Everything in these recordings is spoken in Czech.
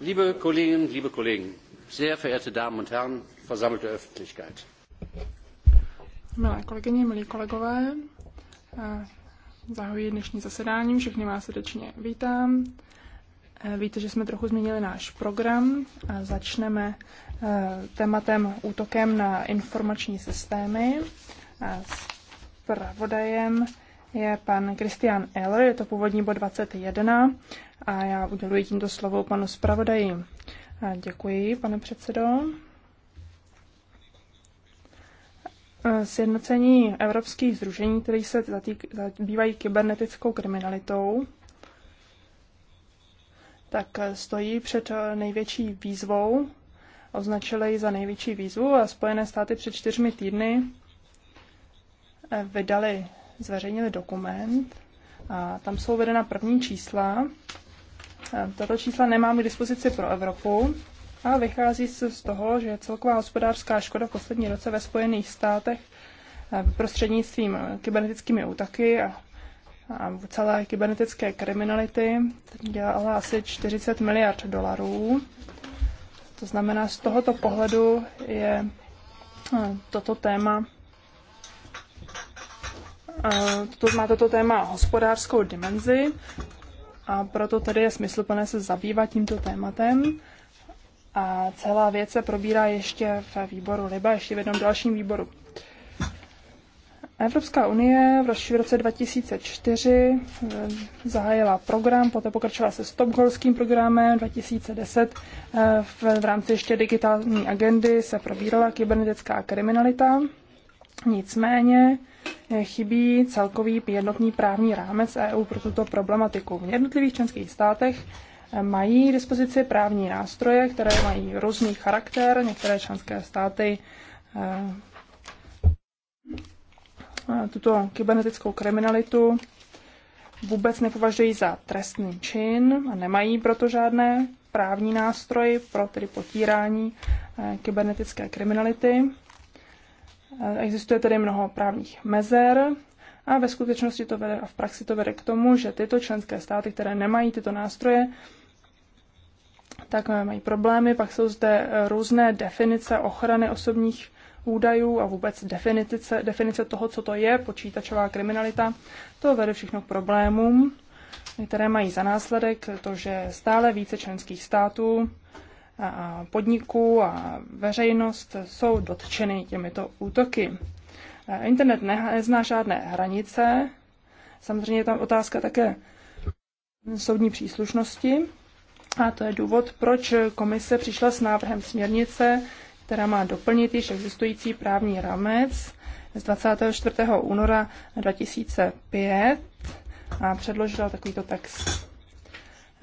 Liebe Kolleginnen, liebe Kollegen, sehr verehrte Damen und Herren, versammelte Öffentlichkeit. Milé kolegyně, milí kolegové, eh, zahajuji dnešní zasedání, všechny vás srdečně vítám. Eh, víte, že jsme trochu změnili náš program. Začneme eh, tématem útokem na informační systémy. S pravodajem je pan Christian Eller, je to původní bod 21 a já uděluji tímto slovo panu zpravodaji. A děkuji, pane předsedo. Sjednocení evropských združení, které se zabývají kybernetickou kriminalitou, tak stojí před největší výzvou. Označili ji za největší výzvu a Spojené státy před čtyřmi týdny vydali zveřejnili dokument a tam jsou uvedena první čísla. Tato čísla nemám k dispozici pro Evropu, a vychází se z toho, že celková hospodářská škoda v poslední roce ve Spojených státech eh, prostřednictvím kybernetickými útaky a, a celé kybernetické kriminality dělala asi 40 miliard dolarů. To znamená, z tohoto pohledu je eh, toto téma toto, má toto téma hospodářskou dimenzi a proto tady je smysluplné se zabývat tímto tématem. A celá věc se probírá ještě v výboru LIBA, ještě v jednom dalším výboru. Evropská unie v roce 2004 eh, zahájila program, poté pokračovala se stokholským programem 2010. Eh, v, v rámci ještě digitální agendy se probírala kybernetická kriminalita. Nicméně eh, chybí celkový jednotný právní rámec EU pro tuto problematiku. V jednotlivých členských státech eh, mají dispozici právní nástroje, které mají různý charakter. Některé členské státy eh, tuto kybernetickou kriminalitu vůbec nepovažují za trestný čin a nemají proto žádné právní nástroje pro tedy potírání kybernetické kriminality. Eh, existuje tedy mnoho právních mezer a ve skutečnosti to vede a v praxi to vede k tomu, že tyto členské státy, které nemají tyto nástroje, tak eh, mají problémy. Pak jsou zde eh, různé definice ochrany osobních údajů a vůbec definice, definice toho, co to je počítačová kriminalita. To vede všechno k problémům, které mají za následek to, že stále více členských států podniků a veřejnost jsou dotčeny těmito útoky. Internet nezná žádné hranice. Samozřejmě je tam otázka také soudní příslušnosti. A to je důvod, proč komise přišla s návrhem směrnice, která má doplnit již existující právní rámec z 24. února 2005 a předložila takovýto text.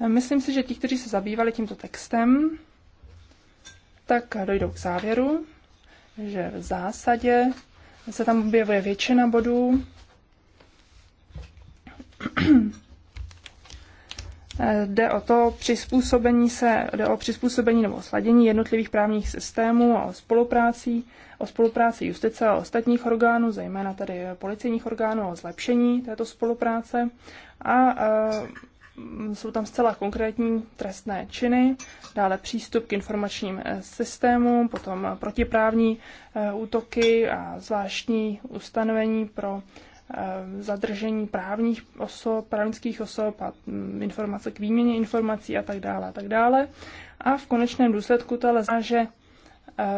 Myslím si, že ti, kteří se zabývali tímto textem, tak dojdou k závěru, že v zásadě se tam objevuje většina bodů. Jde o to přizpůsobení se, jde o přizpůsobení nebo sladění jednotlivých právních systémů a o spolupráci, o spolupráci justice a ostatních orgánů, zejména tedy policejních orgánů, o zlepšení této spolupráce a eh, Mm, jsou tam zcela konkrétní trestné činy, dále přístup k informačním eh, systémům, potom eh, protiprávní eh, útoky a zvláštní ustanovení pro zadržení právních osob, právnických osob a mm, informace k výměně informací a tak dále a tak dále. A v konečném důsledku to ale zná, že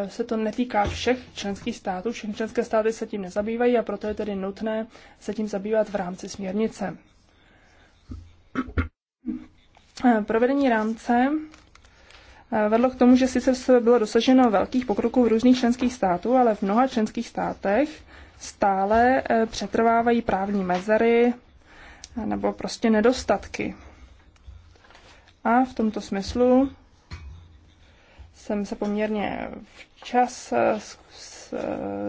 se to netýká všech členských států, všechny členské státy se tím nezabývají a proto je tedy nutné se tím zabývat v rámci směrnice. Provedení rámce eh, vedlo k tomu, že sice bylo dosaženo velkých pokroků v různých členských států, ale v mnoha členských státech stále eh, přetrvávají právní mezery eh, nebo prostě nedostatky. A v tomto smyslu jsem se poměrně včas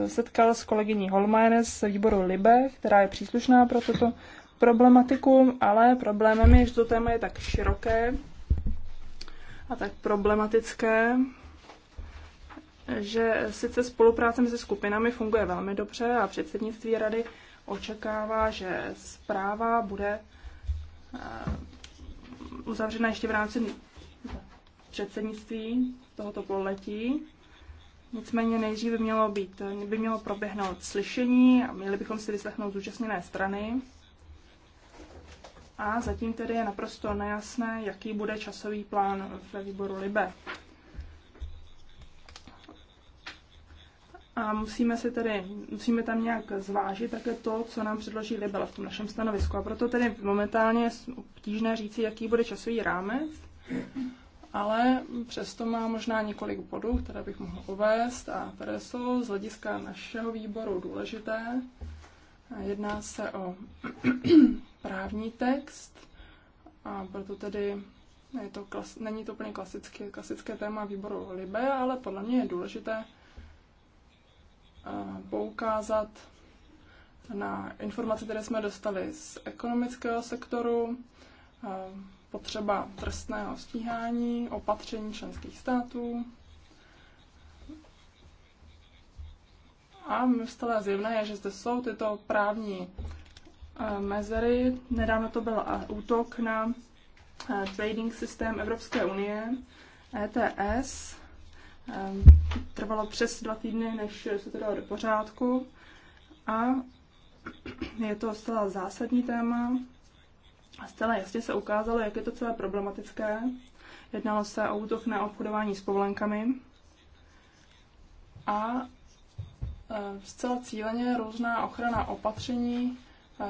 setkal s kolegyní Holmajnes z výboru Libe, která je příslušná pro toto problematiku, ale problémem je, že to téma je tak široké a tak problematické, že sice spolupráce mezi skupinami funguje velmi dobře a předsednictví rady očekává, že zpráva bude eh, uzavřena ještě v rámci předsednictví tohoto pololetí. Nicméně nejdříve by mělo, být, by mělo proběhnout slyšení a měli bychom si vyslechnout zúčastněné strany a zatím tedy je naprosto nejasné, jaký bude časový plán ve výboru LIBE. A musíme si tedy, musíme tam nějak zvážit také to, co nám předloží Libel v tom našem stanovisku. A proto tedy momentálně je obtížné říci, jaký bude časový rámec, ale přesto má možná několik bodů, které bych mohl uvést a které jsou z hlediska našeho výboru důležité. Jedná se o právní text a proto tedy je to klas, není to úplně klasické, klasické téma výboru Libe, ale podle mě je důležité eh, poukázat na informace, které jsme dostali z ekonomického sektoru, eh, potřeba trestného stíhání, opatření členských států. A stále zjevné je, že zde jsou tyto právní Eh, mezery. Nedávno to byl eh, útok na eh, trading systém Evropské unie, ETS. Trvalo přes dva týdny, než se to dalo do pořádku. A je to zcela zásadní téma. A zcela jasně se ukázalo, jak je to celé problematické. Jednalo se o útok na obchodování s povolenkami. A zcela cíleně různá ochrana opatření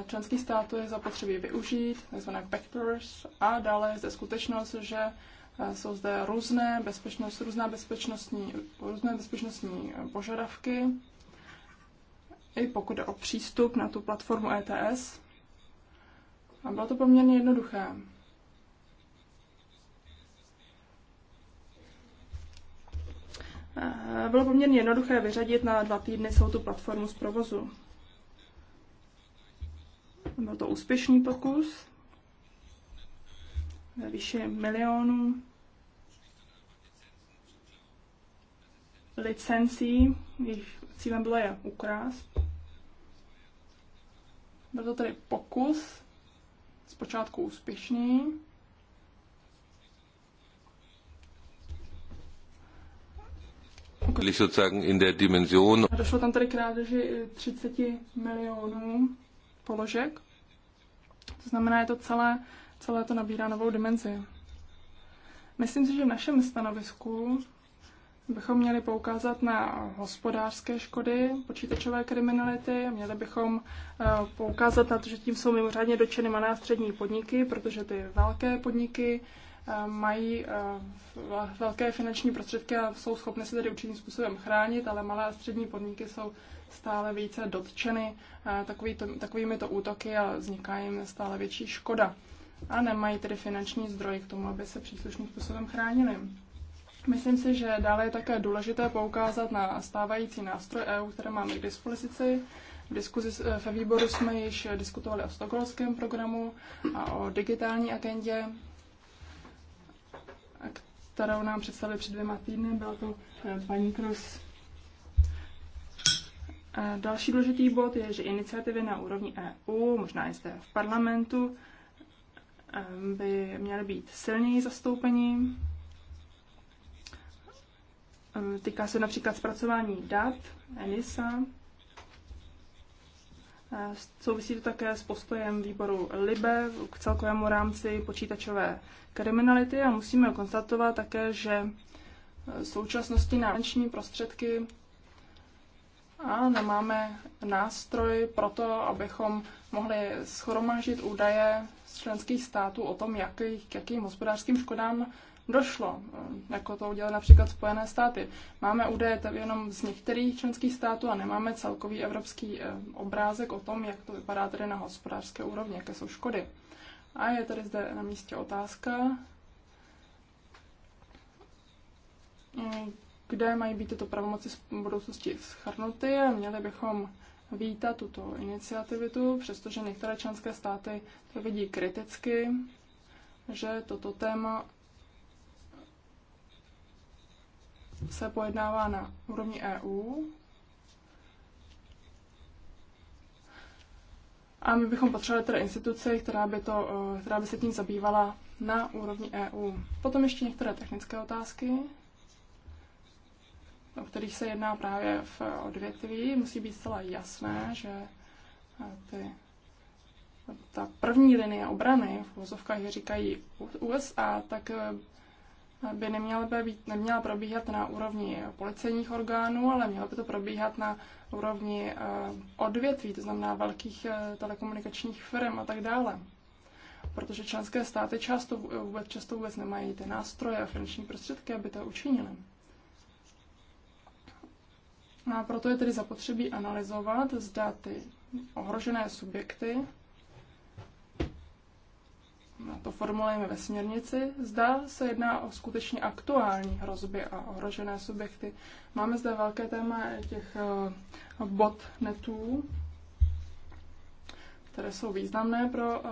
členských států je zapotřebí využít, tzv. backdoors, a dále je zde skutečnost, že eh, jsou zde různé, bezpečnost, různá bezpečnostní, různé bezpečnostní eh, požadavky, i pokud jde o přístup na tu platformu ETS. A bylo to poměrně jednoduché. Eh, bylo poměrně jednoduché vyřadit na dva týdny celou tu platformu z provozu. Byl to úspěšný pokus ve výši milionů licencí, jejich cílem bylo je ukrást. Byl to tedy pokus, zpočátku úspěšný, in der Dimension. Došlo tam tedy k krádeži 30 milionů položek. To znamená, je to celé, celé to nabírá novou dimenzi. Myslím si, že v našem stanovisku bychom měli poukázat na hospodářské škody počítačové kriminality, měli bychom eh, poukázat na to, že tím jsou mimořádně dočeny malé a střední podniky, protože ty velké podniky Eh, mají eh, velké finanční prostředky a jsou schopny se tedy určitým způsobem chránit, ale malé a střední podniky jsou stále více dotčeny eh, takový to, takovými to útoky a vzniká jim stále větší škoda. A nemají tedy finanční zdroj k tomu, aby se příslušným způsobem chránili. Myslím si, že dále je také důležité poukázat na stávající nástroj EU, které máme k dispozici. V diskuzi ve výboru jsme již diskutovali o stokholmském programu a o digitální agendě kterou nám představili před dvěma týdny. Byla to eh, paní krus eh, Další důležitý bod je, že iniciativy na úrovni EU, možná i zde v parlamentu, eh, by měly být silněji zastoupení. Týká se například zpracování dat, ENISA, Eh, souvisí to také s postojem výboru LIBE k celkovému rámci počítačové kriminality a musíme konstatovat také, že eh, v současnosti na finanční prostředky a nemáme nástroj pro to, abychom mohli schromážit údaje z členských států o tom, jaký, k jakým hospodářským škodám došlo, eh, jako to udělali například Spojené státy. Máme údaje jenom z některých členských států a nemáme celkový evropský eh, obrázek o tom, jak to vypadá tedy na hospodářské úrovni, jaké jsou škody. A je tady zde na místě otázka, mm, kde mají být tyto pravomoci v budoucnosti schrnuty a měli bychom vítat tuto iniciativitu, přestože některé členské státy to vidí kriticky, že toto téma se pojednává na úrovni EU. A my bychom potřebovali tedy instituci, která by, to, eh, která by se tím zabývala na úrovni EU. Potom ještě některé technické otázky, o kterých se jedná právě v odvětví. Musí být zcela jasné, že eh, ty ta první linie obrany, v vozovkách je říkají USA, tak eh, by neměla, by být, neměla probíhat na úrovni policejních orgánů, ale mělo by to probíhat na úrovni eh, odvětví, to znamená velkých eh, telekomunikačních firm a tak dále. Protože členské státy často vůbec, často vůbec nemají ty nástroje a finanční prostředky, aby to učinili. No a proto je tedy zapotřebí analyzovat, zda ty ohrožené subjekty No, to formulujeme ve směrnici, zda se jedná o skutečně aktuální hrozby a ohrožené subjekty. Máme zde velké téma těch eh, botnetů, které jsou významné pro eh,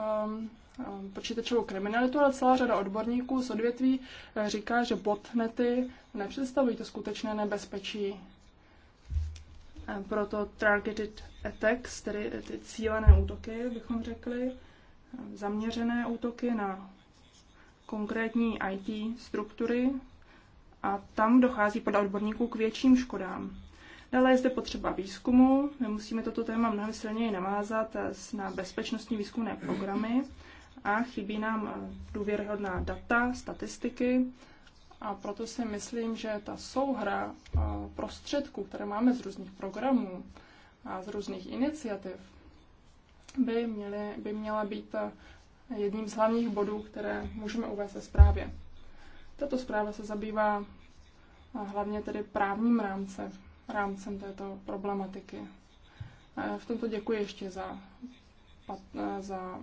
eh, počítačovou kriminalitu, ale celá řada odborníků z odvětví říká, že botnety nepředstavují to skutečné nebezpečí. Proto targeted attacks, tedy ty cílené útoky, bychom řekli, zaměřené útoky na konkrétní IT struktury a tam dochází podle odborníků k větším škodám. Dále je zde potřeba výzkumu. My musíme toto téma mnohem silněji navázat na bezpečnostní výzkumné programy a chybí nám eh, důvěryhodná data, statistiky a proto si myslím, že ta souhra eh, prostředků, které máme z různých programů a z různých iniciativ, by, měly, by měla být eh, jedním z hlavních bodů, které můžeme uvést ve zprávě. Tato zpráva se zabývá eh, hlavně tedy právním rámcem, rámcem této problematiky. Eh, v tomto děkuji ještě za, za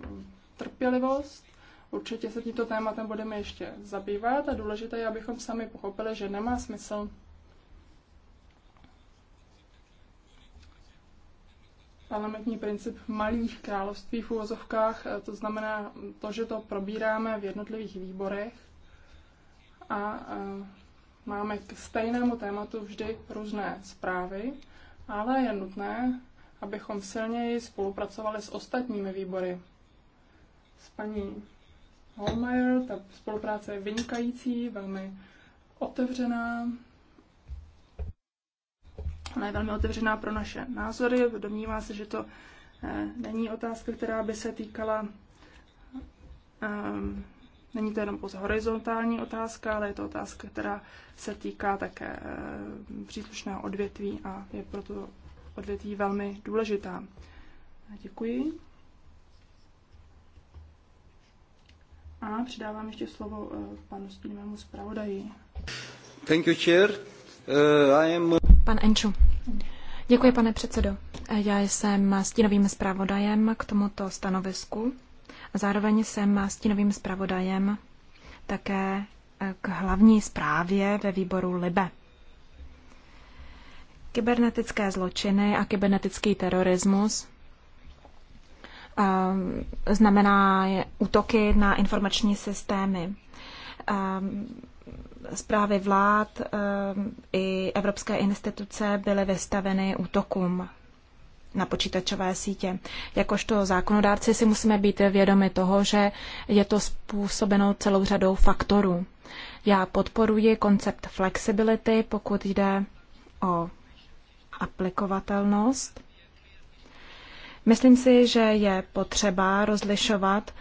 trpělivost. Určitě se tímto tématem budeme ještě zabývat a důležité je, abychom sami pochopili, že nemá smysl parlamentní princip malých království v úvozovkách, eh, to znamená to, že to probíráme v jednotlivých výborech a eh, máme k stejnému tématu vždy různé zprávy, ale je nutné, abychom silněji spolupracovali s ostatními výbory. S paní Holmeyer, ta spolupráce je vynikající, velmi otevřená, Ona je velmi otevřená pro naše názory. Domnívá se, že to eh, není otázka, která by se týkala. Ehm, není to jenom pouze horizontální otázka, ale je to otázka, která se týká také eh, příslušného odvětví a je proto odvětví velmi důležitá. Děkuji. A předávám ještě slovo eh, panu stínovému zpravodaji. Thank you, chair. Uh, I am... Pan Enču. Děkuji, pane předsedo. E, já jsem stínovým zpravodajem k tomuto stanovisku. Zároveň jsem stínovým zpravodajem také e, k hlavní zprávě ve výboru LIBE. Kybernetické zločiny a kybernetický terorismus e, znamená útoky na informační systémy zprávy vlád ehm, i evropské instituce byly vystaveny útokům na počítačové sítě. Jakožto zákonodárci si musíme být vědomi toho, že je to způsobeno celou řadou faktorů. Já podporuji koncept flexibility, pokud jde o aplikovatelnost. Myslím si, že je potřeba rozlišovat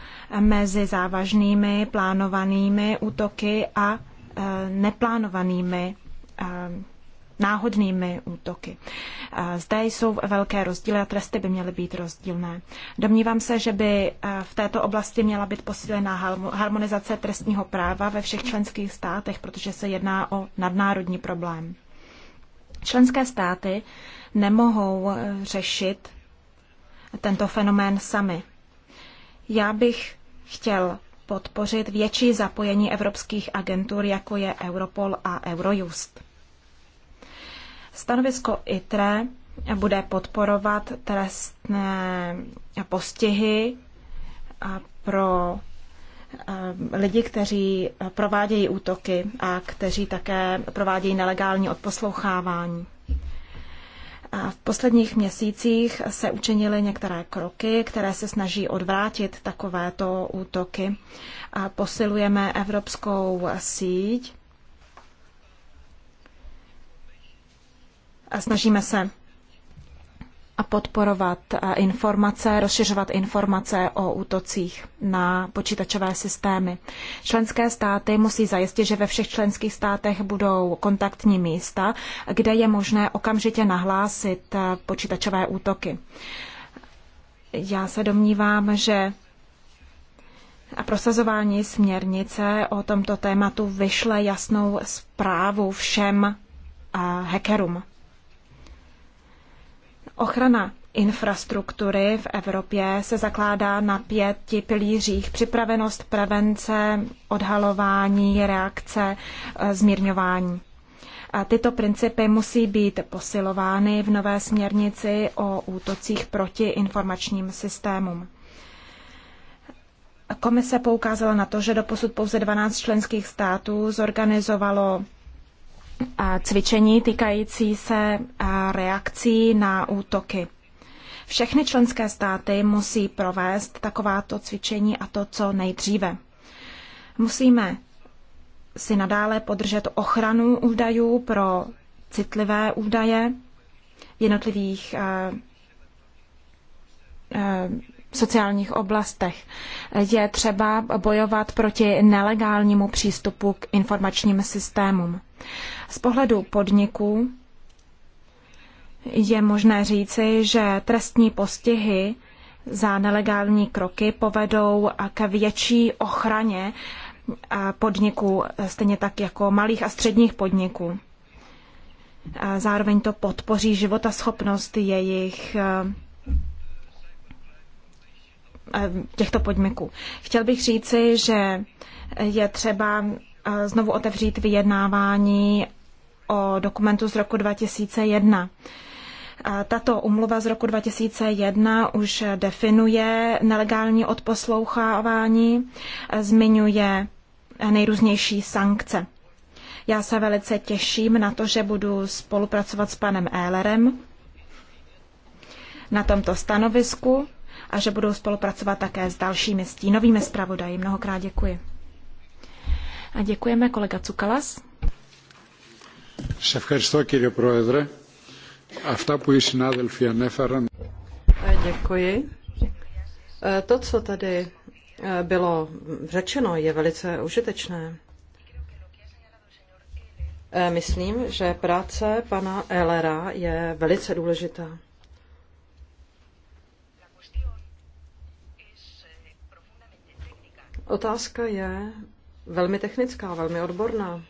mezi závažnými plánovanými útoky a Eh, neplánovanými eh, náhodnými útoky. Eh, zde jsou velké rozdíly a tresty by měly být rozdílné. Domnívám se, že by v této oblasti měla být posílená harmonizace trestního práva ve všech členských státech, protože se jedná o nadnárodní problém. Členské státy nemohou řešit tento fenomén sami. Já bych chtěl podpořit větší zapojení evropských agentur, jako je Europol a Eurojust. Stanovisko ITRE bude podporovat trestné postihy pro eh, lidi, kteří provádějí útoky a kteří také provádějí nelegální odposlouchávání. V posledních měsících se učinily některé kroky, které se snaží odvrátit takovéto útoky. Posilujeme evropskou síť a snažíme se a podporovat eh, informace, rozšiřovat informace o útocích na počítačové systémy. Členské státy musí zajistit, že ve všech členských státech budou kontaktní místa, kde je možné okamžitě nahlásit eh, počítačové útoky. Já se domnívám, že a prosazování směrnice o tomto tématu vyšle jasnou zprávu všem eh, hackerům. Ochrana infrastruktury v Evropě se zakládá na pěti pilířích. Připravenost, prevence, odhalování, reakce, e, zmírňování. tyto principy musí být posilovány v nové směrnici o útocích proti informačním systémům. Komise poukázala na to, že doposud pouze 12 členských států zorganizovalo cvičení týkající se reakcí na útoky. Všechny členské státy musí provést takováto cvičení a to co nejdříve. Musíme si nadále podržet ochranu údajů pro citlivé údaje v jednotlivých sociálních oblastech. Je třeba bojovat proti nelegálnímu přístupu k informačním systémům. Z pohledu podniků je možné říci, že trestní postihy za nelegální kroky povedou k větší ochraně eh, podniků, stejně tak jako malých a středních podniků. Zároveň to podpoří životaschopnost jejich eh, eh, těchto podniků. Chtěl bych říci, že je třeba znovu otevřít vyjednávání o dokumentu z roku 2001. Tato umluva z roku 2001 už definuje nelegální odposlouchávání, zmiňuje nejrůznější sankce. Já se velice těším na to, že budu spolupracovat s panem Ehlerem na tomto stanovisku a že budu spolupracovat také s dalšími stínovými zpravodaji. Mnohokrát děkuji. A děkujeme kolega Cukalas. Σε ευχαριστώ κύριε Πρόεδρε. Αυτά που οι συνάδελφοι ανέφεραν... Děkuji. To, co tady e, bylo řečeno, je velice užitečné. E, myslím, že práce pana Ehlera je velice důležitá. Otázka je velmi technická, velmi odborná.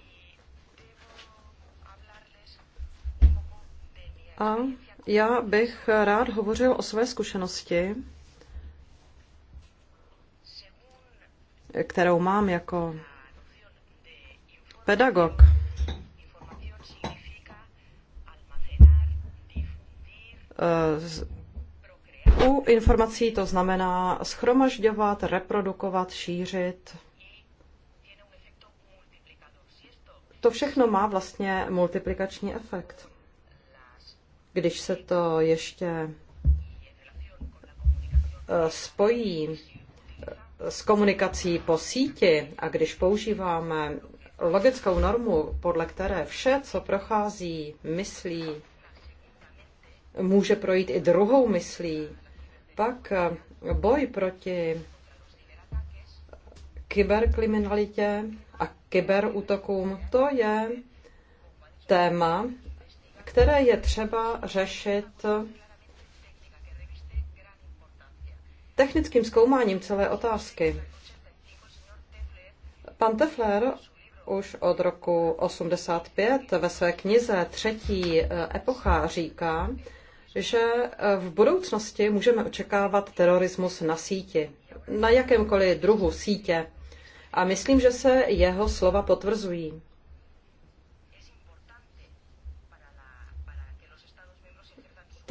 A já bych rád hovořil o své zkušenosti, kterou mám jako pedagog. U informací to znamená schromažďovat, reprodukovat, šířit. To všechno má vlastně multiplikační efekt. Když se to ještě eh, spojí eh, s komunikací po síti a když používáme logickou normu, podle které vše, co prochází myslí, může projít i druhou myslí, pak eh, boj proti kyberkriminalitě a kyberútokům, to je téma, které je třeba řešit technickým zkoumáním celé otázky. Pan Tefler už od roku 85 ve své knize Třetí eh, epocha říká, že eh, v budoucnosti můžeme očekávat terorismus na síti, na jakémkoliv druhu sítě. A myslím, že se jeho slova potvrzují.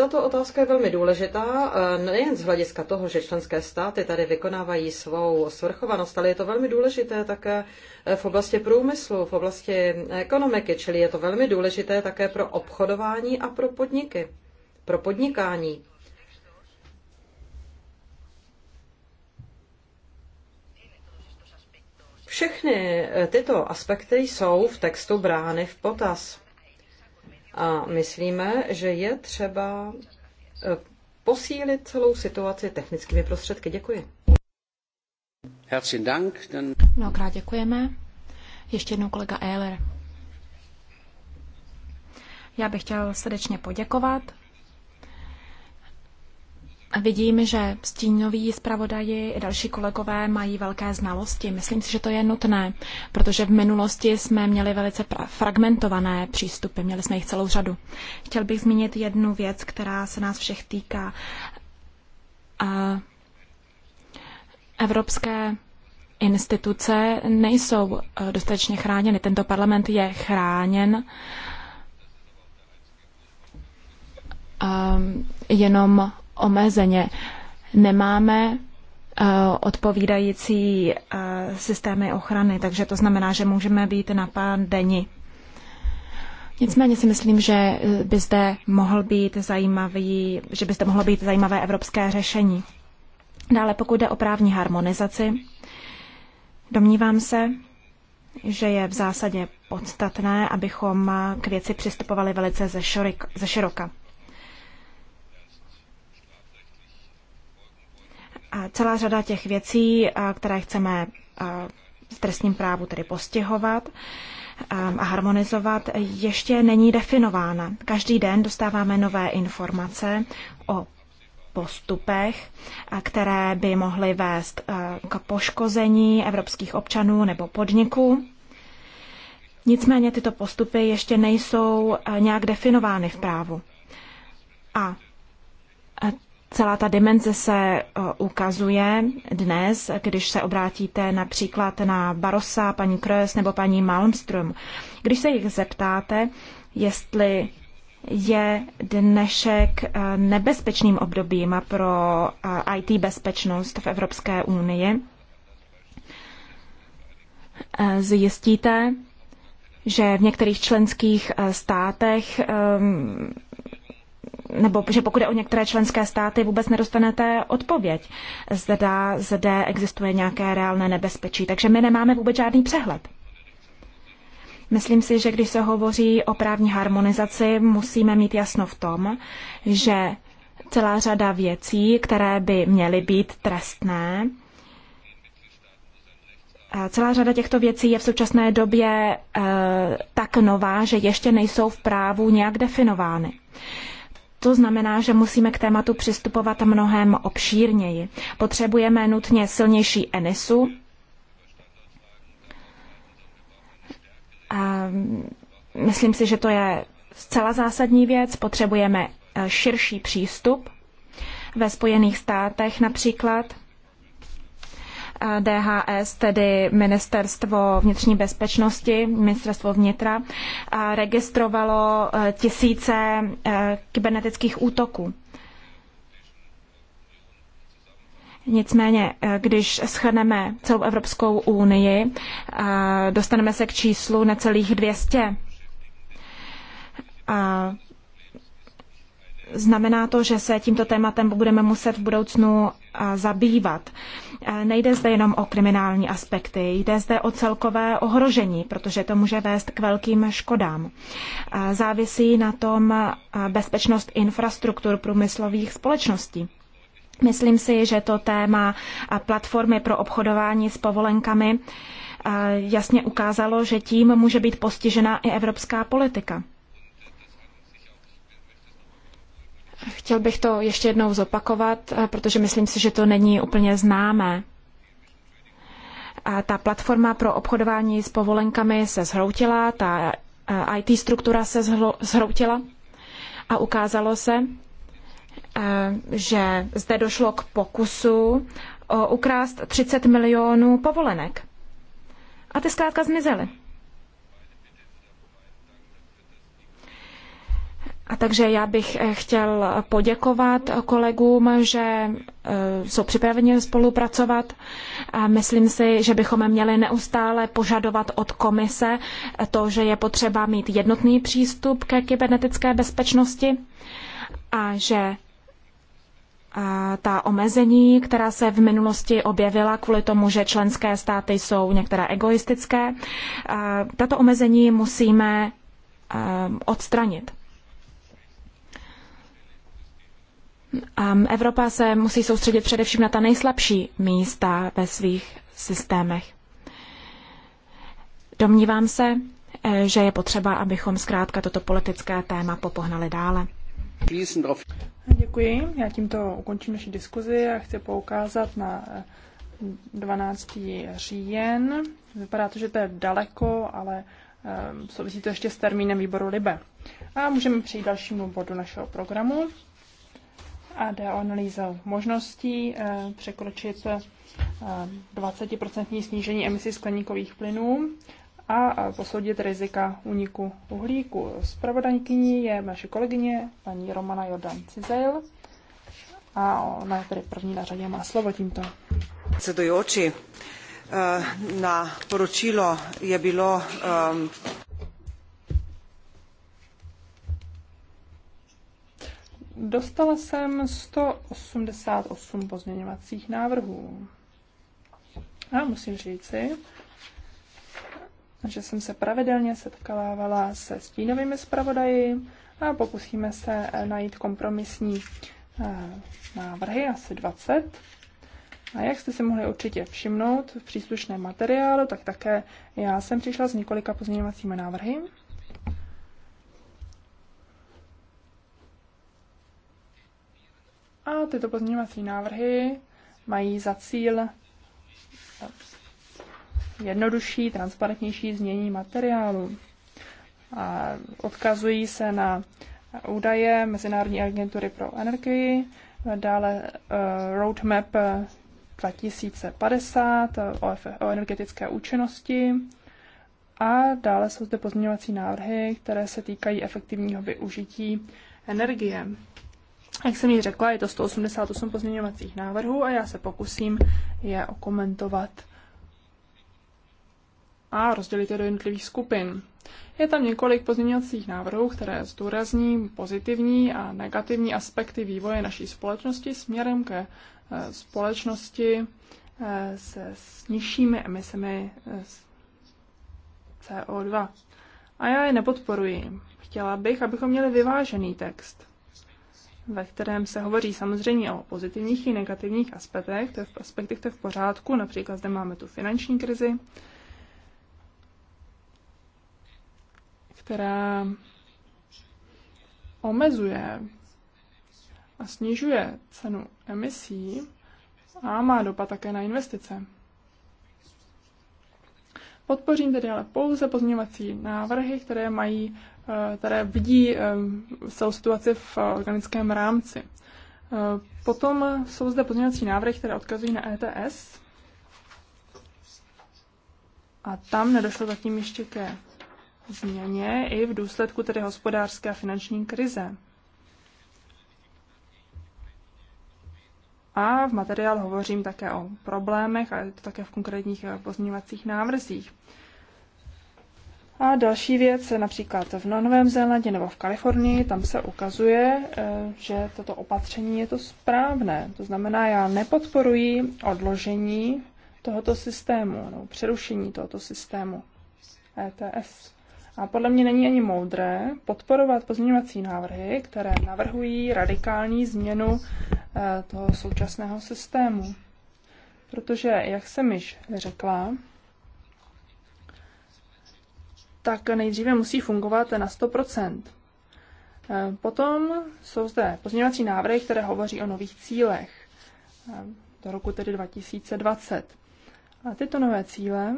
Tato otázka je velmi důležitá, e, nejen z hlediska toho, že členské státy tady vykonávají svou svrchovanost, ale je to velmi důležité také e, v oblasti průmyslu, v oblasti ekonomiky, čili je to velmi důležité také pro obchodování a pro podniky, pro podnikání. Všechny e, tyto aspekty jsou v textu brány v potaz. A myslíme, že je třeba eh, posílit celou situaci technickými prostředky. Děkuji. Herzlichen Dank. Mnohokrát děkujeme. Ještě jednou kolega Ehler. Já bych chtěl srdečně poděkovat Vidím, že stínoví zpravodaji i další kolegové mají velké znalosti. Myslím si, že to je nutné, protože v minulosti jsme měli velice fragmentované přístupy, měli jsme jich celou řadu. Chtěl bych zmínit jednu věc, která se nás všech týká. Evropské instituce nejsou e, dostatečně chráněny. Tento parlament je chráněn e, jenom omezeně. Nemáme eh, odpovídající eh, systémy ochrany, takže to znamená, že můžeme být denní. Nicméně si myslím, že eh, by zde mohl být zajímavý, že by zde mohlo být zajímavé evropské řešení. Dále, pokud jde o právní harmonizaci, domnívám se, že je v zásadě podstatné, abychom k věci přistupovali velice ze, šorik, ze široka. celá řada těch věcí, které chceme v trestním právu tedy postihovat a harmonizovat, ještě není definována. Každý den dostáváme nové informace o postupech, které by mohly vést k poškození evropských občanů nebo podniků. Nicméně tyto postupy ještě nejsou nějak definovány v právu. A Celá ta dimenze se eh, ukazuje dnes, když se obrátíte například na Barossa, paní Kroes nebo paní Malmström. Když se jich zeptáte, jestli je dnešek eh, nebezpečným obdobím pro eh, IT bezpečnost v Evropské unii, zjistíte, že v některých členských státech ehm, nebo že pokud je o některé členské státy, vůbec nedostanete odpověď. Zda zde existuje nějaké reálné nebezpečí, takže my nemáme vůbec žádný přehled. Myslím si, že když se hovoří o právní harmonizaci, musíme mít jasno v tom, že celá řada věcí, které by měly být trestné, Celá řada těchto věcí je v současné době e, tak nová, že ještě nejsou v právu nějak definovány. To znamená, že musíme k tématu přistupovat mnohem obšírněji. Potřebujeme nutně silnější ENISu, a myslím si, že to je zcela zásadní věc. Potřebujeme eh, širší přístup. Ve Spojených státech například DHS, tedy Ministerstvo vnitřní bezpečnosti, Ministerstvo vnitra, registrovalo e, tisíce e, kybernetických útoků. Nicméně, e, když shrneme celou Evropskou unii, dostaneme se k číslu necelých 200 znamená to, že se tímto tématem budeme muset v budoucnu zabývat. Nejde zde jenom o kriminální aspekty, jde zde o celkové ohrožení, protože to může vést k velkým škodám. Závisí na tom bezpečnost infrastruktur průmyslových společností. Myslím si, že to téma platformy pro obchodování s povolenkami jasně ukázalo, že tím může být postižena i evropská politika. Chtěl bych to ještě jednou zopakovat, eh, protože myslím si, že to není úplně známé. A ta platforma pro obchodování s povolenkami se zhroutila, ta eh, IT struktura se zhroutila a ukázalo se, eh, že zde došlo k pokusu ukrást 30 milionů povolenek. A ty zkrátka zmizely. A takže já bych eh, chtěl poděkovat kolegům, že eh, jsou připraveni spolupracovat. A myslím si, že bychom měli neustále požadovat od komise to, že je potřeba mít jednotný přístup ke kybernetické bezpečnosti a že a ta omezení, která se v minulosti objevila kvůli tomu, že členské státy jsou některé egoistické, tato omezení musíme eh, odstranit. Evropa se musí soustředit především na ta nejslabší místa ve svých systémech. Domnívám se, eh, že je potřeba, abychom zkrátka toto politické téma popohnali dále. Děkuji. Já tímto ukončím naši diskuzi a chci poukázat na 12. Eh, říjen. Vypadá to, že to je daleko, ale eh, souvisí to ještě s termínem výboru Libe. A můžeme přijít dalšímu bodu našeho programu a jde o analýzu možností eh, překročit 20% eh, snížení emisí skleníkových plynů a posoudit rizika uniku uhlíku. Spravodajkyní je naše kolegyně paní Romana Jordan Cizel a ona je tedy první na řadě má slovo tímto. Sedujoči, eh, na poročilo je bylo um... Dostala jsem 188 pozměňovacích návrhů. A musím říci, že jsem se pravidelně setkávala se stínovými zpravodaji a pokusíme se eh, najít kompromisní eh, návrhy, asi 20. A jak jste si mohli určitě všimnout v příslušném materiálu, tak také já jsem přišla s několika pozměňovacími návrhy. A tyto pozměňovací návrhy mají za cíl jednodušší, transparentnější změní materiálu. A odkazují se na údaje Mezinárodní agentury pro energii, dále eh, roadmap 2050 eh, eh, o energetické účinnosti a dále jsou zde pozměňovací návrhy, které se týkají efektivního využití energie. Jak jsem ji řekla, je to 188 pozměňovacích návrhů a já se pokusím je okomentovat a rozdělit je do jednotlivých skupin. Je tam několik pozměňovacích návrhů, které zdůrazní pozitivní a negativní aspekty vývoje naší společnosti směrem ke eh, společnosti eh, se s nižšími emisemi eh, CO2. A já je nepodporuji. Chtěla bych, abychom měli vyvážený text ve kterém se hovoří samozřejmě o pozitivních i negativních aspektech, to je v, aspektech, to je v pořádku, například zde máme tu finanční krizi, která omezuje a snižuje cenu emisí a má dopad také na investice. Podpořím tedy ale pouze pozměňovací návrhy, které mají Eh, které vidí eh, celou situaci v organickém rámci. Eh, potom jsou zde pozměňovací návrhy, které odkazují na ETS. A tam nedošlo zatím ještě ke změně i v důsledku tedy hospodářské a finanční krize. A v materiálu hovořím také o problémech a je to také v konkrétních pozměňovacích návrzích. A další věc, například v Novém Zélandě nebo v Kalifornii, tam se ukazuje, eh, že toto opatření je to správné. To znamená, já nepodporuji odložení tohoto systému nebo přerušení tohoto systému ETS. A podle mě není ani moudré podporovat pozměňovací návrhy, které navrhují radikální změnu eh, toho současného systému. Protože, jak jsem již řekla, tak nejdříve musí fungovat na 100%. Eh, potom jsou zde pozměňovací návrhy, které hovoří o nových cílech eh, do roku tedy 2020. A tyto nové cíle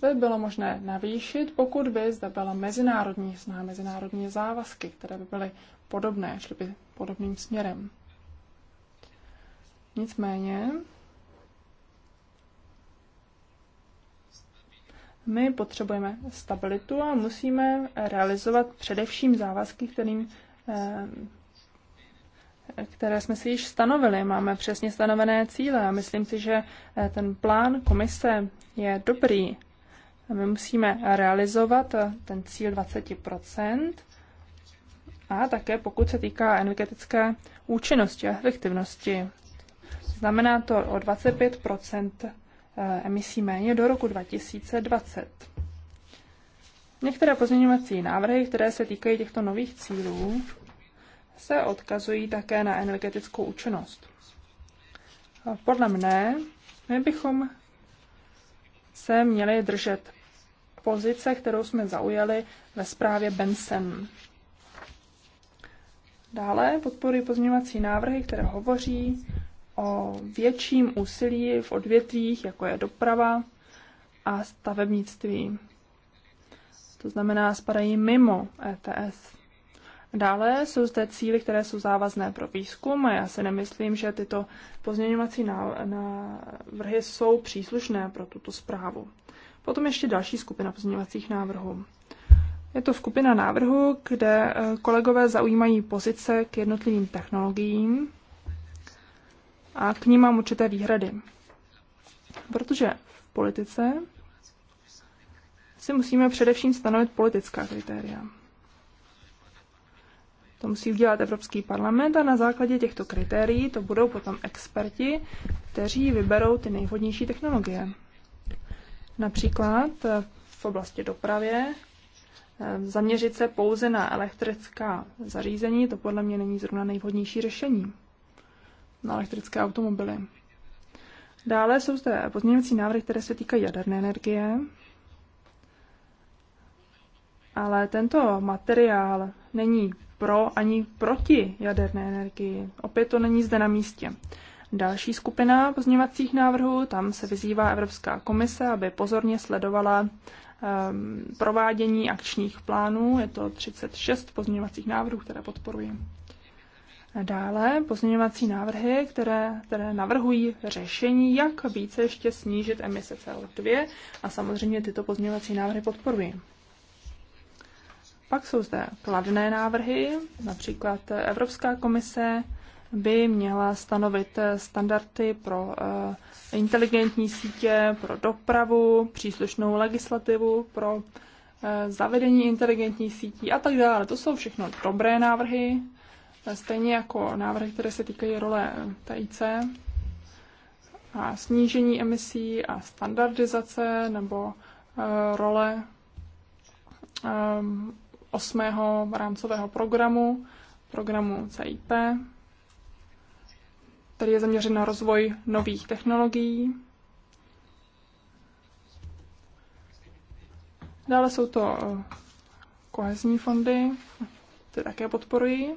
by bylo možné navýšit, pokud by zde byla mezinárodní, snaha mezinárodní závazky, které by byly podobné, šly by podobným směrem. Nicméně My potřebujeme stabilitu a musíme realizovat především závazky, kterým, eh, které jsme si již stanovili. Máme přesně stanovené cíle a myslím si, že eh, ten plán komise je dobrý. My musíme realizovat eh, ten cíl 20 a také pokud se týká energetické účinnosti a efektivnosti. Znamená to o 25 Eh, emisí méně do roku 2020. Některé pozměňovací návrhy, které se týkají těchto nových cílů, se odkazují také na energetickou účinnost. Podle mne, my bychom se měli držet pozice, kterou jsme zaujali ve zprávě Benson. Dále podporuji pozměňovací návrhy, které hovoří o větším úsilí v odvětvích, jako je doprava a stavebnictví. To znamená, spadají mimo ETS. Dále jsou zde cíly, které jsou závazné pro výzkum a já si nemyslím, že tyto pozměňovací návrhy jsou příslušné pro tuto zprávu. Potom ještě další skupina pozměňovacích návrhů. Je to skupina návrhů, kde eh, kolegové zaujímají pozice k jednotlivým technologiím a k ním mám určité výhrady. Protože v politice si musíme především stanovit politická kritéria. To musí udělat Evropský parlament a na základě těchto kritérií to budou potom experti, kteří vyberou ty nejvhodnější technologie. Například v oblasti dopravě eh, zaměřit se pouze na elektrická zařízení, to podle mě není zrovna nejvhodnější řešení na elektrické automobily. Dále jsou zde pozměňovací návrhy, které se týkají jaderné energie, ale tento materiál není pro ani proti jaderné energii. Opět to není zde na místě. Další skupina pozměňovacích návrhů, tam se vyzývá Evropská komise, aby pozorně sledovala um, provádění akčních plánů. Je to 36 pozměňovacích návrhů, které podporuji. Dále pozměňovací návrhy, které, které navrhují řešení, jak více ještě snížit emise CO2 a samozřejmě tyto pozměňovací návrhy podporuji. Pak jsou zde kladné návrhy, například Evropská komise by měla stanovit standardy pro eh, inteligentní sítě, pro dopravu, příslušnou legislativu, pro eh, zavedení inteligentních sítí a tak dále. To jsou všechno dobré návrhy, Stejně jako návrhy, které se týkají role TIC a snížení emisí a standardizace nebo eh, role eh, osmého rámcového programu, programu CIP, který je zaměřen na rozvoj nových technologií. Dále jsou to eh, kohezní fondy, ty také podporují.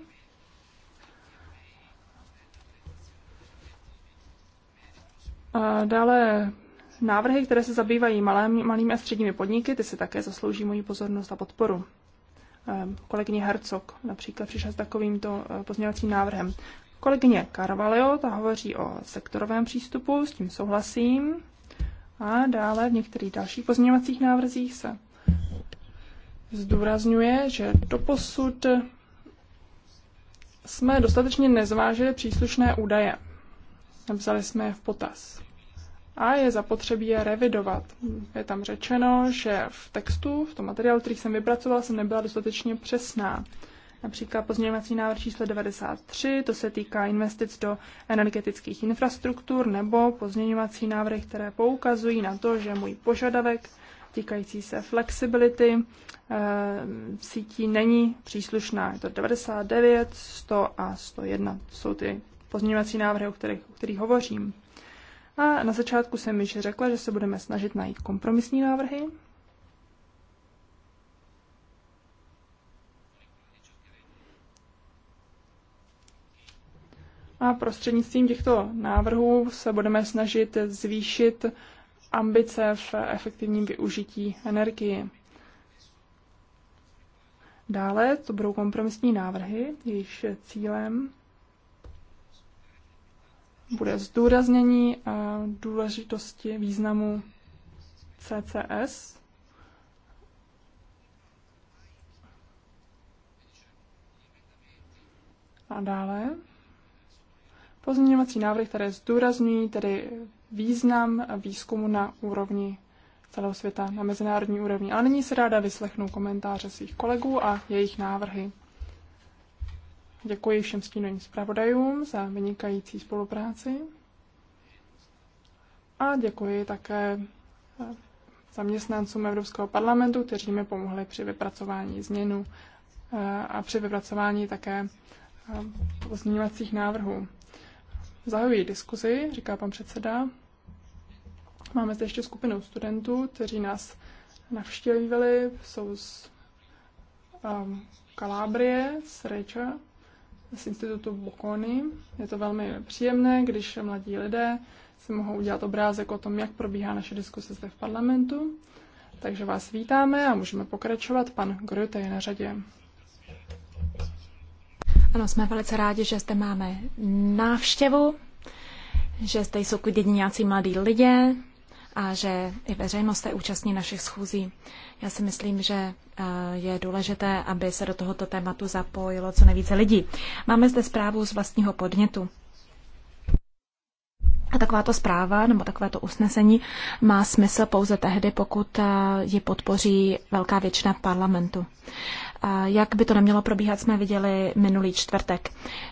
A dále návrhy, které se zabývají malými, malými a středními podniky, ty si také zaslouží moji pozornost a podporu. Kolegyně Hercog například přišla s takovýmto e, pozměňovacím návrhem. Kolegyně Carvalho, ta hovoří o sektorovém přístupu, s tím souhlasím. A dále v některých dalších pozměňovacích návrzích se zdůrazňuje, že doposud jsme dostatečně nezvážili příslušné údaje. Vzali jsme je v potaz. A je zapotřebí je revidovat. Je tam řečeno, že v textu, v tom materiálu, který jsem vypracovala, jsem nebyla dostatečně přesná. Například pozměňovací návrh číslo 93, to se týká investic do energetických infrastruktur, nebo pozměňovací návrhy, které poukazují na to, že můj požadavek týkající se flexibility e, sítí není příslušná. Je to 99, 100 a 101. To jsou ty pozměňovací návrhy, o kterých, o kterých hovořím. A na začátku jsem již řekla, že se budeme snažit najít kompromisní návrhy. A prostřednictvím těchto návrhů se budeme snažit zvýšit ambice v efektivním využití energie. Dále to budou kompromisní návrhy, jejichž cílem bude zdůraznění eh, důležitosti významu CCS. A dále pozměňovací návrhy, které zdůrazňují tedy význam výzkumu na úrovni celého světa, na mezinárodní úrovni. Ale nyní se ráda vyslechnu komentáře svých kolegů a jejich návrhy. Děkuji všem stínovým zpravodajům za vynikající spolupráci a děkuji také eh, zaměstnancům Evropského parlamentu, kteří mi pomohli při vypracování změnu eh, a při vypracování také eh, pozměňovacích návrhů. Zahajuji diskuzi, říká pan předseda. Máme zde ještě skupinu studentů, kteří nás navštívili, jsou z um, Kalábrie, z Reča z institutu Bokony. Je to velmi příjemné, když mladí lidé si mohou udělat obrázek o tom, jak probíhá naše diskuse zde v parlamentu. Takže vás vítáme a můžeme pokračovat. Pan Grote je na řadě. Ano, jsme velice rádi, že zde máme návštěvu, že zde jsou kudědňáci mladí lidé, a že i veřejnost se účastní našich schůzí. Já si myslím, že eh, je důležité, aby se do tohoto tématu zapojilo co nejvíce lidí. Máme zde zprávu z vlastního podnětu. A takováto zpráva nebo takovéto usnesení má smysl pouze tehdy, pokud eh, ji podpoří velká většina parlamentu. Eh, jak by to nemělo probíhat, jsme viděli minulý čtvrtek.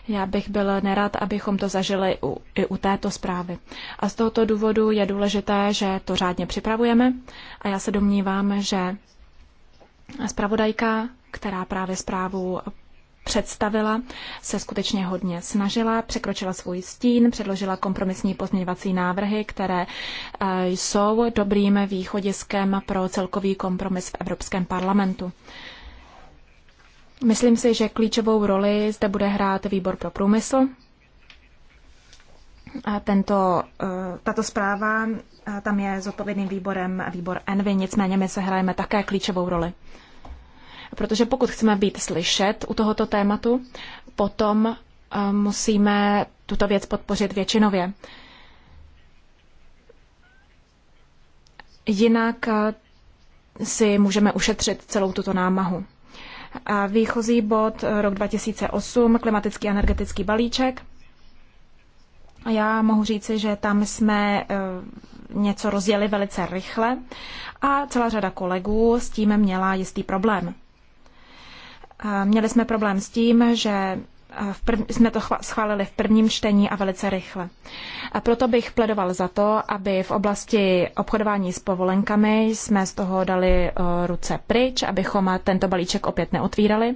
Já bych byl nerad, abychom to zažili u, i u této zprávy. A z tohoto důvodu je důležité, že to řádně připravujeme a já se domnívám, že zpravodajka, která právě zprávu představila, se skutečně hodně snažila, překročila svůj stín, předložila kompromisní pozměňovací návrhy, které eh, jsou dobrým východiskem pro celkový kompromis v Evropském parlamentu. Myslím si, že klíčovou roli zde bude hrát výbor pro průmysl. A tento, eh, tato zpráva eh, tam je zodpovědným výborem výbor Envy, nicméně my se hrajeme také klíčovou roli. Protože pokud chceme být slyšet u tohoto tématu, potom eh, musíme tuto věc podpořit většinově. Jinak eh, si můžeme ušetřit celou tuto námahu. A výchozí bod eh, rok 2008, klimatický a energetický balíček. A já mohu říci, že tam jsme něco rozjeli velice rychle a celá řada kolegů s tím měla jistý problém. Měli jsme problém s tím, že v prv, jsme to schválili v prvním čtení a velice rychle. A proto bych pledoval za to, aby v oblasti obchodování s povolenkami jsme z toho dali e, ruce pryč, abychom tento balíček opět neotvírali.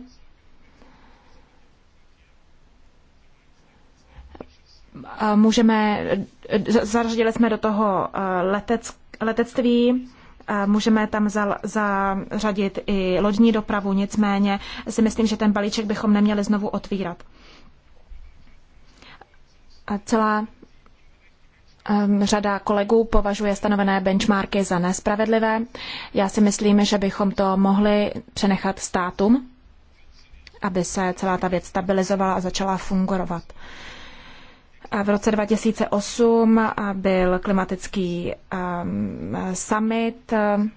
Můžeme, e, zařadili jsme do toho e, letec, letectví, Můžeme tam zařadit i lodní dopravu, nicméně si myslím, že ten balíček bychom neměli znovu otvírat. A celá ehm, Řada kolegů považuje stanovené benchmarky za nespravedlivé. Já si myslím, že bychom to mohli přenechat státům, aby se celá ta věc stabilizovala a začala fungovat. V roce 2008 byl klimatický um, summit, um,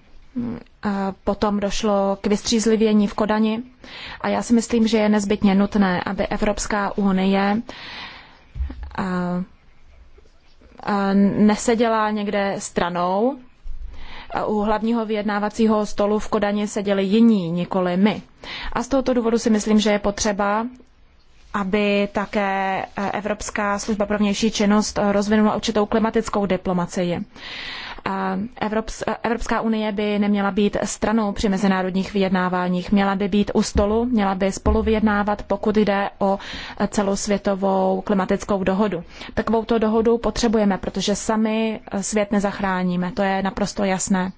potom došlo k vystřízlivění v Kodani a já si myslím, že je nezbytně nutné, aby Evropská unie neseděla někde stranou. U hlavního vyjednávacího stolu v Kodani seděli jiní, nikoli my. A z tohoto důvodu si myslím, že je potřeba, aby také eh, Evropská služba pro vnější činnost eh, rozvinula určitou klimatickou diplomacii. Eh, Evropská unie by neměla být stranou při mezinárodních vyjednáváních, měla by být u stolu, měla by spolu vyjednávat, pokud jde o celosvětovou klimatickou dohodu. Takovouto dohodu potřebujeme, protože sami svět nezachráníme, to je naprosto jasné.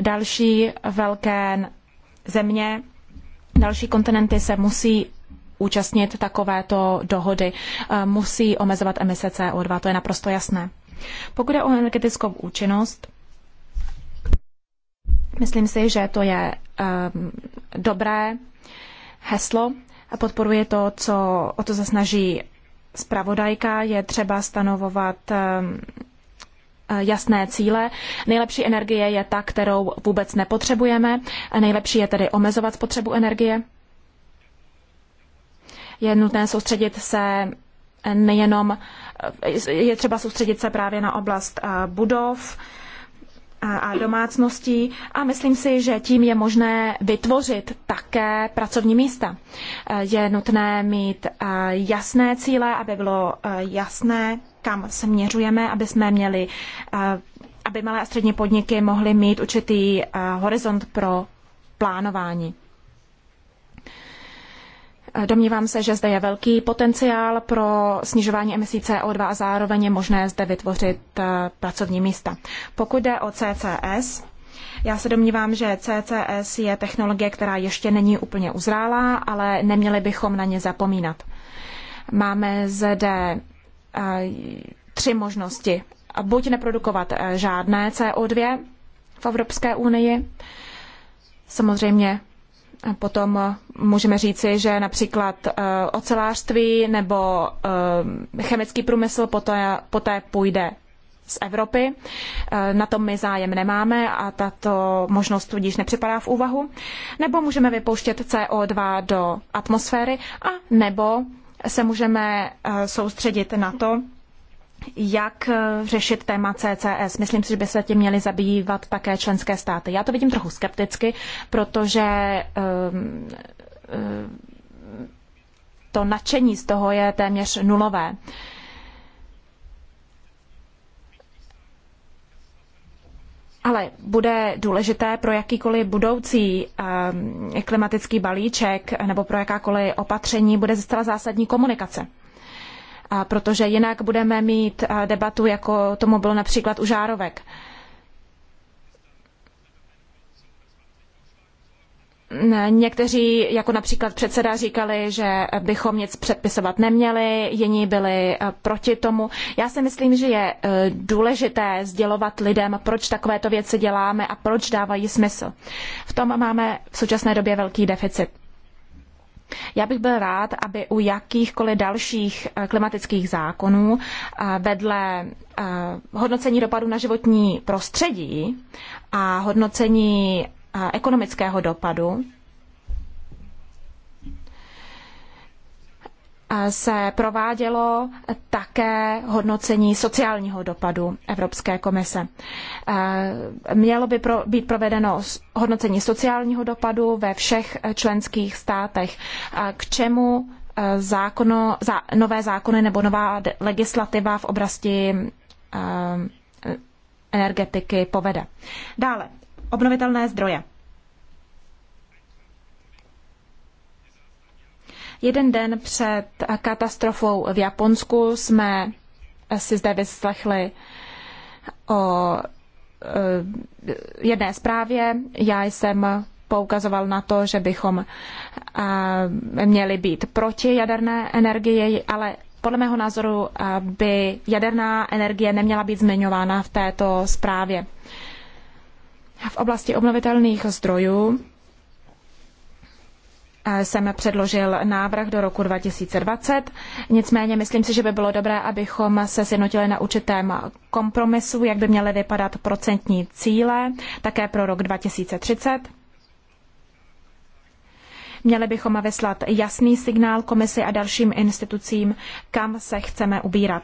Další velké země, další kontinenty se musí účastnit takovéto dohody, eh, musí omezovat emise CO2, to je naprosto jasné. Pokud je o energetickou účinnost, myslím si, že to je um, dobré heslo a podporuje to, co o to zasnaží zpravodajka, je třeba stanovovat um, jasné cíle. Nejlepší energie je ta, kterou vůbec nepotřebujeme. nejlepší je tedy omezovat spotřebu energie je nutné soustředit se nejenom, je třeba soustředit se právě na oblast eh, budov eh, a domácností a myslím si, že tím je možné vytvořit také pracovní místa. Eh, je nutné mít jasné cíle, aby bylo jasné, kam směřujeme, aby jsme měli, aby malé a střední podniky mohly mít určitý horizont pro plánování. Domnívám se, že zde je velký potenciál pro snižování emisí CO2 a zároveň je možné zde vytvořit eh, pracovní místa. Pokud jde o CCS, já se domnívám, že CCS je technologie, která ještě není úplně uzrálá, ale neměli bychom na ně zapomínat. Máme zde eh, tři možnosti. Buď neprodukovat eh, žádné CO2 v Evropské unii, samozřejmě Potom eh, můžeme říci, že například eh, ocelářství nebo eh, chemický průmysl poté, poté půjde z Evropy. Na tom my zájem nemáme a tato možnost tudíž nepřipadá v úvahu. Nebo můžeme vypouštět CO2 do atmosféry a nebo se můžeme soustředit na to, jak eh, řešit téma CCS. Myslím si, že by se tím měly zabývat také členské státy. Já to vidím trochu skepticky, protože ehm, eh, to nadšení z toho je téměř nulové. Ale bude důležité pro jakýkoliv budoucí ehm, klimatický balíček nebo pro jakákoliv opatření bude zcela zásadní komunikace protože jinak budeme mít eh, debatu, jako tomu bylo například u žárovek. Někteří, jako například předseda, říkali, že bychom nic předpisovat neměli, jiní byli eh, proti tomu. Já si myslím, že je eh, důležité sdělovat lidem, proč takovéto věci děláme a proč dávají smysl. V tom máme v současné době velký deficit. Já bych byl rád, aby u jakýchkoliv dalších eh, klimatických zákonů eh, vedle eh, hodnocení dopadu na životní prostředí a hodnocení ekonomického dopadu se provádělo také hodnocení sociálního dopadu Evropské komise. E, mělo by být provedeno hodnocení sociálního dopadu ve všech členských státech, k čemu e, zákono, nové zákony nebo nová legislativa v oblasti e, energetiky povede. Dále, obnovitelné zdroje. Jeden den před katastrofou v Japonsku jsme si zde vyslechli o eh, jedné zprávě. Já jsem poukazoval na to, že bychom eh, měli být proti jaderné energii, ale podle mého názoru eh, by jaderná energie neměla být zmiňována v této zprávě. V oblasti obnovitelných zdrojů jsem eh, předložil návrh do roku 2020. Nicméně myslím si, že by bylo dobré, abychom se sjednotili na určitém kompromisu, jak by měly vypadat procentní cíle, také pro rok 2030. Měli bychom vyslat jasný signál komisi a dalším institucím, kam se chceme ubírat.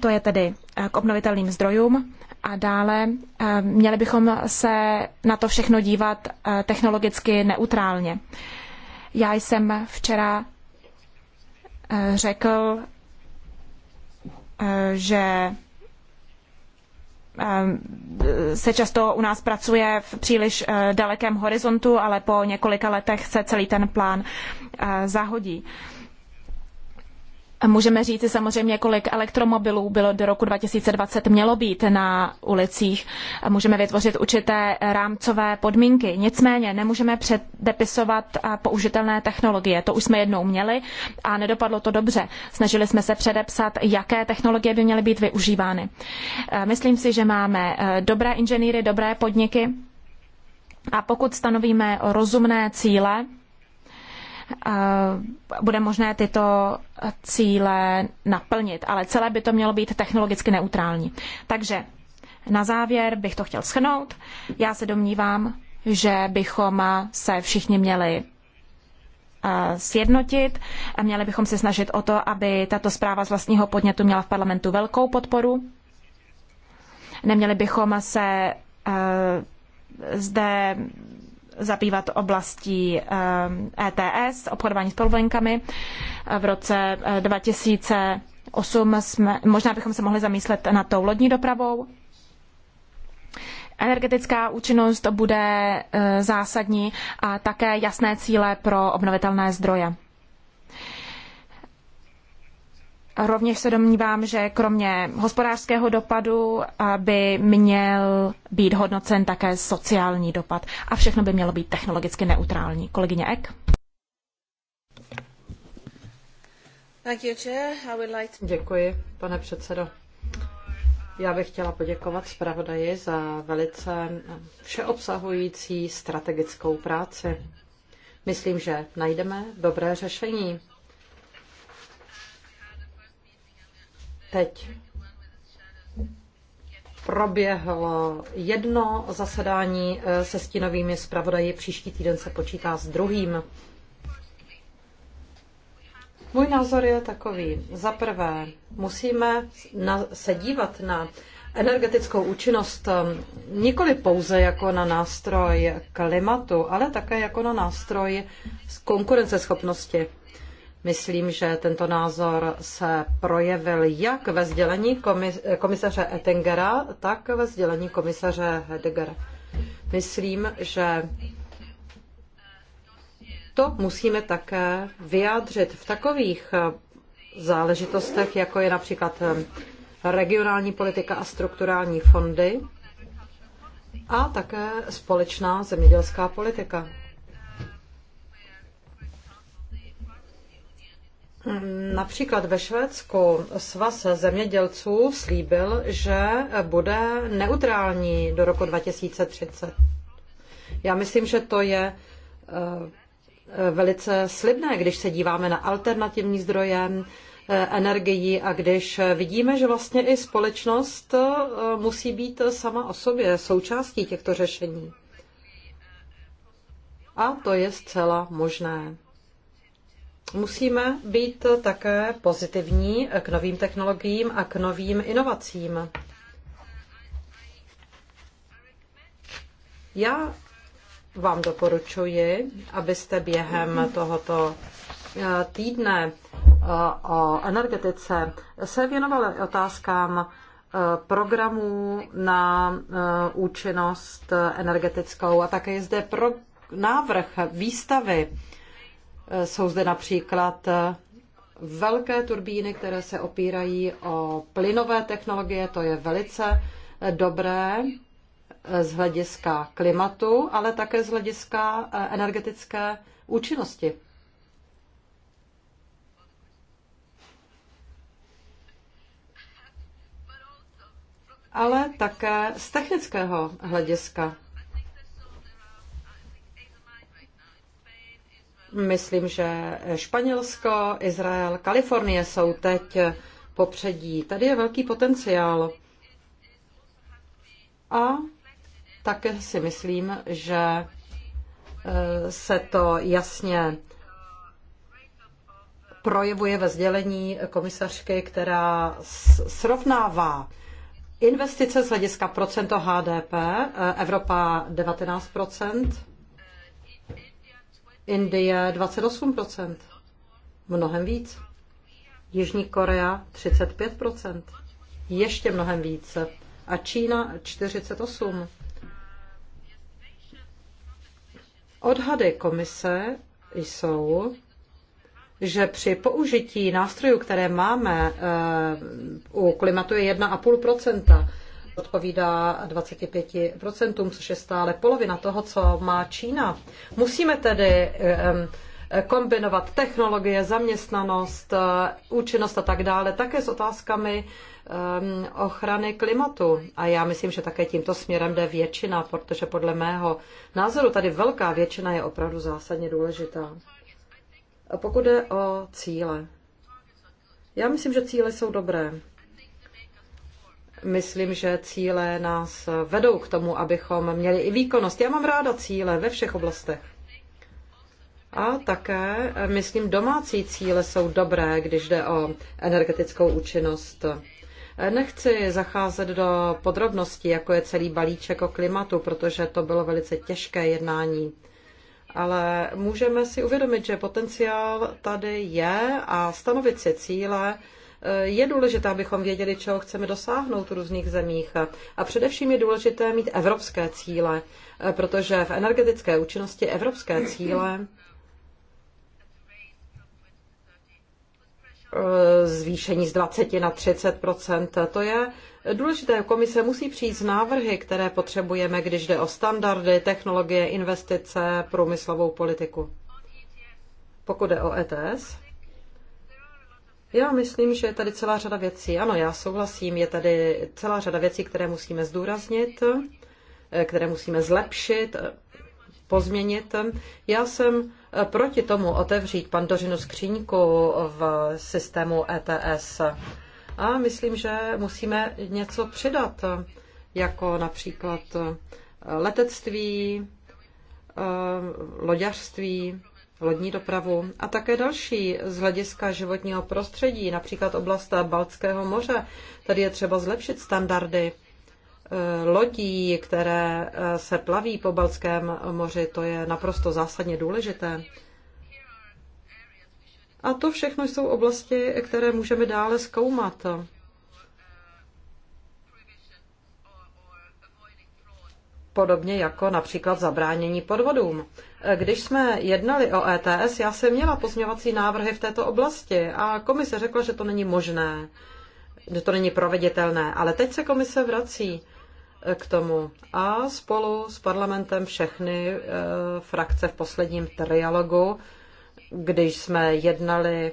To je tedy k obnovitelným zdrojům a dále. Eh, měli bychom se na to všechno dívat eh, technologicky neutrálně. Já jsem včera eh, řekl, že se často u nás pracuje v příliš dalekém horizontu, ale po několika letech se celý ten plán zahodí. Můžeme říct samozřejmě, kolik elektromobilů bylo do roku 2020 mělo být na ulicích. Můžeme vytvořit určité rámcové podmínky. Nicméně nemůžeme předepisovat eh, použitelné technologie. To už jsme jednou měli a nedopadlo to dobře. Snažili jsme se předepsat, jaké technologie by měly být využívány. Eh, myslím si, že máme eh, dobré inženýry, dobré podniky a pokud stanovíme rozumné cíle, Eh, bude možné tyto cíle naplnit, ale celé by to mělo být technologicky neutrální. Takže na závěr bych to chtěl schrnout. Já se domnívám, že bychom se všichni měli eh, sjednotit a měli bychom se snažit o to, aby tato zpráva z vlastního podnětu měla v parlamentu velkou podporu. Neměli bychom se eh, zde zabývat oblastí ETS, eh, e obchodování s povolenkami. V roce 2008 eh, jsme, možná bychom se mohli zamyslet na tou lodní dopravou. Energetická účinnost bude eh, zásadní a také jasné cíle pro obnovitelné zdroje. Rovněž se domnívám, že kromě hospodářského dopadu by měl být hodnocen také sociální dopad a všechno by mělo být technologicky neutrální. Kolegyně Ek. Děkuji, pane předsedo. Já bych chtěla poděkovat zpravodaji za velice všeobsahující strategickou práci. Myslím, že najdeme dobré řešení Teď proběhlo jedno zasedání eh, se stínovými zpravodaji. Příští týden se počítá s druhým. Můj názor je takový. Za prvé, musíme na, se dívat na energetickou účinnost eh, nikoli pouze jako na nástroj klimatu, ale také jako na nástroj konkurenceschopnosti. Myslím, že tento názor se projevil jak ve sdělení komisaře Ettingera, tak ve sdělení komisaře Hedegera. Myslím, že to musíme také vyjádřit v takových eh, záležitostech, jako je například eh, regionální politika a strukturální fondy a také společná zemědělská politika. Například ve Švédsku svaz zemědělců slíbil, že bude neutrální do roku 2030. Já myslím, že to je eh, velice slibné, když se díváme na alternativní zdroje eh, energií a když vidíme, že vlastně i společnost eh, musí být sama o sobě součástí těchto řešení. A to je zcela možné. Musíme být také pozitivní k novým technologiím a k novým inovacím. Já vám doporučuji, abyste během tohoto eh, týdne eh, o energetice se věnovali otázkám eh, programů na účinnost energetickou a také je zde pro návrh výstavy Eh, jsou zde například eh, velké turbíny, které se opírají o plynové technologie, to je velice eh, dobré z hlediska klimatu, ale také z hlediska energetické účinnosti. Ale také z technického hlediska. Myslím, že Španělsko, Izrael, Kalifornie jsou teď popředí. Tady je velký potenciál. A také si myslím, že eh, se to jasně projevuje ve sdělení komisařky, která srovnává investice z hlediska procento HDP, eh, Evropa 19 Indie 28%, mnohem víc. Jižní Korea 35%, ještě mnohem více. A Čína 48%. Odhady komise jsou, že při použití nástrojů, které máme eh, u klimatu je 1,5%, odpovídá 25%, což je stále polovina toho, co má Čína. Musíme tedy kombinovat technologie, zaměstnanost, eh, účinnost a tak dále, také s otázkami ochrany klimatu. A já myslím, že také tímto směrem jde většina, protože podle mého názoru tady velká většina je opravdu zásadně důležitá. pokud jde o cíle, já myslím, že cíle jsou dobré myslím, že cíle nás vedou k tomu, abychom měli i výkonnost. Já mám ráda cíle ve všech oblastech. A také, eh, myslím, domácí cíle jsou dobré, když jde o energetickou účinnost. Eh, nechci zacházet do podrobností, jako je celý balíček o klimatu, protože to bylo velice těžké jednání. Ale můžeme si uvědomit, že potenciál tady je a stanovit si cíle, je důležité, abychom věděli, čeho chceme dosáhnout v různých zemích. A především je důležité mít evropské cíle, protože v energetické účinnosti evropské cíle eh, zvýšení z 20 na 30 To je důležité. Komise musí přijít z návrhy, které potřebujeme, když jde o standardy, technologie, investice, průmyslovou politiku. Pokud jde o ETS, já myslím, že je tady celá řada věcí. Ano, já souhlasím, je tady celá řada věcí, které musíme zdůraznit, eh, které musíme zlepšit, eh, pozměnit. Já jsem eh, proti tomu otevřít pandořinu skříňku v systému ETS. A myslím, že musíme něco přidat, jako například letectví, loďařství lodní dopravu a také další z hlediska životního prostředí, například oblast Baltského moře. Tady je třeba zlepšit standardy eh, lodí, které eh, se plaví po Baltském moři, to je naprosto zásadně důležité. A to všechno jsou oblasti, které můžeme dále zkoumat. podobně jako například zabránění podvodům. E, když jsme jednali o ETS, já jsem měla pozměňovací návrhy v této oblasti a komise řekla, že to není možné, že to není proveditelné, ale teď se komise vrací e, k tomu a spolu s parlamentem všechny e, frakce v posledním trialogu, když jsme jednali e,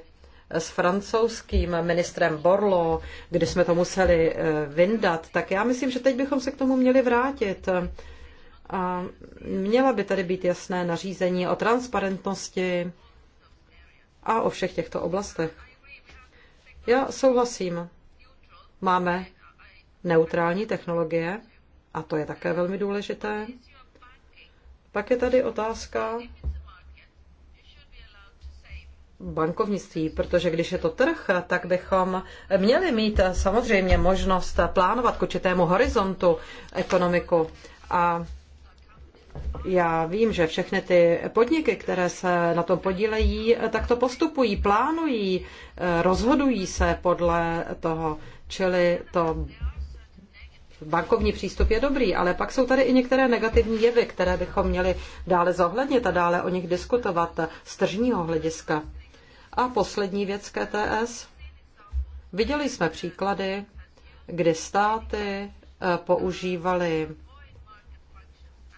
s francouzským ministrem Borlo, kdy jsme to museli vyndat, tak já myslím, že teď bychom se k tomu měli vrátit. A měla by tady být jasné nařízení o transparentnosti a o všech těchto oblastech. Já souhlasím. Máme neutrální technologie a to je také velmi důležité. Pak je tady otázka bankovnictví, protože když je to trh, tak bychom měli mít samozřejmě možnost plánovat k určitému horizontu ekonomiku. A já vím, že všechny ty podniky, které se na tom podílejí, tak to postupují, plánují, rozhodují se podle toho, čili to bankovní přístup je dobrý, ale pak jsou tady i některé negativní jevy, které bychom měli dále zohlednit a dále o nich diskutovat z tržního hlediska. A poslední věc KTS. E Viděli jsme příklady, kdy státy eh, používaly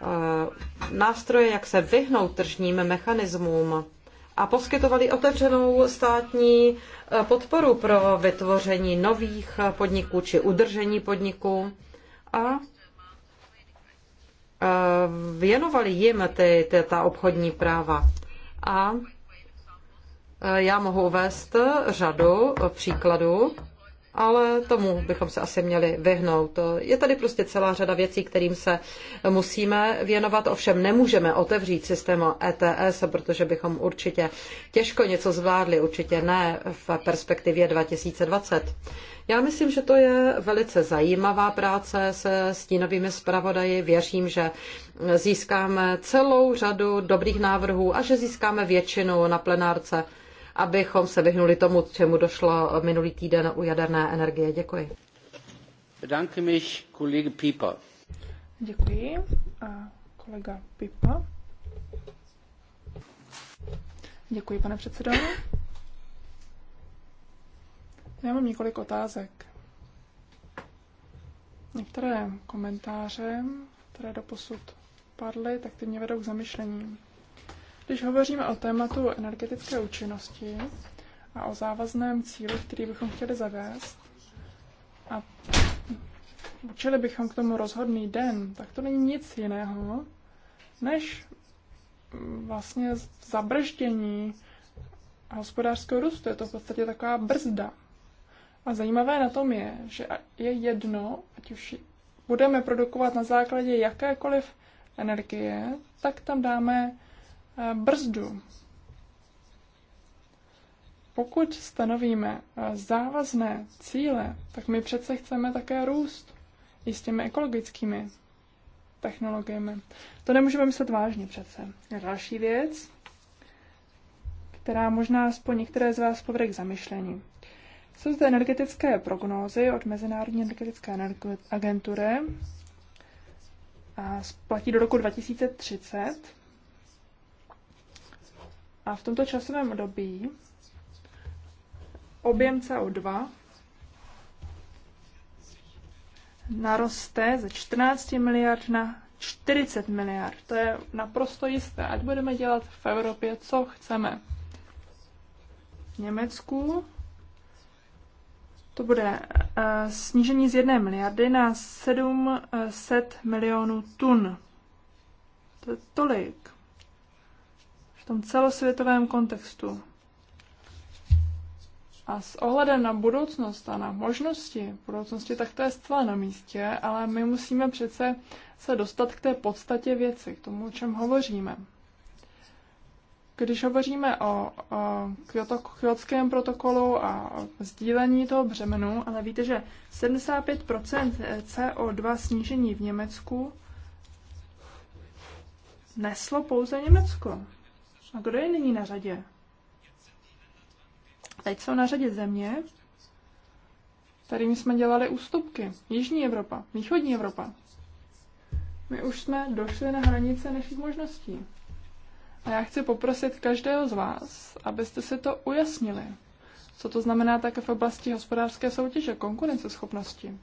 Eh, nástroje, jak se vyhnout tržním mechanismům a poskytovali otevřenou státní eh, podporu pro vytvoření nových podniků či udržení podniků a eh, věnovali jim ty, ty, ta obchodní práva. A já mohu uvést řadu příkladů ale tomu bychom se asi měli vyhnout. Je tady prostě celá řada věcí, kterým se musíme věnovat, ovšem nemůžeme otevřít systém ETS, protože bychom určitě těžko něco zvládli, určitě ne v perspektivě 2020. Já myslím, že to je velice zajímavá práce se stínovými zpravodaji. Věřím, že získáme celou řadu dobrých návrhů a že získáme většinu na plenárce abychom se vyhnuli tomu, čemu došlo minulý týden u jaderné energie. Děkuji. Bedanke mich, kolege Pieper. Děkuji. A kolega Pipa. Děkuji, pane předsedo. Já mám několik otázek. Některé komentáře, které doposud padly, tak ty mě vedou k zamyšlení. Když hovoříme o tématu energetické účinnosti a o závazném cíli, který bychom chtěli zavést, a učili bychom k tomu rozhodný den, tak to není nic jiného, než vlastně zabrždění hospodářského růstu. Je to v podstatě taková brzda. A zajímavé na tom je, že je jedno, ať už budeme produkovat na základě jakékoliv energie, tak tam dáme Eh, brzdu. Pokud stanovíme eh, závazné cíle, tak my přece chceme také růst i s těmi ekologickými technologiemi. To nemůžeme myslet vážně přece. Další věc, která možná aspoň některé z vás povede k zamyšlení. Jsou zde energetické prognózy od Mezinárodní energetické agentury a platí do roku 2030 a v tomto časovém období objem CO2 naroste ze 14 miliard na 40 miliard. To je naprosto jisté, ať budeme dělat v Evropě, co chceme. V Německu to bude eh, snížení z 1 miliardy na 700 milionů tun. To je tolik tom celosvětovém kontextu. A s ohledem na budoucnost a na možnosti budoucnosti, tak to je zcela na místě, ale my musíme přece se dostat k té podstatě věci, k tomu, o čem hovoříme. Když hovoříme o, o kyotském protokolu a o sdílení toho břemenu, ale víte, že 75 CO2 snížení v Německu neslo pouze Německo. A kdo je nyní na řadě? Teď jsou na řadě země, kterými jsme dělali ústupky. Jižní Evropa, východní Evropa. My už jsme došli na hranice našich možností. A já chci poprosit každého z vás, abyste si to ujasnili. Co to znamená také v oblasti hospodářské soutěže, konkurenceschopnosti.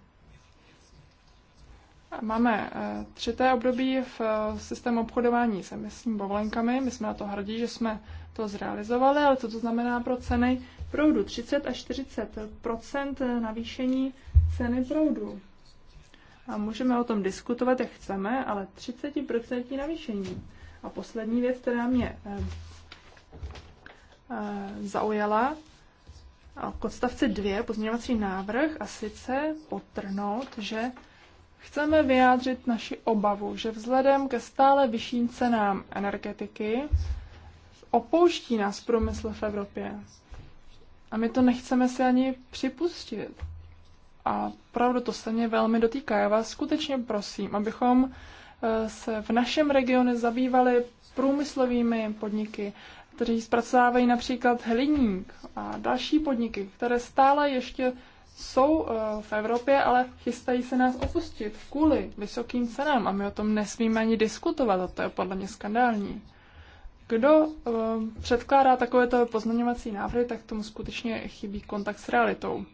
Máme eh, třeté období eh, v systému obchodování s emisními povolenkami. My jsme na to hrdí, že jsme to zrealizovali, ale co to znamená pro ceny proudu? 30 až 40 navýšení ceny proudu. A můžeme o tom diskutovat, jak chceme, ale 30% navýšení. A poslední věc, která mě eh, eh, zaujala, k odstavci 2 pozměňovací návrh a sice potrhnout, že Chceme vyjádřit naši obavu, že vzhledem ke stále vyšším cenám energetiky opouští nás průmysl v Evropě. A my to nechceme si ani připustit. A pravdu to se mě velmi dotýká. Já vás skutečně prosím, abychom eh, se v našem regionu zabývali průmyslovými podniky, kteří zpracovávají například hliník a další podniky, které stále ještě jsou eh, v Evropě, ale chystají se nás opustit kvůli vysokým cenám a my o tom nesmíme ani diskutovat a to je podle mě skandální. Kdo eh, předkládá takovéto pozměňovací návrhy, tak tomu skutečně chybí kontakt s realitou.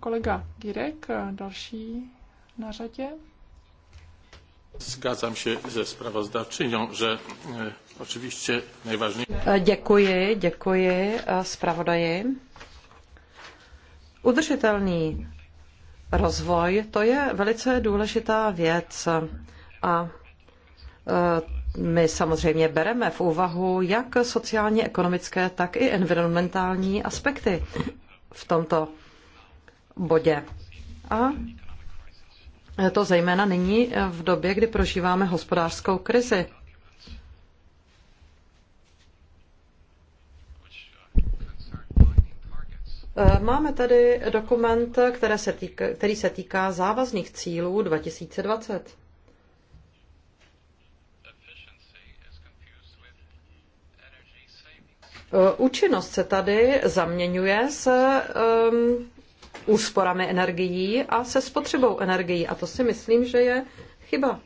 Kolega Girek, eh, další na řadě. Zgadzam se ze sprawozdawczynią, že, e, oczywiście najważniejsze. E, děkuji, děkuji zpravodaji. E, Udržitelný rozvoj, to je velice důležitá věc a e, my samozřejmě bereme v úvahu jak sociálně ekonomické, tak i environmentální aspekty v tomto bodě. A to zejména nyní v době, kdy prožíváme hospodářskou krizi. Eh, máme tady dokument, které se týka, který se týká závazných cílů 2020. Eh, účinnost se tady zaměňuje s um, úsporami energií a se spotřebou energií. A to si myslím, že je chyba.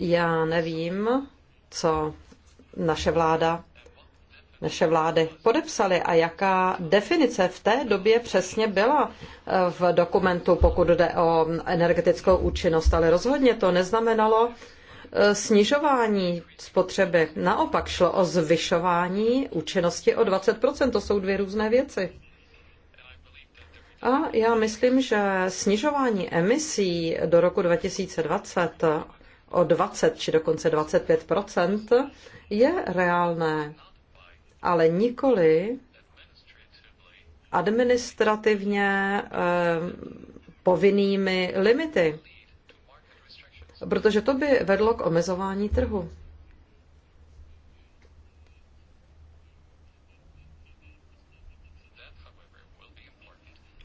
Já nevím, co naše vláda naše vlády podepsaly a jaká definice v té době přesně byla eh, v dokumentu, pokud jde o energetickou účinnost, ale rozhodně to neznamenalo eh, snižování spotřeby. Naopak šlo o zvyšování účinnosti o 20%. To jsou dvě různé věci. A já myslím, že snižování emisí do roku 2020 o 20 či dokonce 25 je reálné ale nikoli administrativně eh, povinnými limity, protože to by vedlo k omezování trhu.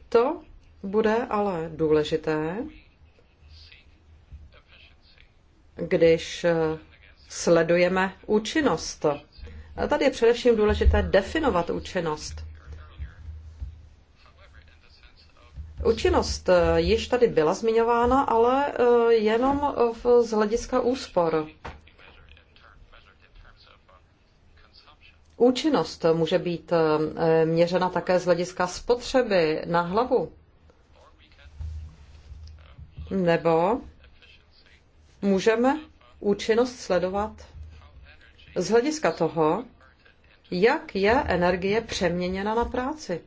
To bude ale důležité, když eh, sledujeme účinnost a tady je především důležité definovat účinnost. Účinnost eh, již tady byla zmiňována, ale eh, jenom eh, z hlediska úspor. Účinnost může být měřena také z hlediska spotřeby na hlavu. Nebo můžeme účinnost sledovat z hlediska toho, jak je energie přeměněna na práci.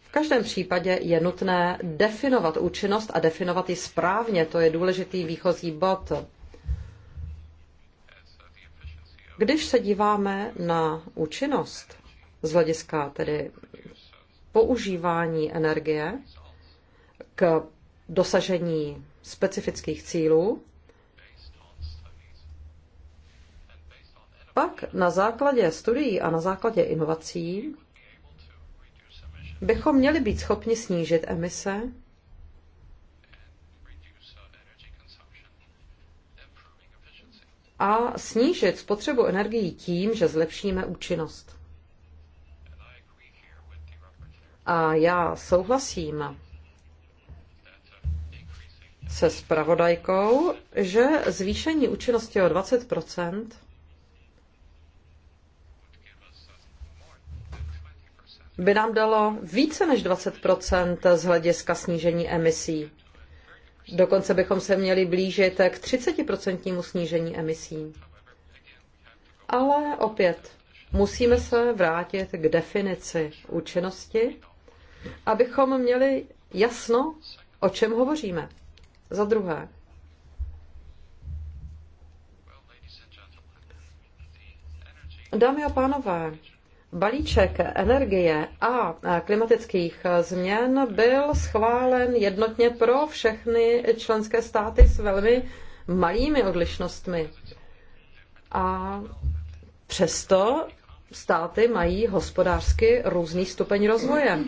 V každém případě je nutné definovat účinnost a definovat ji správně. To je důležitý výchozí bod. Když se díváme na účinnost z hlediska tedy používání energie k dosažení specifických cílů, Pak na základě studií a na základě inovací bychom měli být schopni snížit emise a snížit spotřebu energií tím, že zlepšíme účinnost. A já souhlasím se spravodajkou, že zvýšení účinnosti o 20 by nám dalo více než 20 z hlediska snížení emisí. Dokonce bychom se měli blížit k 30% snížení emisí. Ale opět, musíme se vrátit k definici účinnosti, abychom měli jasno, o čem hovoříme. Za druhé, Dámy a pánové, Balíček energie a klimatických změn byl schválen jednotně pro všechny členské státy s velmi malými odlišnostmi. A přesto státy mají hospodářsky různý stupeň rozvoje.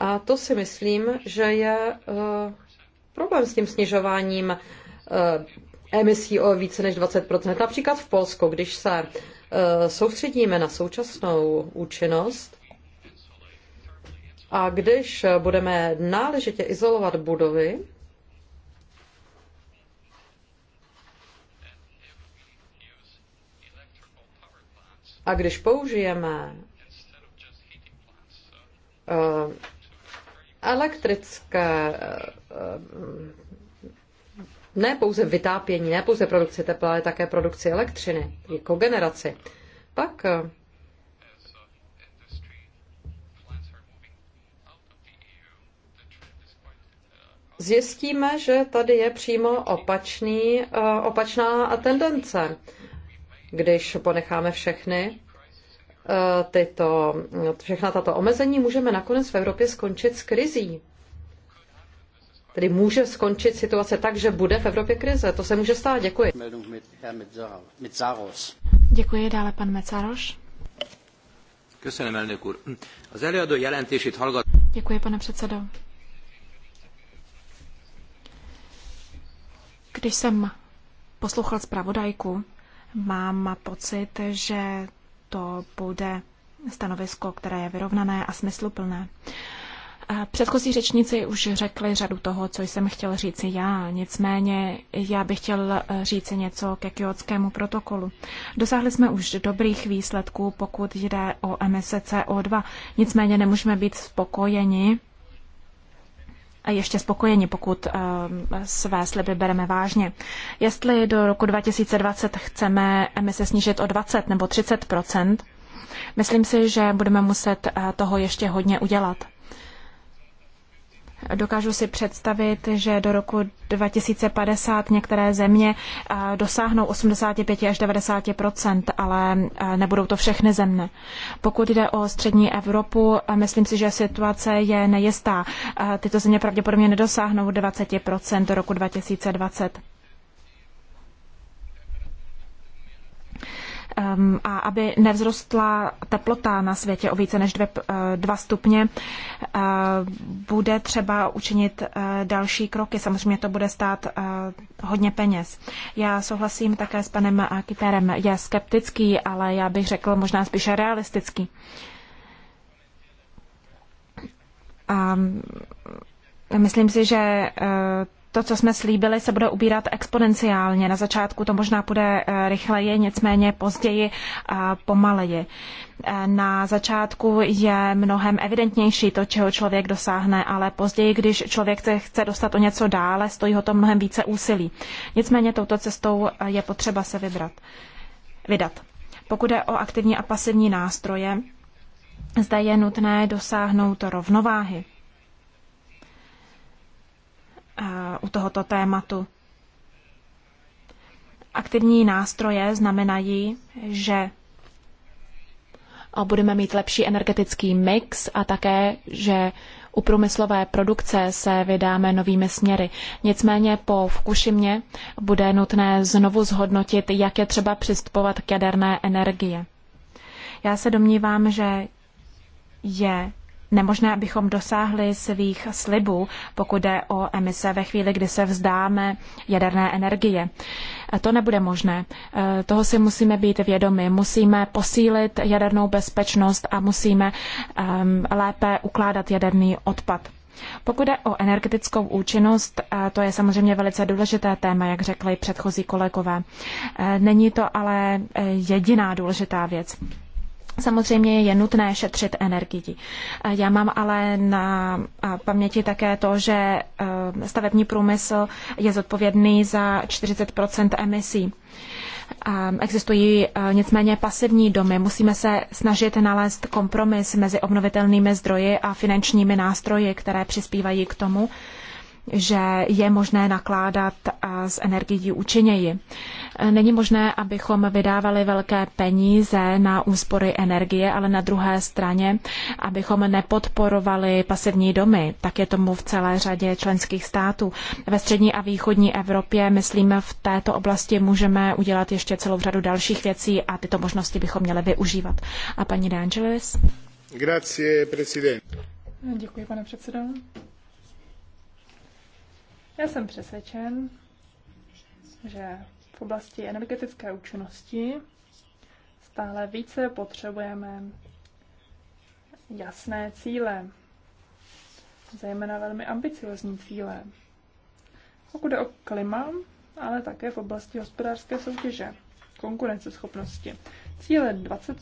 A to si myslím, že je eh, problém s tím snižováním eh, emisí o více než 20%. Například v Polsku, když se eh, soustředíme na současnou účinnost a když budeme náležitě izolovat budovy, A když použijeme eh, elektrické eh, ne pouze vytápění, ne pouze produkci tepla, ale také produkci elektřiny, jako Pak eh, zjistíme, že tady je přímo opačný, eh, opačná tendence. Když ponecháme všechny eh, tyto, všechna tato omezení, můžeme nakonec v Evropě skončit s krizí. Tedy může skončit situace tak, že bude v Evropě krize. To se může stát. Děkuji. Děkuji. Dále pan Mecaroš. Děkuji, pane předsedo. Když jsem poslouchal zpravodajku, mám pocit, že to bude stanovisko, které je vyrovnané a smysluplné. Předchozí řečníci už řekli řadu toho, co jsem chtěl říci já, nicméně já bych chtěl eh, říci něco ke kyotskému protokolu. Dosáhli jsme už dobrých výsledků, pokud jde o emise CO2, nicméně nemůžeme být spokojeni a ještě spokojeni, pokud eh, své sliby bereme vážně. Jestli do roku 2020 chceme emise snížit o 20 nebo 30 myslím si, že budeme muset eh, toho ještě hodně udělat. Dokážu si představit, že do roku 2050 některé země eh, dosáhnou 85 až 90 ale eh, nebudou to všechny země. Pokud jde o střední Evropu, eh, myslím si, že situace je nejistá. Tyto země pravděpodobně nedosáhnou 20 do roku 2020. a aby nevzrostla teplota na světě o více než 2 eh, stupně, eh, bude třeba učinit eh, další kroky. Samozřejmě to bude stát hodně peněz. Já souhlasím také s panem Kyterem. Je skeptický, ale já bych řekl možná spíše realistický. A myslím si, že to, co jsme slíbili, se bude ubírat exponenciálně. Na začátku to možná bude eh, rychleji, nicméně později pomaleji. Eh, na začátku je mnohem evidentnější to, čeho člověk dosáhne, ale později, když člověk se chce dostat o něco dále, stojí ho to mnohem více úsilí. Nicméně touto cestou eh, je potřeba se vybrat, vydat. Pokud je o aktivní a pasivní nástroje, zde je nutné dosáhnout rovnováhy u tohoto tématu. Aktivní nástroje znamenají, že budeme mít lepší energetický mix a také, že u průmyslové produkce se vydáme novými směry. Nicméně po Fukushimě bude nutné znovu zhodnotit, jak je třeba přistupovat k jaderné energie. Já se domnívám, že je nemožné, abychom dosáhli svých slibů, pokud jde o emise ve chvíli, kdy se vzdáme jaderné energie. To nebude možné. E, toho si musíme být vědomi. Musíme posílit jadernou bezpečnost a musíme lépe ukládat jaderný odpad. Pokud jde o energetickou účinnost, e, to je samozřejmě velice důležité téma, jak řekli předchozí kolegové. E, není to ale jediná důležitá věc. Samozřejmě je nutné šetřit energii. Já mám ale na paměti také to, že eh, stavební průmysl je zodpovědný za 40 emisí. Existují eh, nicméně pasivní domy. Musíme se snažit nalézt kompromis mezi obnovitelnými zdroji a finančními nástroji, které přispívají k tomu, že je možné nakládat eh, s energií účinněji. Eh, není možné, abychom vydávali velké peníze na úspory energie, ale na druhé straně, abychom nepodporovali pasivní domy. Tak je tomu v celé řadě členských států. Ve střední a východní Evropě, myslím, v této oblasti můžeme udělat ještě celou řadu dalších věcí a tyto možnosti bychom měli využívat. A paní D'Angelis? Angelis? Grazie, Děkuji, pane předsedo. Já jsem přesvědčen, že v oblasti energetické účinnosti stále více potřebujeme jasné cíle, zejména velmi ambiciozní cíle. Pokud jde o klima, ale také v oblasti hospodářské soutěže, konkurenceschopnosti. Cíle 20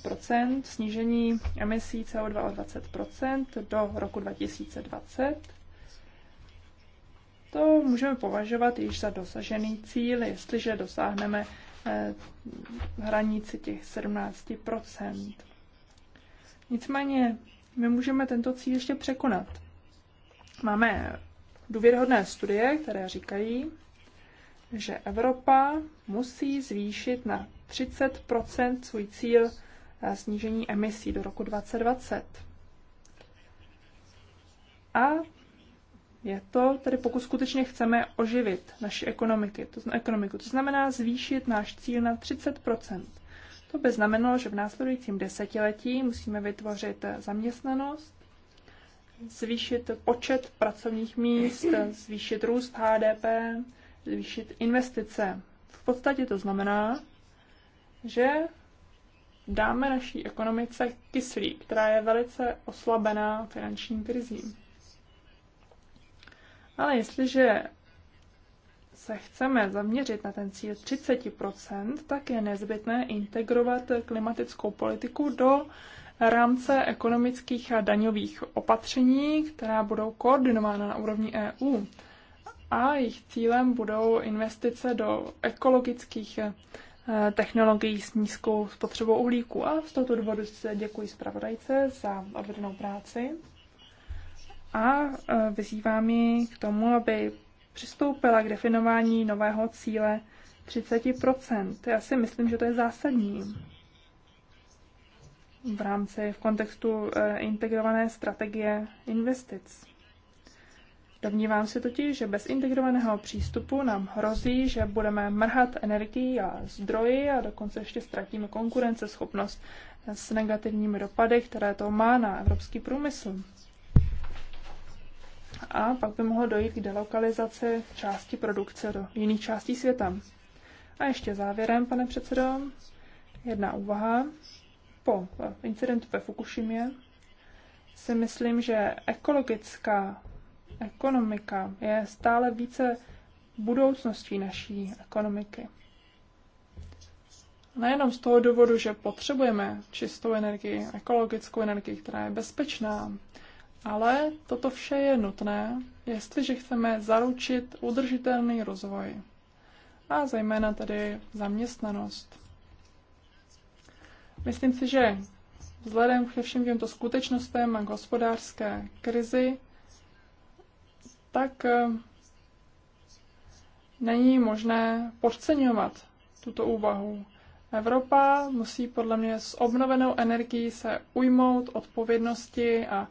snížení emisí CO2 o 20 do roku 2020 to můžeme považovat již za dosažený cíl, jestliže dosáhneme eh, hranici těch 17 Nicméně my můžeme tento cíl ještě překonat. Máme důvěryhodné studie, které říkají, že Evropa musí zvýšit na 30 svůj cíl eh, snížení emisí do roku 2020. A je to tedy, pokud skutečně chceme oživit naši ekonomiky, to znamená, ekonomiku, to znamená zvýšit náš cíl na 30 To by znamenalo, že v následujícím desetiletí musíme vytvořit zaměstnanost, zvýšit počet pracovních míst, zvýšit růst HDP, zvýšit investice. V podstatě to znamená, že dáme naší ekonomice kyslík, která je velice oslabená finanční krizí. Ale jestliže se chceme zaměřit na ten cíl 30%, tak je nezbytné integrovat klimatickou politiku do rámce ekonomických a daňových opatření, která budou koordinována na úrovni EU. A jejich cílem budou investice do ekologických eh, technologií s nízkou spotřebou uhlíku. A z tohoto důvodu se děkuji zpravodajce za odvedenou práci a e, vyzývá mi k tomu, aby přistoupila k definování nového cíle 30 Já si myslím, že to je zásadní v rámci, v kontextu e, integrované strategie investic. Domnívám se totiž, že bez integrovaného přístupu nám hrozí, že budeme mrhat energii a zdroji a dokonce ještě ztratíme konkurenceschopnost s negativními dopady, které to má na evropský průmysl a pak by mohlo dojít k delokalizaci části produkce do jiných částí světa. A ještě závěrem, pane předsedo, jedna úvaha. Po eh, incidentu ve Fukushimě si myslím, že ekologická ekonomika je stále více budoucností naší ekonomiky. Nejenom z toho důvodu, že potřebujeme čistou energii, ekologickou energii, která je bezpečná, ale toto vše je nutné, jestliže chceme zaručit udržitelný rozvoj a zejména tedy zaměstnanost. Myslím si, že vzhledem ke všem těmto skutečnostem a k hospodářské krizi, tak eh, není možné podceňovat tuto úvahu. Evropa musí podle mě s obnovenou energií se ujmout odpovědnosti a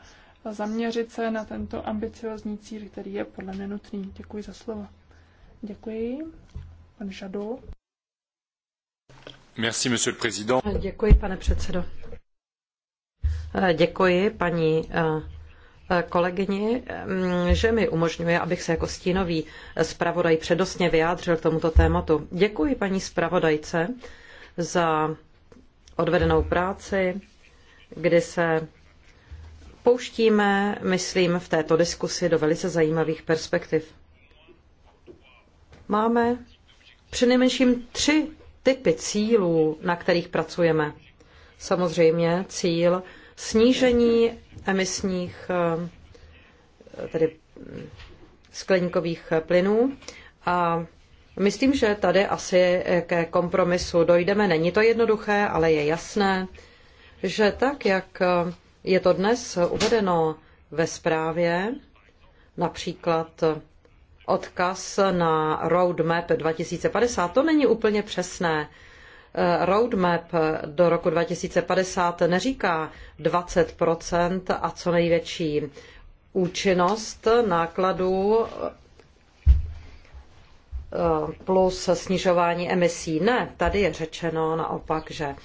zaměřit se na tento ambiciozní cíl, který je podle mě nutný. Děkuji za slovo. Děkuji. Pan Žado. Merci, monsieur le président. Děkuji, pane předsedo. Eh, děkuji, paní eh, kolegyni, mm, že mi umožňuje, abych se jako stínový zpravodaj přednostně vyjádřil k tomuto tématu. Děkuji paní zpravodajce za odvedenou práci, kdy se pouštíme, myslím, v této diskusi do velice zajímavých perspektiv. Máme přinejmenším tři typy cílů, na kterých pracujeme. Samozřejmě cíl snížení emisních eh, tedy hm, skleníkových plynů a myslím, že tady asi ke kompromisu dojdeme. Není to jednoduché, ale je jasné, že tak, jak je to dnes uvedeno ve zprávě, například odkaz na roadmap 2050. To není úplně přesné. Eh, roadmap do roku 2050 neříká 20% a co největší účinnost nákladů eh, plus snižování emisí. Ne, tady je řečeno naopak, že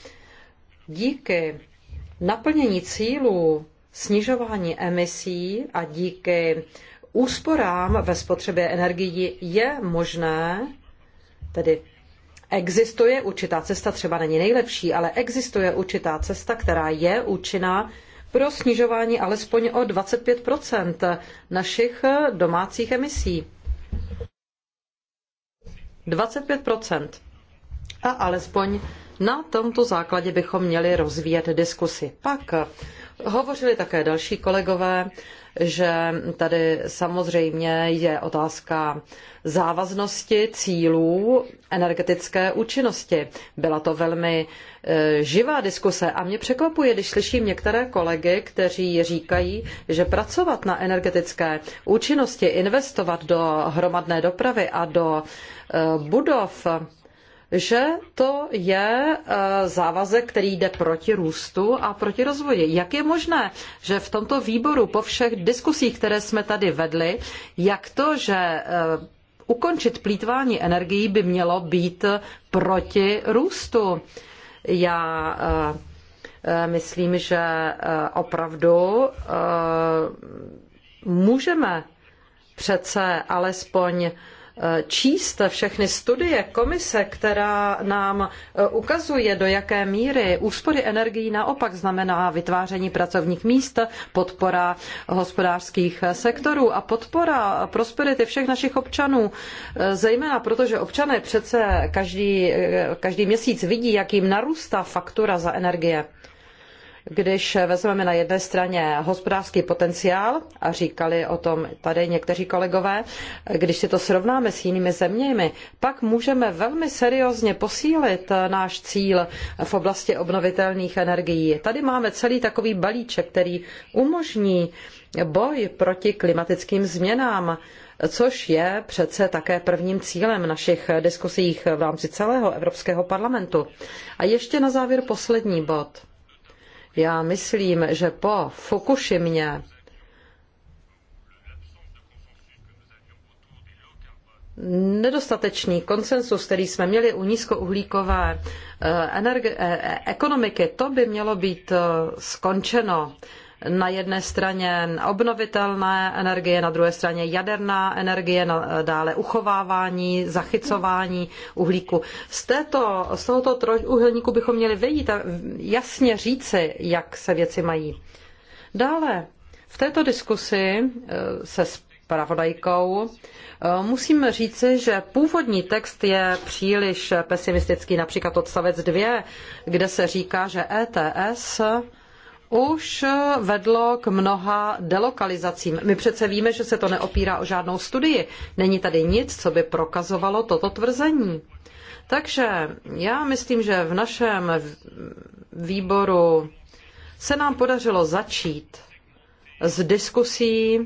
díky naplnění cílů snižování emisí a díky úsporám ve spotřebě energií je možné, tedy existuje určitá cesta, třeba není nejlepší, ale existuje určitá cesta, která je účinná pro snižování alespoň o 25 našich domácích emisí. 25 a alespoň na tomto základě bychom měli rozvíjet diskusy. Pak hovořili také další kolegové, že tady samozřejmě je otázka závaznosti cílů energetické účinnosti. Byla to velmi e, živá diskuse a mě překvapuje, když slyším některé kolegy, kteří říkají, že pracovat na energetické účinnosti, investovat do hromadné dopravy a do e, budov že to je e, závazek, který jde proti růstu a proti rozvoji. Jak je možné, že v tomto výboru po všech diskusích, které jsme tady vedli, jak to, že e, ukončit plítvání energií by mělo být proti růstu? Já e, myslím, že opravdu můžeme přece alespoň Eh, číst všechny studie komise, která nám eh, ukazuje, do jaké míry úspory energií naopak znamená vytváření pracovních míst, podpora hospodářských eh, sektorů a podpora prosperity všech našich občanů, zejména protože občané přece každý, každý měsíc vidí, jak jim narůstá faktura za energie. Když vezmeme na jedné straně hospodářský potenciál, a říkali o tom tady někteří kolegové, když si to srovnáme s jinými zeměmi, pak můžeme velmi seriózně posílit náš cíl v oblasti obnovitelných energií. Tady máme celý takový balíček, který umožní boj proti klimatickým změnám což je přece také prvním cílem našich diskusí v rámci celého Evropského parlamentu. A ještě na závěr poslední bod. Já myslím, že po Fukushimě nedostatečný konsensus, který jsme měli u nízkouhlíkové eh, energi- eh, eh, ekonomiky, to by mělo být skončeno na jedné straně obnovitelné energie, na druhé straně jaderná energie, dále uchovávání, zachycování uhlíku. Z, této, z tohoto trojuhelníku bychom měli vyjít a jasně říci, jak se věci mají. Dále v této diskusi eh, se pravodajkou. Eh, musím říci, že původní text je příliš pesimistický, například odstavec 2, kde se říká, že ETS už vedlo k mnoha delokalizacím. My přece víme, že se to neopírá o žádnou studii. Není tady nic, co by prokazovalo toto tvrzení. Takže já myslím, že v našem výboru se nám podařilo začít s diskusí,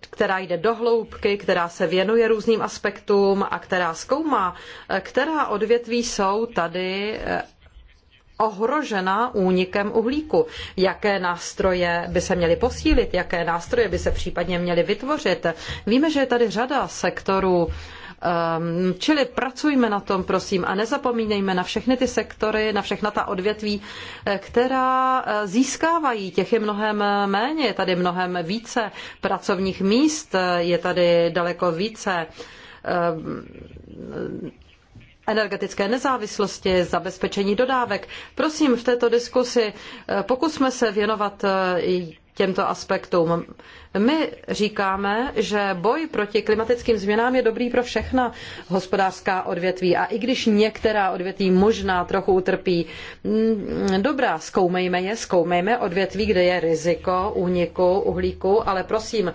která jde do hloubky, která se věnuje různým aspektům a která zkoumá, která odvětví jsou tady ohrožena únikem uhlíku. Jaké nástroje by se měly posílit, jaké nástroje by se případně měly vytvořit. Víme, že je tady řada sektorů, ehm, Čili pracujme na tom, prosím, a nezapomínejme na všechny ty sektory, na všechna ta odvětví, eh, která eh, získávají, těch je mnohem eh, méně, je tady mnohem více pracovních míst, je tady daleko více ehm, energetické nezávislosti, zabezpečení dodávek. Prosím, v této diskusi eh, pokusme se věnovat eh, těmto aspektům. My říkáme, že boj proti klimatickým změnám je dobrý pro všechna hospodářská odvětví a i když některá odvětví možná trochu utrpí, mm, dobrá, zkoumejme je, zkoumejme odvětví, kde je riziko úniku uhlíku, ale prosím,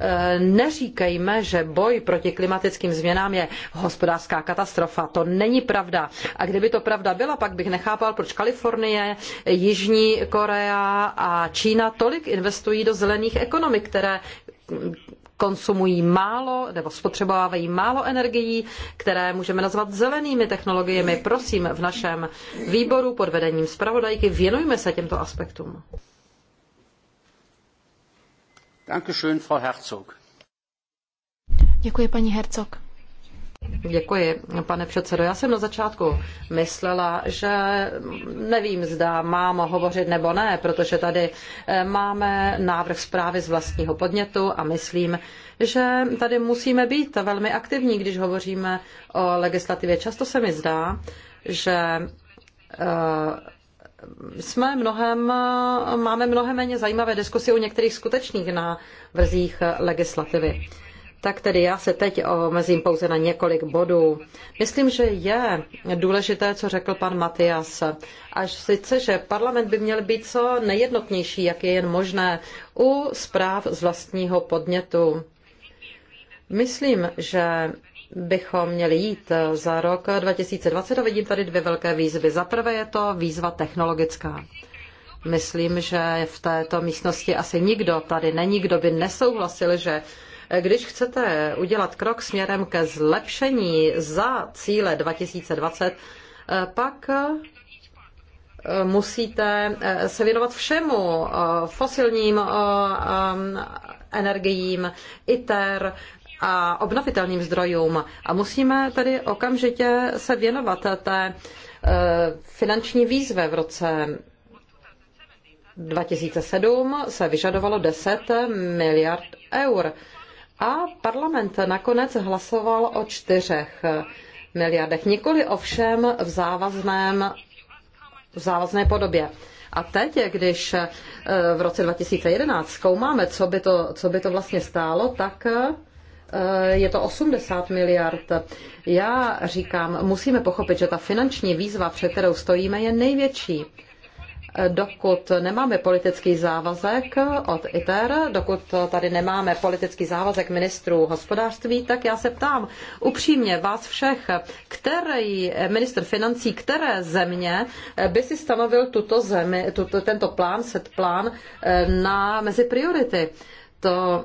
Eh, neříkejme, že boj proti klimatickým změnám je hospodářská katastrofa. To není pravda. A kdyby to pravda byla, pak bych nechápal, proč Kalifornie, Jižní Korea a Čína tolik investují do zelených ekonomik, které konsumují málo nebo spotřebovávají málo energií, které můžeme nazvat zelenými technologiemi. Prosím, v našem výboru pod vedením zpravodajky věnujme se těmto aspektům. Dankeschön, Frau Herzog. Děkuji, paní Herzog. Děkuji, pane předsedo. Já jsem na začátku myslela, že nevím, zda mám hovořit nebo ne, protože tady eh, máme návrh zprávy z vlastního podnětu a myslím, že tady musíme být velmi aktivní, když hovoříme o legislativě. Často se mi zdá, že eh, jsme mnohem, máme mnohem méně zajímavé diskusy o některých skutečných návrzích legislativy. Tak tedy já se teď omezím pouze na několik bodů. Myslím, že je důležité, co řekl pan Matias. Až sice, že parlament by měl být co nejjednotnější, jak je jen možné, u zpráv z vlastního podnětu. Myslím, že bychom měli jít eh, za rok 2020 eh, vidím tady dvě velké výzvy. Za prvé je to výzva technologická. Myslím, že v této místnosti asi nikdo tady není, kdo by nesouhlasil, že eh, když chcete udělat krok směrem ke zlepšení za cíle 2020, pak musíte se věnovat všemu, fosilním energiím, ITER, a obnovitelným zdrojům. A musíme tedy okamžitě se věnovat té e, finanční výzve v roce 2007 se vyžadovalo 10 miliard eur a parlament nakonec hlasoval o čtyřech miliardech, nikoli ovšem v, závazném, v závazné podobě. A teď, když e, v roce 2011 zkoumáme, co by to, co by to vlastně stálo, tak Eh, je to 80 miliard. Já říkám, musíme pochopit, že ta finanční výzva, před kterou stojíme, je největší. Eh, dokud nemáme politický závazek od ITER, dokud tady nemáme politický závazek ministrů hospodářství, tak já se ptám upřímně vás všech, který eh, minister financí, které země by si stanovil tuto zemi, tuto, tento plán, set plán na mezi priority. To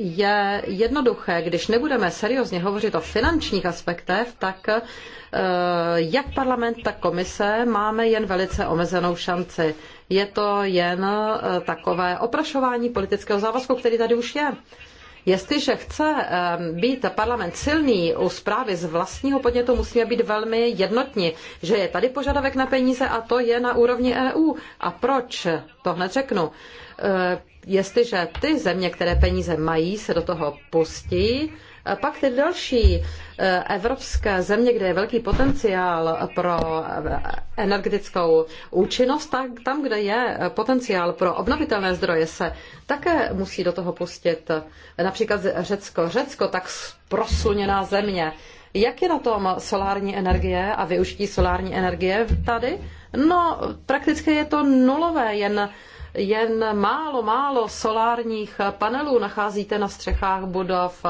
je jednoduché, když nebudeme seriózně hovořit o finančních aspektech, tak eh, jak parlament, tak komise máme jen velice omezenou šanci. Je to jen eh, takové oprašování politického závazku, který tady už je. Jestliže chce eh, být parlament silný u zprávy z vlastního podnětu, musíme být velmi jednotní, že je tady požadavek na peníze a to je na úrovni EU. A proč? To hned řeknu jestliže ty země, které peníze mají, se do toho pustí, eh, pak ty další eh, evropské země, kde je velký potenciál pro eh, energetickou účinnost, tak tam, kde je potenciál pro obnovitelné zdroje, se také musí do toho pustit. Například Řecko. Řecko, tak prosuněná země. Jak je na tom solární energie a využití solární energie tady? No, prakticky je to nulové, jen jen málo, málo solárních panelů nacházíte na střechách budov,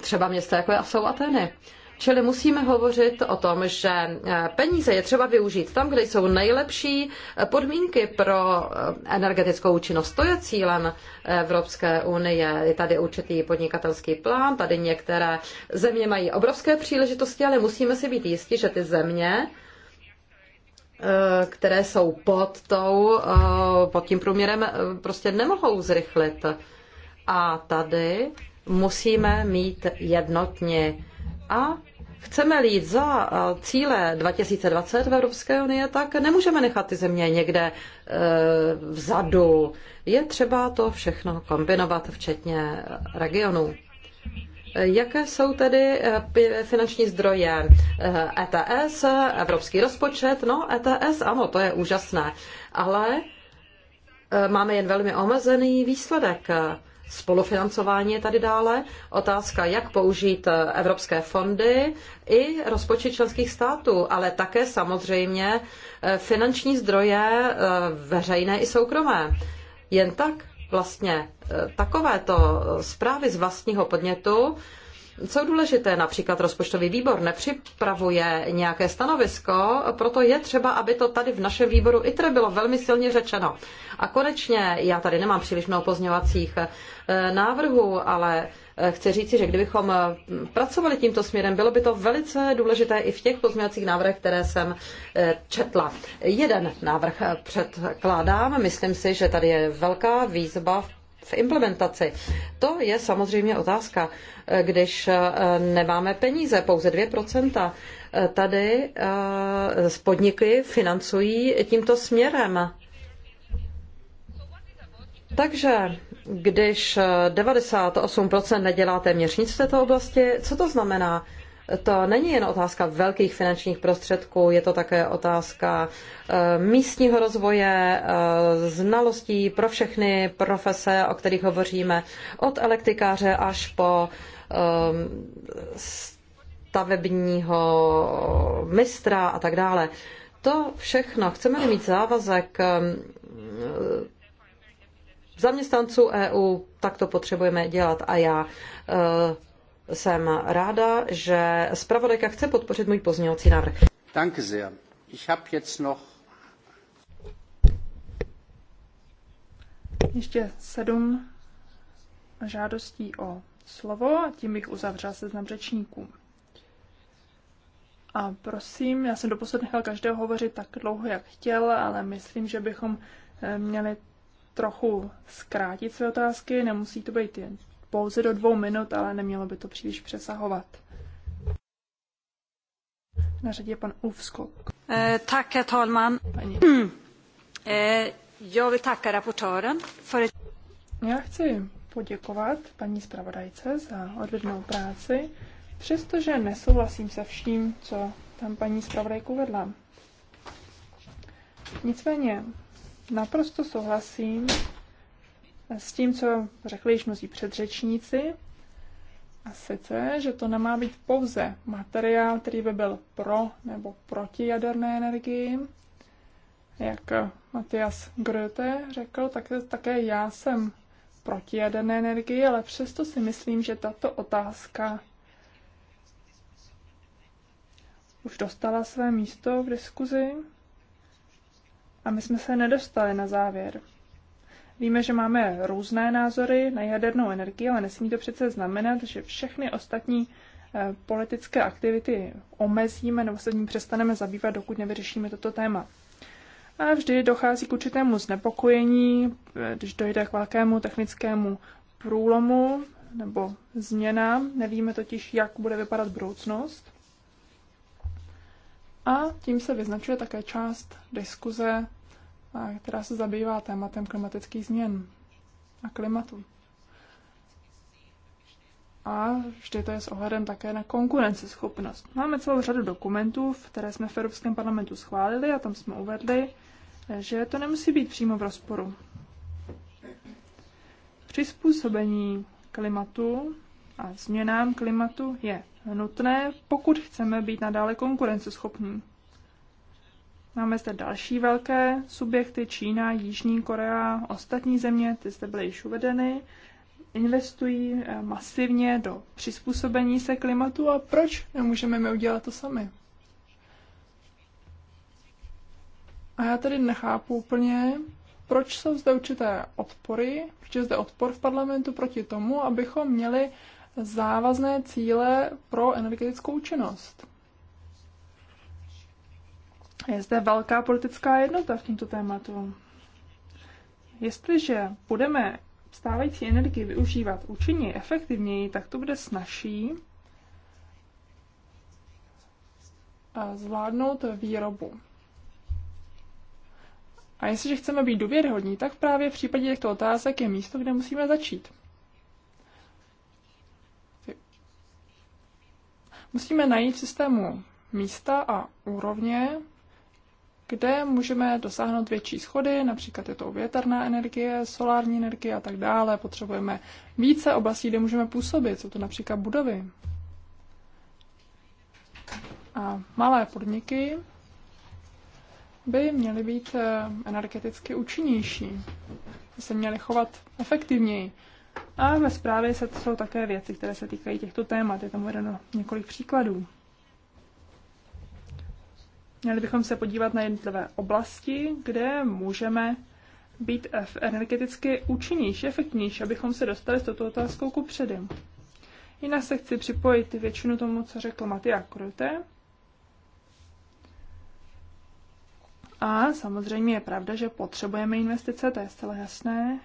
třeba města jako jsou Ateny. Čili musíme hovořit o tom, že eh, peníze je třeba využít tam, kde jsou nejlepší podmínky pro eh, energetickou účinnost. To je cílem Evropské unie. Je tady určitý podnikatelský plán, tady některé země mají obrovské příležitosti, ale musíme si být jistí, že ty země Eh, které jsou pod, tou, eh, pod tím průměrem, eh, prostě nemohou zrychlit. A tady musíme mít jednotně. A chceme jít za cíle 2020 v Evropské unii, tak nemůžeme nechat ty země někde vzadu. Je třeba to všechno kombinovat, včetně regionů. Jaké jsou tedy eh, finanční zdroje? ETS, eh, e evropský rozpočet, no ETS, ano, to je úžasné, ale eh, máme jen velmi omezený výsledek. Spolufinancování je tady dále. Otázka, jak použít evropské fondy i rozpočet členských států, ale také samozřejmě finanční zdroje veřejné i soukromé. Jen tak vlastně eh, takovéto eh, zprávy z vlastního podnětu je důležité. Například rozpočtový výbor nepřipravuje nějaké stanovisko, proto je třeba, aby to tady v našem výboru ITRE bylo velmi silně řečeno. A konečně, já tady nemám příliš mnoho pozměňovacích eh, návrhů, ale eh, chci říci, že kdybychom eh, pracovali tímto směrem, bylo by to velice důležité i v těch pozměňovacích návrhech, které jsem četla. Jeden návrh předkládám. Myslím si, že tady je velká výzva v v implementaci. To je samozřejmě otázka, když eh, nemáme peníze, pouze 2%. Eh, tady eh, podniky financují tímto směrem. Takže když 98% nedělá téměř nic v této oblasti, co to znamená? to není jen otázka velkých finančních prostředků, je to také otázka eh, místního rozvoje, eh, znalostí pro všechny profese, o kterých hovoříme, od elektrikáře až po eh, stavebního mistra a tak dále. To všechno, chceme mít závazek zaměstnanců EU, tak to potřebujeme dělat. A já jsem ráda, že zpravodajka chce podpořit můj pozměňovací návrh. Danke sehr. Ich habe jetzt noch ještě sedm žádostí o slovo a tím bych uzavřel seznam řečníků. A prosím, já jsem doposud nechal každého hovořit tak dlouho, jak chtěl, ale myslím, že bychom eh, měli trochu zkrátit své otázky. Nemusí to být jen pouze do dvou minut, ale nemělo by to příliš přesahovat. Na řadě je pan Uvskok. Eh, tak, talman. Paní. Eh, já vill tacka rapportören Já chci poděkovat paní zpravodajce za odvednou práci, přestože nesouhlasím se vším, co tam paní zpravodajku vedla. Nicméně naprosto souhlasím s tím, co řekli již mnozí předřečníci, a sice, že to nemá být pouze materiál, který by byl pro nebo proti jaderné energii, jak Matias Grote řekl, tak také já jsem proti jaderné energii, ale přesto si myslím, že tato otázka už dostala své místo v diskuzi a my jsme se nedostali na závěr. Víme, že máme různé názory na jadernou energii, ale nesmí to přece znamenat, že všechny ostatní eh, politické aktivity omezíme nebo se ním přestaneme zabývat, dokud nevyřešíme toto téma. A vždy dochází k určitému znepokojení, eh, když dojde k velkému technickému průlomu nebo změnám. Nevíme totiž, jak bude vypadat budoucnost. A tím se vyznačuje také část diskuze která se zabývá tématem klimatických změn a klimatu. A vždy to je s ohledem také na konkurenceschopnost. Máme celou řadu dokumentů, které jsme v Evropském parlamentu schválili a tam jsme uvedli, že to nemusí být přímo v rozporu. Přizpůsobení klimatu a změnám klimatu je nutné, pokud chceme být nadále konkurenceschopní. Máme zde další velké subjekty, Čína, Jižní Korea, ostatní země, ty zde byly již uvedeny, investují eh, masivně do přizpůsobení se klimatu a proč nemůžeme my udělat to sami? A já tedy nechápu úplně, proč jsou zde určité odpory, proč je zde odpor v parlamentu proti tomu, abychom měli závazné cíle pro energetickou účinnost. Je zde velká politická jednota v tomto tématu. Jestliže budeme stávající energii využívat účinněji, efektivněji, tak to bude snažší eh, zvládnout výrobu. A jestliže chceme být důvěryhodní, tak právě v případě těchto otázek je místo, kde musíme začít. Musíme najít v systému místa a úrovně, kde můžeme dosáhnout větší schody, například je to větrná energie, solární energie a tak dále. Potřebujeme více oblastí, kde můžeme působit, jsou to například budovy. A malé podniky by měly být eh, energeticky účinnější, by se měly chovat efektivněji. A ve zprávě se to jsou také věci, které se týkají těchto témat. Je tam uvedeno několik příkladů. Měli bychom se podívat na jednotlivé oblasti, kde můžeme být e, energeticky účinnější, efektnější, abychom se dostali s touto otázkou ku předem. Jinak se chci připojit většinu tomu, co řekl Matia Krute. A samozřejmě je pravda, že potřebujeme investice, to je zcela jasné.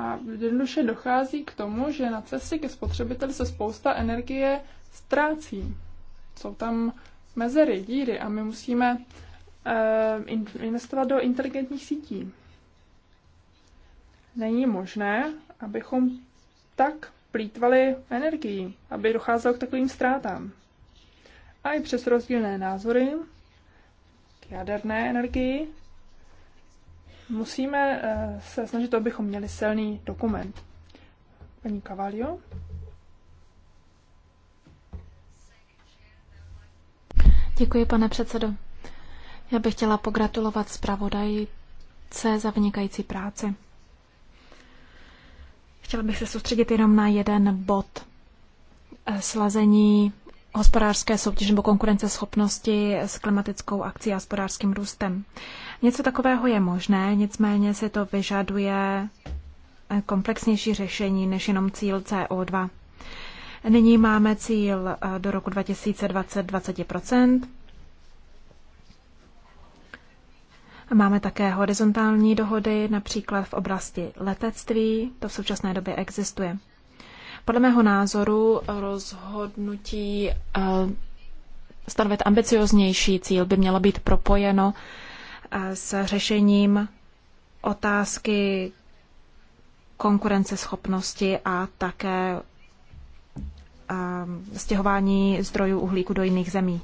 A jednoduše dochází k tomu, že na cestě ke spotřebiteli se spousta energie ztrácí. Jsou tam mezery, díry a my musíme eh, investovat do inteligentních sítí. Není možné, abychom tak plítvali energií, aby docházelo k takovým ztrátám. A i přes rozdílné názory k jaderné energii Musíme eh, se snažit, abychom měli silný dokument. Paní Cavalio. Děkuji, pane předsedo. Já bych chtěla pogratulovat zpravodajce za vynikající práci. Chtěla bych se soustředit jenom na jeden bod. Eh, slazení hospodářské soutěže nebo konkurenceschopnosti s klimatickou akcí a hospodářským růstem. Něco takového je možné, nicméně se to vyžaduje eh, komplexnější řešení než jenom cíl CO2. Nyní máme cíl eh, do roku 2020 20 Máme také horizontální dohody, například v oblasti letectví, to v současné době existuje. Podle mého názoru rozhodnutí eh, stanovit ambicioznější cíl by mělo být propojeno eh, s řešením otázky konkurenceschopnosti a také eh, stěhování zdrojů uhlíku do jiných zemí.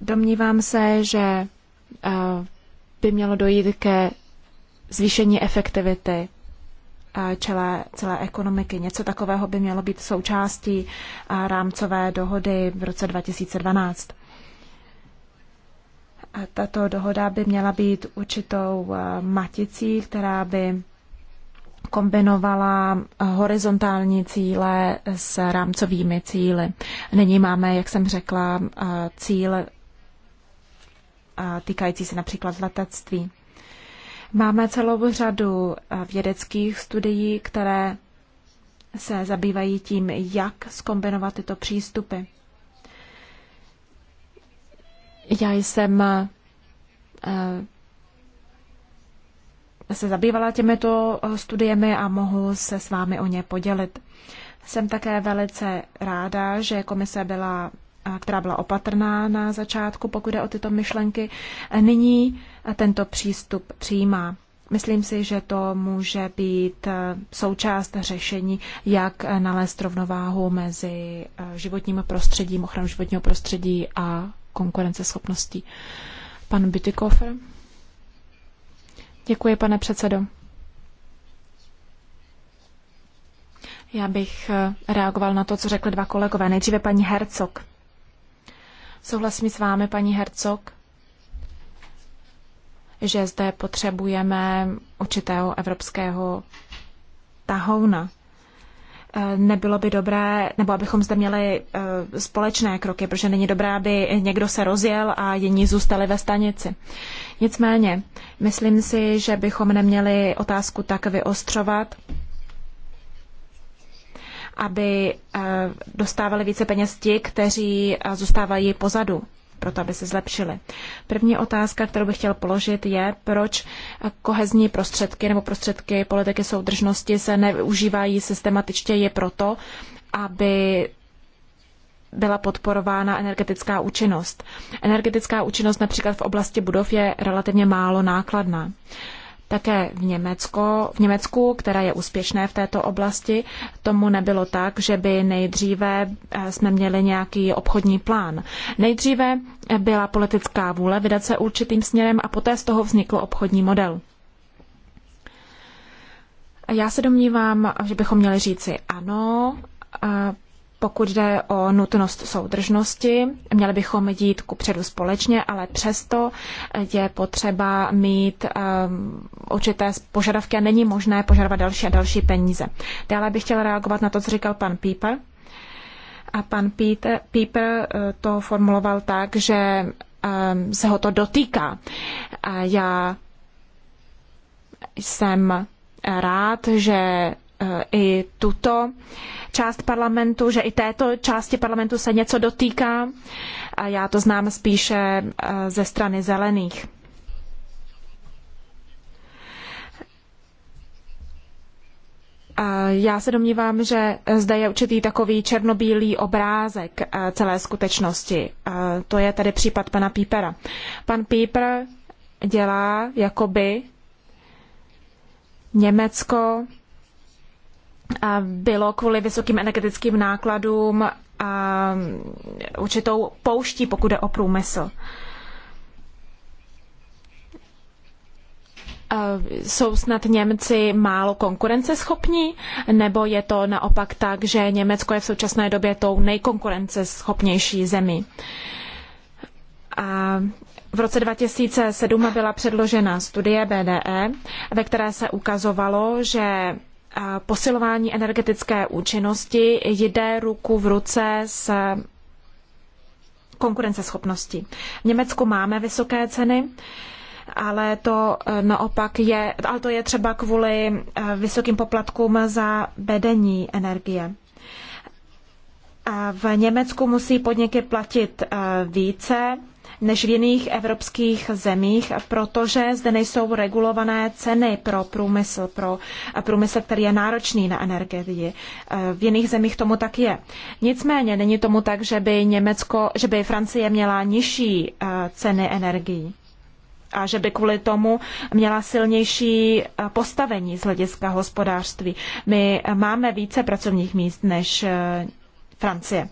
Domnívám se, že by mělo dojít ke zvýšení efektivity celé, celé ekonomiky. Něco takového by mělo být součástí rámcové dohody v roce 2012. A tato dohoda by měla být určitou maticí, která by kombinovala horizontální cíle s rámcovými cíly. Nyní máme, jak jsem řekla, cíl týkající se například letectví. Máme celou řadu eh, vědeckých studií, které se zabývají tím, jak skombinovat tyto přístupy. Já jsem eh, se zabývala těmito eh, studiemi a mohu se s vámi o ně podělit. Jsem také velice ráda, že komise byla která byla opatrná na začátku, pokud jde o tyto myšlenky, e, nyní e, tento přístup přijímá. Myslím si, že to může být e, součást řešení, jak nalézt rovnováhu mezi životním prostředím, ochranou životního prostředí a konkurenceschopností. Pan Bytykofer. Děkuji, pane předsedo. Já bych reagoval na to, co řekli dva kolegové. Nejdříve paní Hercog. Souhlasím s vámi, paní Hercog, že zde potřebujeme určitého evropského tahouna. Eh, nebylo by dobré, nebo abychom zde měli eh, společné kroky, protože není dobré, aby někdo se rozjel a jiní zůstali ve stanici. Nicméně, myslím si, že bychom neměli otázku tak vyostřovat, aby eh, dostávali více peněz ti, kteří eh, zůstávají pozadu proto, aby se zlepšily. První otázka, kterou bych chtěl položit, je, proč eh, kohezní prostředky nebo prostředky politiky soudržnosti se neužívají systematičtě je proto, aby byla podporována energetická účinnost. Energetická účinnost například v oblasti budov je relativně málo nákladná. Také v, Německo, v Německu, které je úspěšné v této oblasti, tomu nebylo tak, že by nejdříve eh, jsme měli nějaký obchodní plán. Nejdříve eh, byla politická vůle vydat se určitým směrem a poté z toho vznikl obchodní model. Já se domnívám, že bychom měli říci ano, pokud jde o nutnost soudržnosti, měli bychom jít ku předu společně, ale přesto je potřeba mít um, určité požadavky a není možné požadovat další a další peníze. Dále bych chtěla reagovat na to, co říkal pan Píper. A pan Peter, Pieper eh, to formuloval tak, že um, se ho to dotýká. A já jsem rád, že i tuto část parlamentu, že i této části parlamentu se něco dotýká. A já to znám spíše eh, ze strany zelených. Já se domnívám, že zde je určitý takový černobílý obrázek eh, celé skutečnosti. Eh, to je tady případ pana Pípera. Pan Píper dělá jakoby Německo bylo kvůli vysokým energetickým nákladům určitou pouští, pokud jde o průmysl. Jsou snad Němci málo konkurenceschopní, nebo je to naopak tak, že Německo je v současné době tou nejkonkurenceschopnější zemí? A v roce 2007 byla předložena studie BDE, ve které se ukazovalo, že posilování energetické účinnosti jde ruku v ruce s konkurenceschopností. V Německu máme vysoké ceny, ale to eh, naopak je, ale to je třeba kvůli eh, vysokým poplatkům za vedení energie. A v Německu musí podniky platit eh, více než v jiných evropských zemích, protože zde nejsou regulované ceny pro průmysl, pro průmysl, který je náročný na energii. V jiných zemích tomu tak je. Nicméně není tomu tak, že by Německo, že by Francie měla nižší eh, ceny energií a že by kvůli tomu měla silnější eh, postavení z hlediska hospodářství. My máme více pracovních míst než eh, Francie.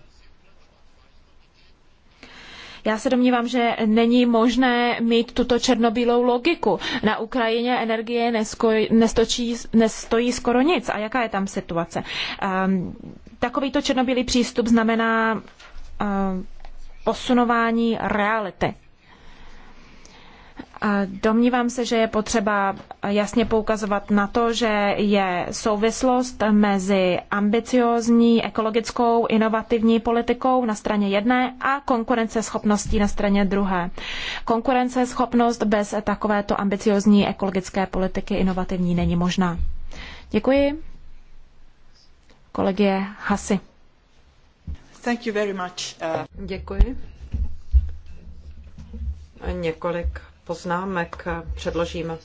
Já se domnívám, že není možné mít tuto černobílou logiku. Na Ukrajině energie neskoj, nestočí, nestojí skoro nic. A jaká je tam situace? Um, takovýto černobílý přístup znamená um, posunování reality. Domnívám se, že je potřeba jasně poukazovat na to, že je souvislost mezi ambiciózní ekologickou inovativní politikou na straně jedné a konkurenceschopností na straně druhé. Konkurenceschopnost bez takovéto ambiciózní ekologické politiky inovativní není možná. Děkuji. Kolegie Hasi. Thank you very much. Uh... Děkuji. Několik poznámek předložím. E,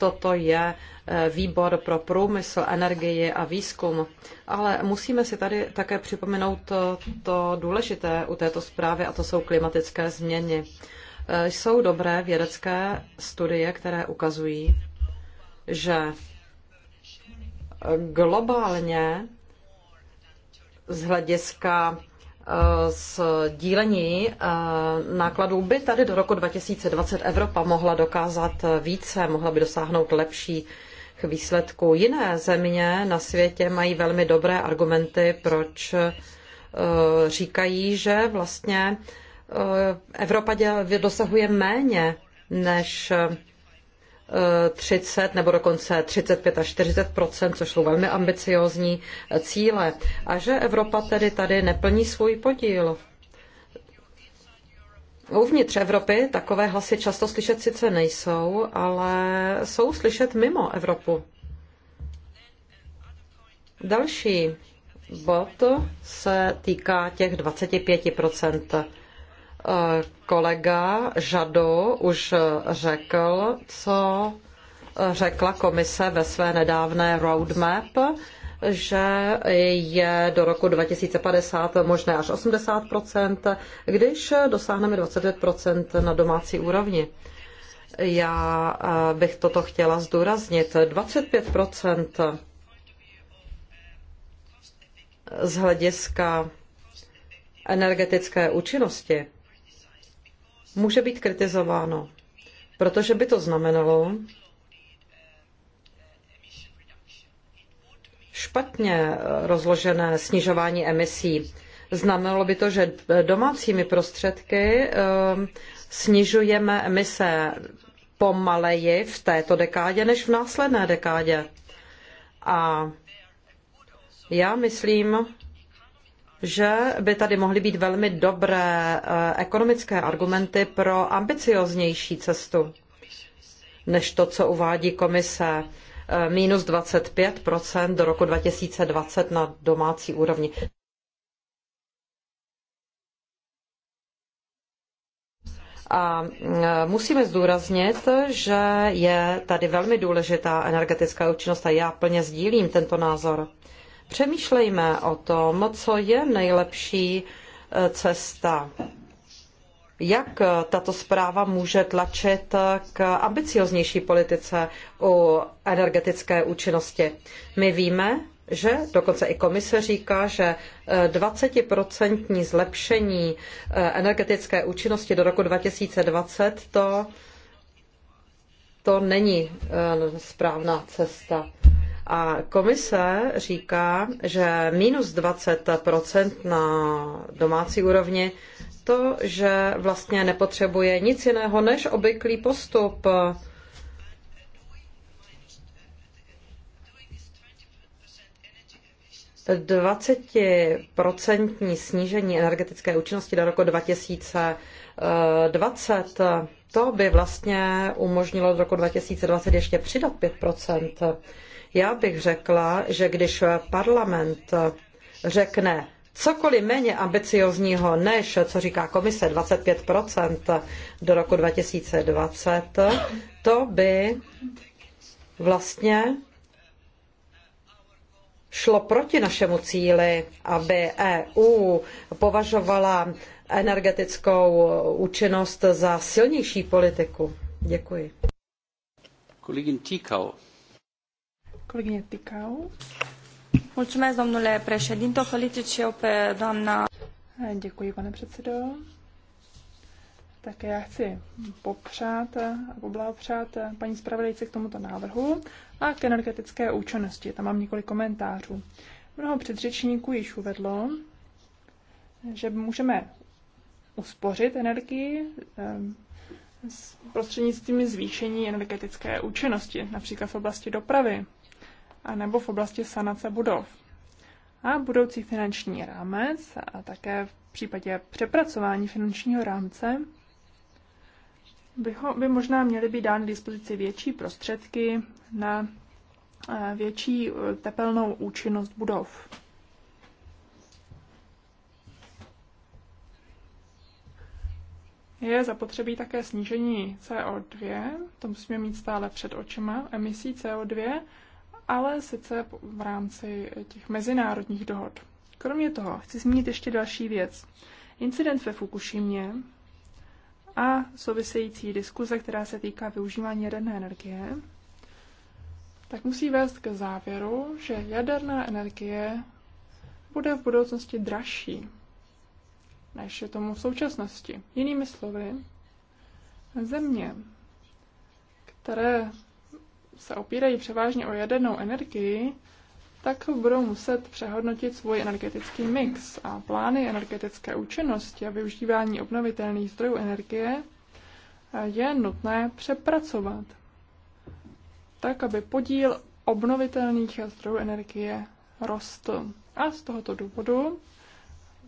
toto je e, výbor pro průmysl, energii a výzkum. Ale musíme si tady také připomenout to, to důležité u této zprávy, a to jsou klimatické změny. E, jsou dobré vědecké studie, které ukazují, že globálně z hlediska sdílení eh, nákladů by tady do roku 2020 Evropa mohla dokázat více, mohla by dosáhnout lepší výsledku. Jiné země na světě mají velmi dobré argumenty, proč eh, říkají, že vlastně eh, Evropa dosahuje méně než 30 nebo dokonce 35 až 40 což jsou velmi ambiciózní cíle. A že Evropa tedy tady neplní svůj podíl. Uvnitř Evropy takové hlasy často slyšet sice nejsou, ale jsou slyšet mimo Evropu. Další bod se týká těch 25 kolega Žado už řekl, co řekla komise ve své nedávné roadmap, že je do roku 2050 možné až 80 když dosáhneme 25 na domácí úrovni. Já eh, bych toto chtěla zdůraznit. 25 z hlediska energetické účinnosti může být kritizováno, protože by to znamenalo špatně rozložené snižování emisí. Znamenalo by to, že domácími prostředky ehm, snižujeme emise pomaleji v této dekádě než v následné dekádě. A já myslím, že by tady mohly být velmi dobré eh, ekonomické argumenty pro ambicioznější cestu než to, co uvádí komise eh, minus 25 do roku 2020 na domácí úrovni. A eh, musíme zdůraznit, že je tady velmi důležitá energetická účinnost a já plně sdílím tento názor. Přemýšlejme o tom, co je nejlepší eh, cesta. Jak eh, tato zpráva může tlačit eh, k ambicioznější politice u energetické účinnosti? My víme, že dokonce i komise říká, že 20% zlepšení energetické účinnosti do roku 2020 to, to není správná cesta. A komise říká, že minus 20% na domácí úrovni, to, že vlastně nepotřebuje nic jiného než obvyklý postup. procentní snížení energetické účinnosti do roku 2020, to by vlastně umožnilo do roku 2020 ještě přidat 5 já bych řekla, že když parlament řekne cokoliv méně ambiciozního než, co říká komise, 25% do roku 2020, to by vlastně šlo proti našemu cíli, aby EU považovala energetickou účinnost za silnější politiku. Děkuji. Kolegin Tíkau. Kolegyně Tykau. Mulțumesc, domnule președinte. O felicit și eu pe doamna... Děkuji, pane předsedo. Také já chci popřát a poblahopřát paní zpravodajce k tomuto návrhu a k energetické účinnosti. Tam mám několik komentářů. Mnoho předřečníků již uvedlo, že můžeme uspořit energii ehm, prostřednictvím zvýšení energetické účinnosti, například v oblasti dopravy nebo v oblasti sanace budov. A budoucí finanční rámec a také v případě přepracování finančního rámce by, ho, by možná měly být dány dispozici větší prostředky na eh, větší eh, tepelnou účinnost budov. Je zapotřebí také snížení CO2, to musíme mít stále před očima, emisí CO2 ale sice v rámci těch mezinárodních dohod. Kromě toho chci zmínit ještě další věc. Incident ve Fukushimě a související diskuze, která se týká využívání jaderné energie, tak musí vést k závěru, že jaderná energie bude v budoucnosti dražší, než je tomu v současnosti. Jinými slovy, země, které se opírají převážně o jadernou energii, tak budou muset přehodnotit svůj energetický mix a plány energetické účinnosti a využívání obnovitelných zdrojů energie je nutné přepracovat, tak aby podíl obnovitelných zdrojů energie rostl. A z tohoto důvodu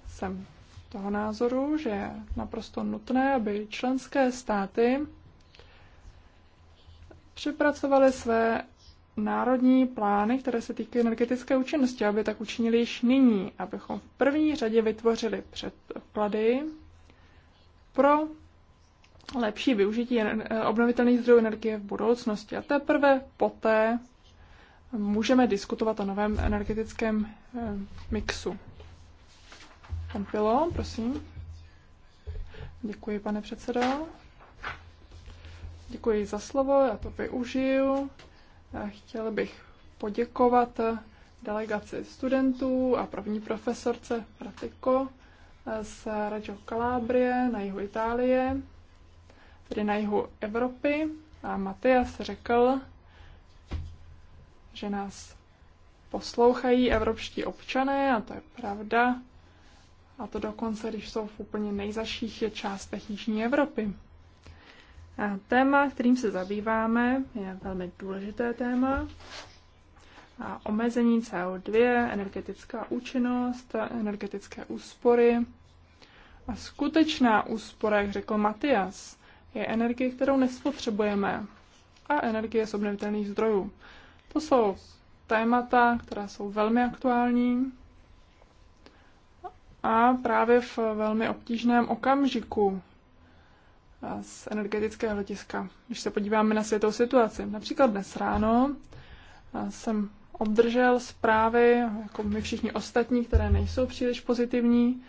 jsem toho názoru, že je naprosto nutné, aby členské státy připracovali své národní plány, které se týkají energetické účinnosti, aby tak učinili již nyní, abychom v první řadě vytvořili předklady pro lepší využití obnovitelných zdrojů energie v budoucnosti. A teprve poté můžeme diskutovat o novém energetickém eh, mixu. Pan Pilo, prosím. Děkuji, pane předsedo. Děkuji za slovo, já to využiju. Chtěl bych poděkovat eh, delegaci studentů a první profesorce Pratiko eh, z Reggio Calabrie na jihu Itálie, tedy na jihu Evropy. A Matias řekl, že nás poslouchají evropští občané, a to je pravda, a to dokonce, když jsou v úplně nejzaších částech Jižní Evropy. A téma, kterým se zabýváme, je velmi důležité téma. A omezení CO2, energetická účinnost, energetické úspory. A skutečná úspora, jak řekl Matias, je energie, kterou nespotřebujeme a energie z obnovitelných zdrojů. To jsou témata, která jsou velmi aktuální a právě v velmi obtížném okamžiku, z energetického hlediska. Když se podíváme na světovou situaci, například dnes ráno jsem obdržel zprávy, jako my všichni ostatní, které nejsou příliš pozitivní.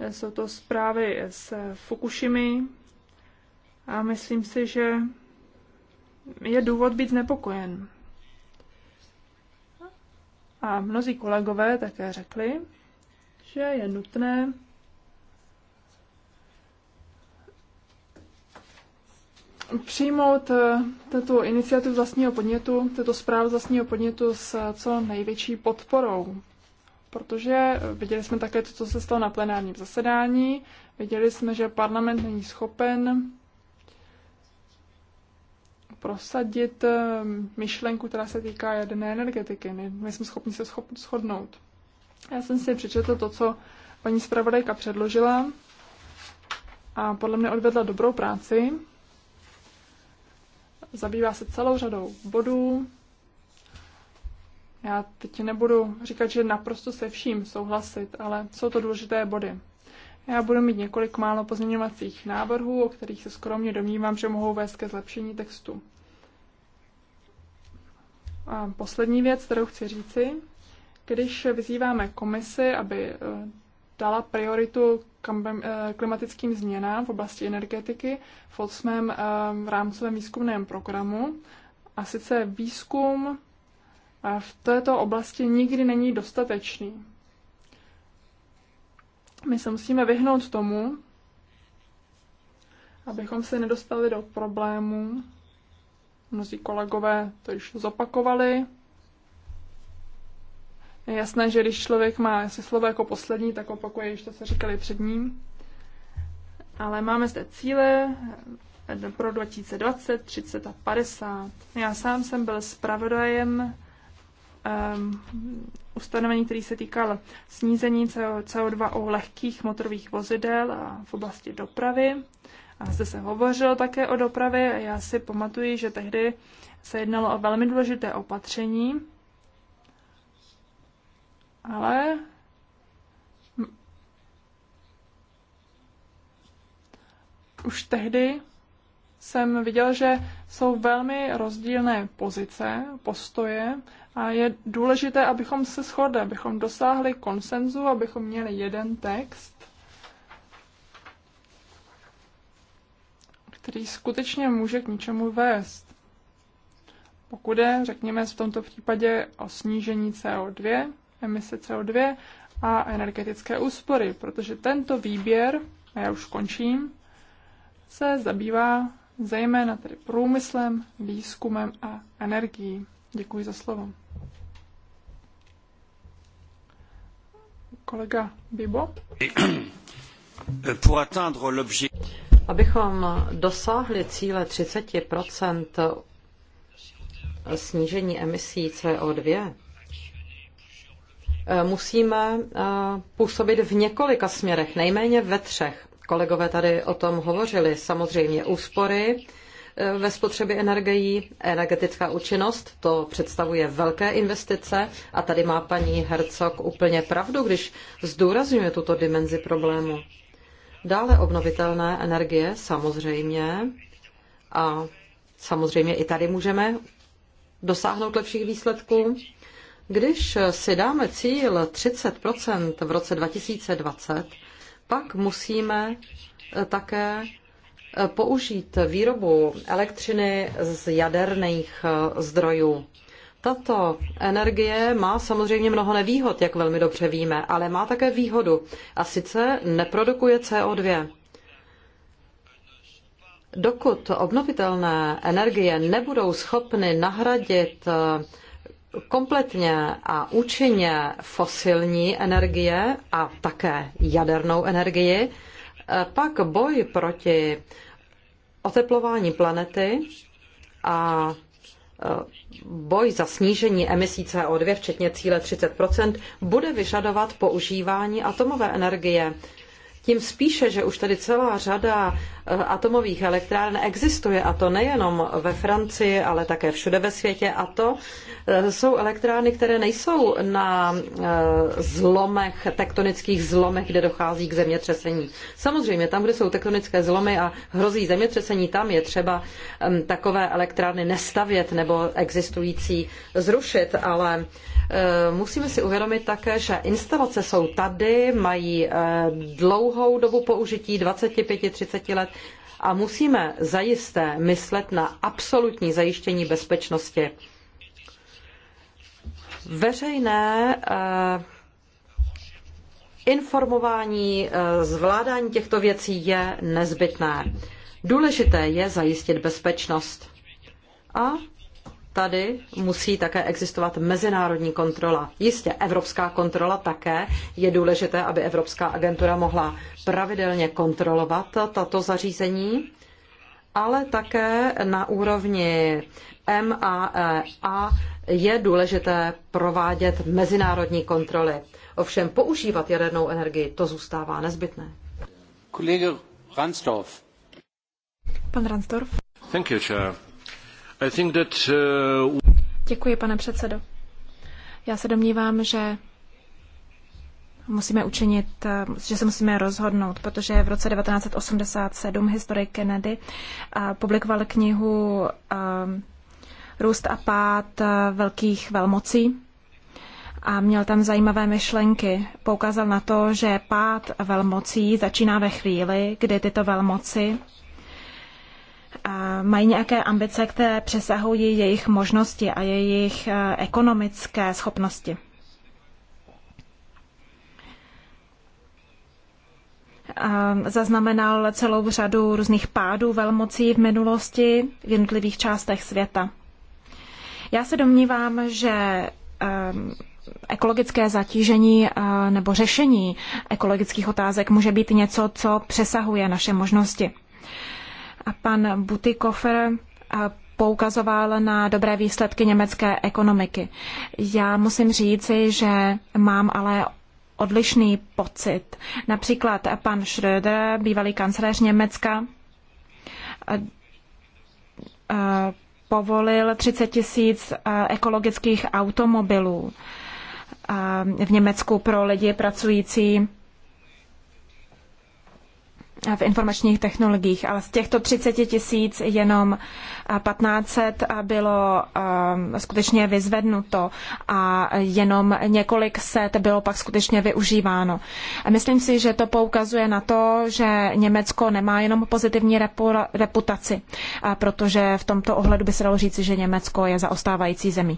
E, jsou to zprávy s Fukushimi a myslím si, že je důvod být znepokojen. A mnozí kolegové také řekli, že je nutné přijmout eh, tuto iniciativu vlastního podnětu, tuto zprávu vlastního podnětu s eh, co největší podporou. Protože eh, viděli jsme také to, co se stalo na plenárním zasedání, viděli jsme, že parlament není schopen prosadit myšlenku, která se týká jedné energetiky. jsme schopni se shodnout. Já jsem si přečetl to, co paní zpravodajka předložila a podle mě odvedla dobrou práci zabývá se celou řadou bodů. Já teď nebudu říkat, že naprosto se vším souhlasit, ale jsou to důležité body. Já budu mít několik málo pozměňovacích návrhů, o kterých se skromně domnívám, že mohou vést ke zlepšení textu. A poslední věc, kterou chci říci, když vyzýváme komisi, aby eh, dala prioritu eh, klimatickým změnám v oblasti energetiky eh, v 8. rámcovém výzkumném programu. A sice výzkum v této oblasti nikdy není dostatečný. My se musíme vyhnout tomu, abychom se nedostali do problémů. Mnozí kolegové to již zopakovali, je jasné, že když člověk má si slovo jako poslední, tak opakuje již to, co říkali před ním. Ale máme zde cíle pro 2020, 30 a 50. Já sám jsem byl zpravodajem um, ustanovení, který se týkal snízení CO2 u lehkých motorových vozidel a v oblasti dopravy. A zde se hovořilo také o dopravě. a Já si pamatuji, že tehdy se jednalo o velmi důležité opatření, ale už tehdy jsem viděl, že jsou velmi rozdílné pozice, postoje a je důležité, abychom se shodli, abychom dosáhli konsenzu, abychom měli jeden text, který skutečně může k ničemu vést. Pokud je, řekněme v tomto případě o snížení CO2, emise CO2 a energetické úspory, protože tento výběr, a já už končím, se zabývá zejména tedy průmyslem, výzkumem a energií. Děkuji za slovo. Kolega Bibo. Abychom dosáhli cíle 30 snížení emisí CO2, Eh, musíme eh, působit v několika směrech, nejméně ve třech. Kolegové tady o tom hovořili. Samozřejmě úspory eh, ve spotřebě energií, energetická účinnost, to představuje velké investice a tady má paní Hercog úplně pravdu, když zdůrazňuje tuto dimenzi problému. Dále obnovitelné energie, samozřejmě, a samozřejmě i tady můžeme dosáhnout lepších výsledků. Když si dáme cíl 30 v roce 2020, pak musíme eh, také eh, použít výrobu elektřiny z jaderných eh, zdrojů. Tato energie má samozřejmě mnoho nevýhod, jak velmi dobře víme, ale má také výhodu. A sice neprodukuje CO2. Dokud obnovitelné energie nebudou schopny nahradit kompletně a účinně fosilní energie a také jadernou energii, e, pak boj proti oteplování planety a e, boj za snížení emisí CO2, včetně cíle 30 bude vyžadovat používání atomové energie. Tím spíše, že už tady celá řada Eh, atomových elektráren existuje, a to nejenom ve Francii, ale také všude ve světě. A to eh, jsou elektrárny, které nejsou na eh, zlomech, tektonických zlomech, kde dochází k zemětřesení. Samozřejmě, tam, kde jsou tektonické zlomy a hrozí zemětřesení, tam je třeba takové elektrárny nestavět nebo existující zrušit, ale musíme si uvědomit také, že instalace jsou tady, mají dlouhou dobu použití, 25-30 let a musíme zajisté myslet na absolutní zajištění bezpečnosti. Veřejné eh, informování, eh, zvládání těchto věcí je nezbytné. Důležité je zajistit bezpečnost. A tady musí také existovat mezinárodní kontrola. Jistě, evropská kontrola také. Je důležité, aby Evropská agentura mohla pravidelně kontrolovat tato zařízení, ale také na úrovni MAEA e je důležité provádět mezinárodní kontroly. Ovšem používat jadernou energii, to zůstává nezbytné. Kolega Ransdorf. Pan Ransdorf. Thank you, chair. Uh, Děkuji, pane předsedo. Já se domnívám, že musíme učinit, eh, že se musíme rozhodnout, protože v roce 1987 historik Kennedy eh, publikoval knihu eh, Růst a pád velkých velmocí a měl tam zajímavé myšlenky. Poukázal na to, že pád velmocí začíná ve chvíli, kdy tyto velmoci mají nějaké ambice, které přesahují jejich možnosti a jejich eh, ekonomické schopnosti. Eh, zaznamenal celou řadu různých pádů velmocí v minulosti v jednotlivých částech světa. Já se domnívám, že ehm, ekologické zatížení eh, nebo řešení ekologických otázek může být něco, co přesahuje naše možnosti. A pan Butikofer eh, poukazoval na dobré výsledky německé ekonomiky. Já musím říci, že mám ale odlišný pocit. Například pan Schröder, bývalý kancléř Německa, eh, eh, povolil 30 tisíc ekologických automobilů v Německu pro lidi pracující v informačních technologiích, ale z těchto 30 tisíc jenom 1500 bylo um, skutečně vyzvednuto a jenom několik set bylo pak skutečně využíváno. Myslím si, že to poukazuje na to, že Německo nemá jenom pozitivní reputaci, protože v tomto ohledu by se dalo říci, že Německo je zaostávající zemí.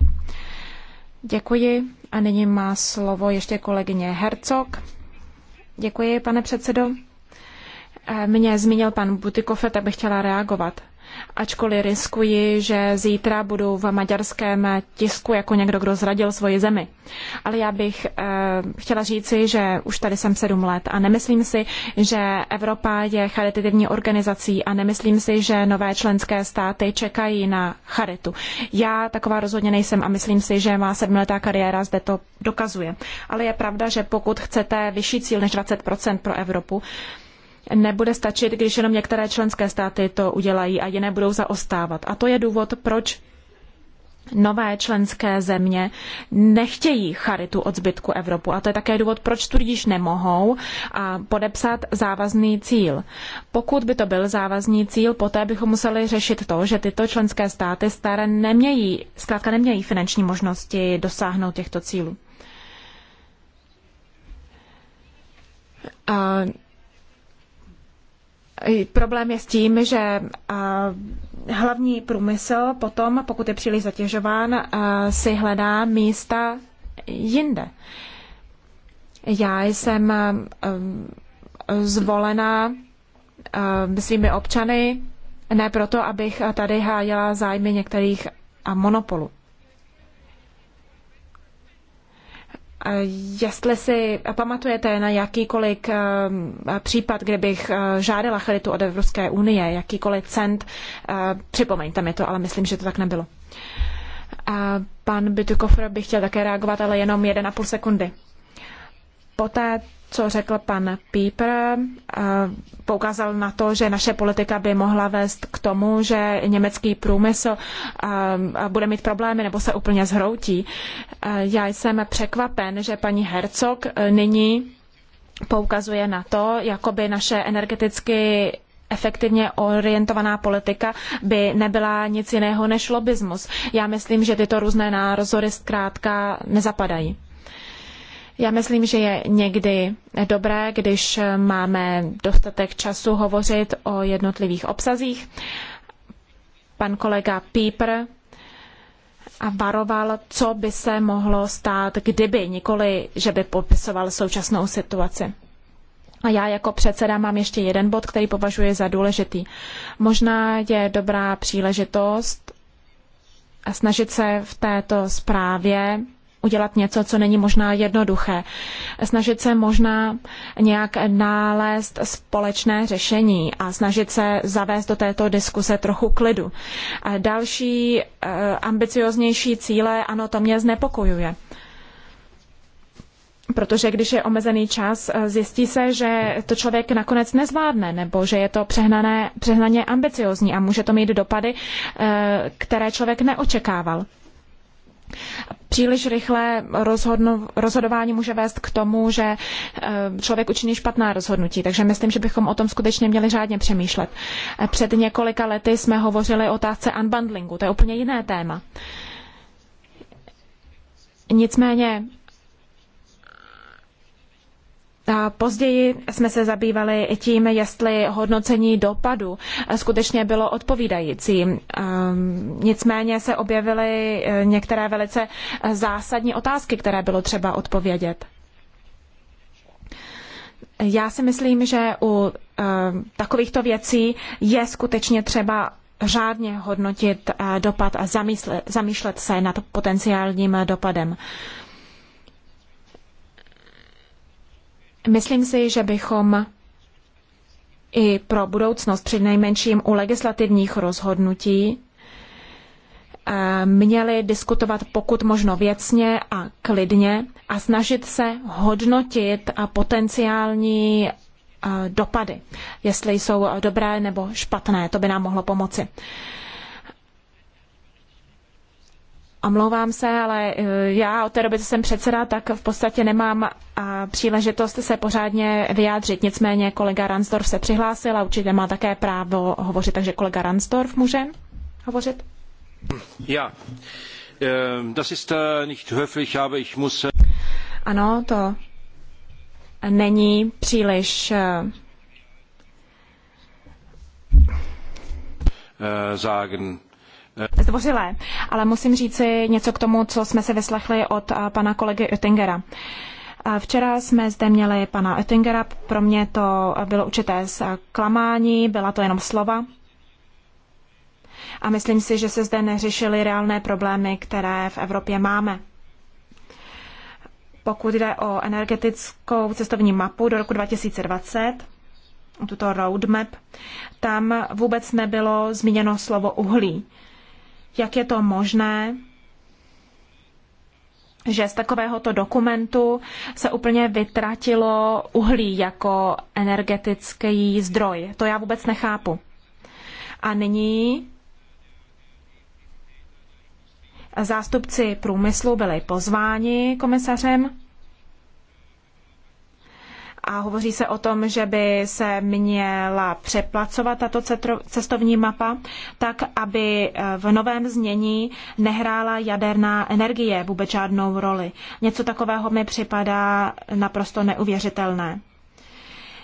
Děkuji a nyní má slovo ještě kolegyně Hercog. Děkuji, pane předsedo. Eh, mě zmínil pan Butikofe, tak bych chtěla reagovat. Ačkoliv riskuji, že zítra budu v maďarském tisku jako někdo, kdo zradil svoji zemi. Ale já bych e, chtěla říci, že už tady jsem sedm let a nemyslím si, že Evropa je charitativní organizací a nemyslím si, že nové členské státy čekají na charitu. Já taková rozhodně nejsem a myslím si, že má sedmletá kariéra zde to dokazuje. Ale je pravda, že pokud chcete vyšší cíl než 20% pro Evropu, nebude stačit, když jenom některé členské státy to udělají a jiné budou zaostávat. A to je důvod, proč nové členské země nechtějí charitu od zbytku Evropu. A to je také důvod, proč tudíž nemohou podepsat závazný cíl. Pokud by to byl závazný cíl, poté bychom museli řešit to, že tyto členské státy staré nemějí, zkrátka nemějí finanční možnosti dosáhnout těchto cílů. A Problém je s tím, že hlavní průmysl potom, pokud je příliš zatěžován, si hledá místa jinde. Já jsem zvolena svými občany ne proto, abych tady hájila zájmy některých monopolů. jestli si pamatujete na jakýkoliv eh, případ, kde bych eh, žádala charitu od Evropské unie, jakýkoliv cent, eh, připomeňte mi to, ale myslím, že to tak nebylo. pan Bytukofr by chtěl také reagovat, ale jenom půl sekundy. Poté, co řekl pan Pieper, poukázal na to, že naše politika by mohla vést k tomu, že německý průmysl bude mít problémy nebo se úplně zhroutí. Já jsem překvapen, že paní Hercog nyní poukazuje na to, jako by naše energeticky efektivně orientovaná politika by nebyla nic jiného než lobismus. Já myslím, že tyto různé názory zkrátka nezapadají. Já myslím, že je někdy dobré, když máme dostatek času hovořit o jednotlivých obsazích. Pan kolega Pieper a varoval, co by se mohlo stát, kdyby, nikoli, že by popisoval současnou situaci. A já jako předseda mám ještě jeden bod, který považuji za důležitý. Možná je dobrá příležitost snažit se v této zprávě udělat něco, co není možná jednoduché. Snažit se možná nějak nálézt společné řešení a snažit se zavést do této diskuse trochu klidu. A další eh, ambicioznější cíle, ano, to mě znepokojuje protože když je omezený čas, eh, zjistí se, že to člověk nakonec nezvládne, nebo že je to přehnané, přehnaně ambiciozní a může to mít dopady, eh, které člověk neočekával. Příliš rychlé rozhodno, rozhodování může vést k tomu, že eh, člověk učiní špatná rozhodnutí, takže myslím, že bychom o tom skutečně měli řádně přemýšlet. Eh, před několika lety jsme hovořili o otázce unbundlingu, to je úplně jiné téma. Nicméně Později jsme se zabývali tím, jestli hodnocení dopadu skutečně bylo odpovídající. Ehm, nicméně se objevily eh, některé velice eh, zásadní otázky, které bylo třeba odpovědět. Já si myslím, že u ehm, takovýchto věcí je skutečně třeba řádně hodnotit eh, dopad a zamýšlet se nad potenciálním dopadem. Myslím si, že bychom i pro budoucnost při nejmenším u legislativních rozhodnutí eh, měli diskutovat pokud možno věcně a klidně a snažit se hodnotit potenciální eh, dopady, jestli jsou dobré nebo špatné, to by nám mohlo pomoci. Omlouvám se, ale e, já od té doby, co jsem předseda, tak v podstatě nemám příležitost se pořádně vyjádřit. Nicméně kolega Ransdorf se přihlásil a určitě má také právo hovořit, takže kolega Ransdorf může hovořit? Ja, ehm, das ist äh, nicht höflich, aber ich muss... Äh, ano, to není příliš e, äh, sagen zdvořilé, ale musím říci něco k tomu, co jsme se vyslechli od eh, pana kolegy Oettingera. Eh, včera jsme zde měli pana Oettingera, pro mě to bylo určité zklamání, byla to jenom slova. A myslím si, že se zde neřešily reálné problémy, které v Evropě máme. Pokud jde o energetickou cestovní mapu do roku 2020, tuto roadmap, tam vůbec nebylo zmíněno slovo uhlí jak je to možné, že z takovéhoto dokumentu se úplně vytratilo uhlí jako energetický zdroj. To já vůbec nechápu. A nyní zástupci průmyslu byli pozváni komisařem a hovoří se o tom, že by se měla přeplacovat tato cestovní mapa, tak aby eh, v novém znění nehrála jaderná energie vůbec žádnou roli. Něco takového mi připadá naprosto neuvěřitelné.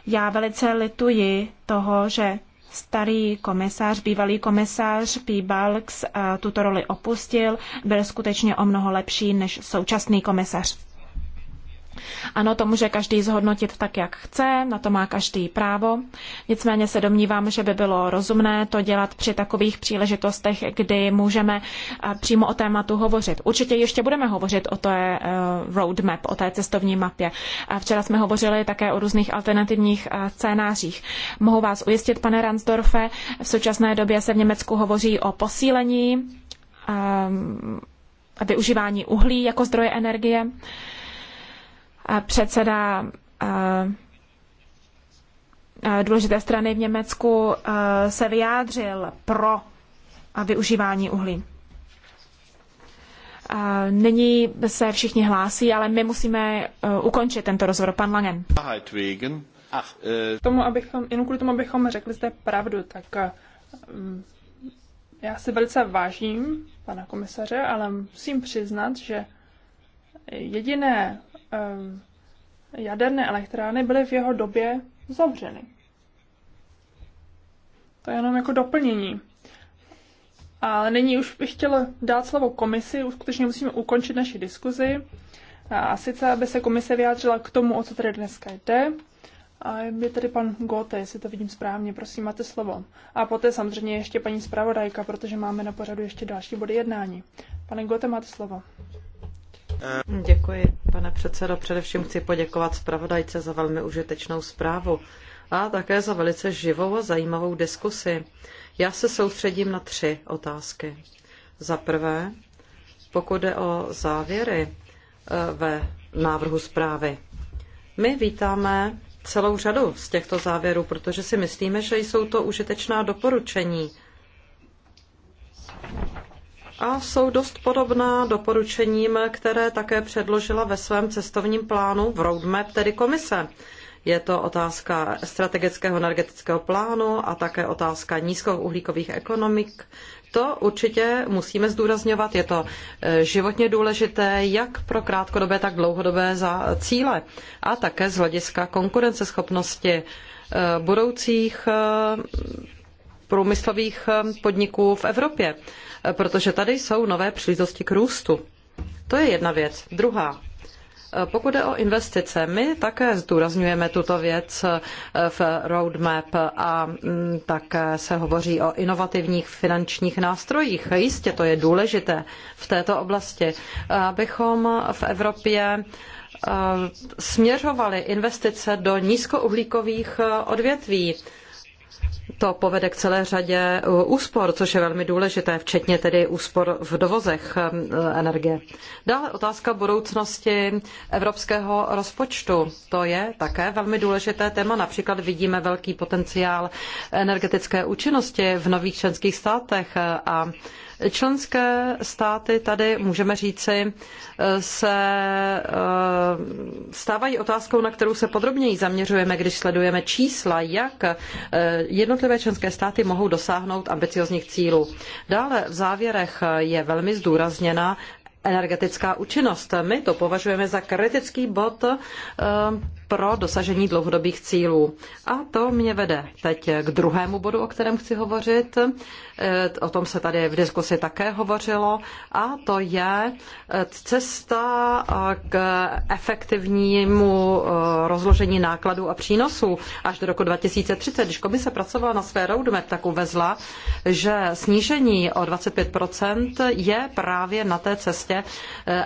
Já velice lituji toho, že starý komisař, bývalý komisař P. Balks eh, tuto roli opustil, byl skutečně o mnoho lepší než současný komisař. Ano, to může každý zhodnotit tak, jak chce, na to má každý právo. Nicméně se domnívám, že by bylo rozumné to dělat při takových příležitostech, kdy můžeme eh, přímo o tématu hovořit. Určitě ještě budeme hovořit o té eh, roadmap, o té cestovní mapě. Včera jsme hovořili také o různých alternativních eh, scénářích. Mohu vás ujistit, pane Ransdorfe, v současné době se v Německu hovoří o posílení ehm, a využívání uhlí jako zdroje energie předseda důležité strany v Německu se vyjádřil pro využívání uhlí. Nyní se všichni hlásí, ale my musíme e, ukončit tento rozhovor. Pan Langen. K tomu, abychom, jenom kvůli tomu, abychom řekli zde pravdu, tak e, já si velice vážím pana komisaře, ale musím přiznat, že jediné Eh, jaderné elektrárny byly v jeho době zavřeny. To je jenom jako doplnění. A nyní už bych chtěla dát slovo komisi, už skutečně musíme ukončit naši diskuzi. A sice, aby se komise vyjádřila k tomu, o co tady dneska jde. A je tady pan Gote, jestli to vidím správně, prosím, máte slovo. A poté samozřejmě ještě paní zpravodajka, protože máme na pořadu ještě další body jednání. Pane Gote, máte slovo. Děkuji, pane předsedo. Především chci poděkovat zpravodajce za velmi užitečnou zprávu a také za velice živou a zajímavou diskusi. Já se soustředím na tři otázky. Za prvé, pokud jde o závěry eh, ve návrhu zprávy. My vítáme celou řadu z těchto závěrů, protože si myslíme, že jsou to užitečná doporučení a jsou dost podobná doporučením, které také předložila ve svém cestovním plánu v roadmap, tedy komise. Je to otázka strategického energetického plánu a také otázka nízkouhlíkových ekonomik. To určitě musíme zdůrazňovat. Je to e, životně důležité jak pro krátkodobé, tak dlouhodobé cíle a také z hlediska konkurenceschopnosti e, budoucích e, průmyslových eh, podniků v Evropě, eh, protože tady jsou nové příležitosti k růstu. To je jedna věc. Druhá, eh, pokud jde o investice, my také zdůrazňujeme tuto věc v roadmap a mm, také se hovoří o inovativních finančních nástrojích. Jistě to je důležité v této oblasti, abychom v Evropě směřovali investice do nízkouhlíkových odvětví to povede k celé řadě uh, úspor, což je velmi důležité, včetně tedy úspor v dovozech um, uh, energie. Dále otázka budoucnosti evropského rozpočtu. To je také velmi důležité téma. Například vidíme velký potenciál energetické účinnosti v nových členských státech a členské státy tady, můžeme říci, se uh, stávají otázkou, na kterou se podrobněji zaměřujeme, když sledujeme čísla, jak jedno jednotlivé členské státy mohou dosáhnout ambiciozních cílů. Dále v závěrech je velmi zdůrazněna energetická účinnost. My to považujeme za kritický bod eh, pro dosažení dlouhodobých cílů. A to mě vede teď k druhému bodu, o kterém chci hovořit. E, o tom se tady v diskusi také hovořilo. A to je e, cesta e, k efektivnímu rozložení nákladů a přínosů až do roku 2030. Když komise pracovala na své roadmap, tak uvezla, že snížení o 25 je právě na té cestě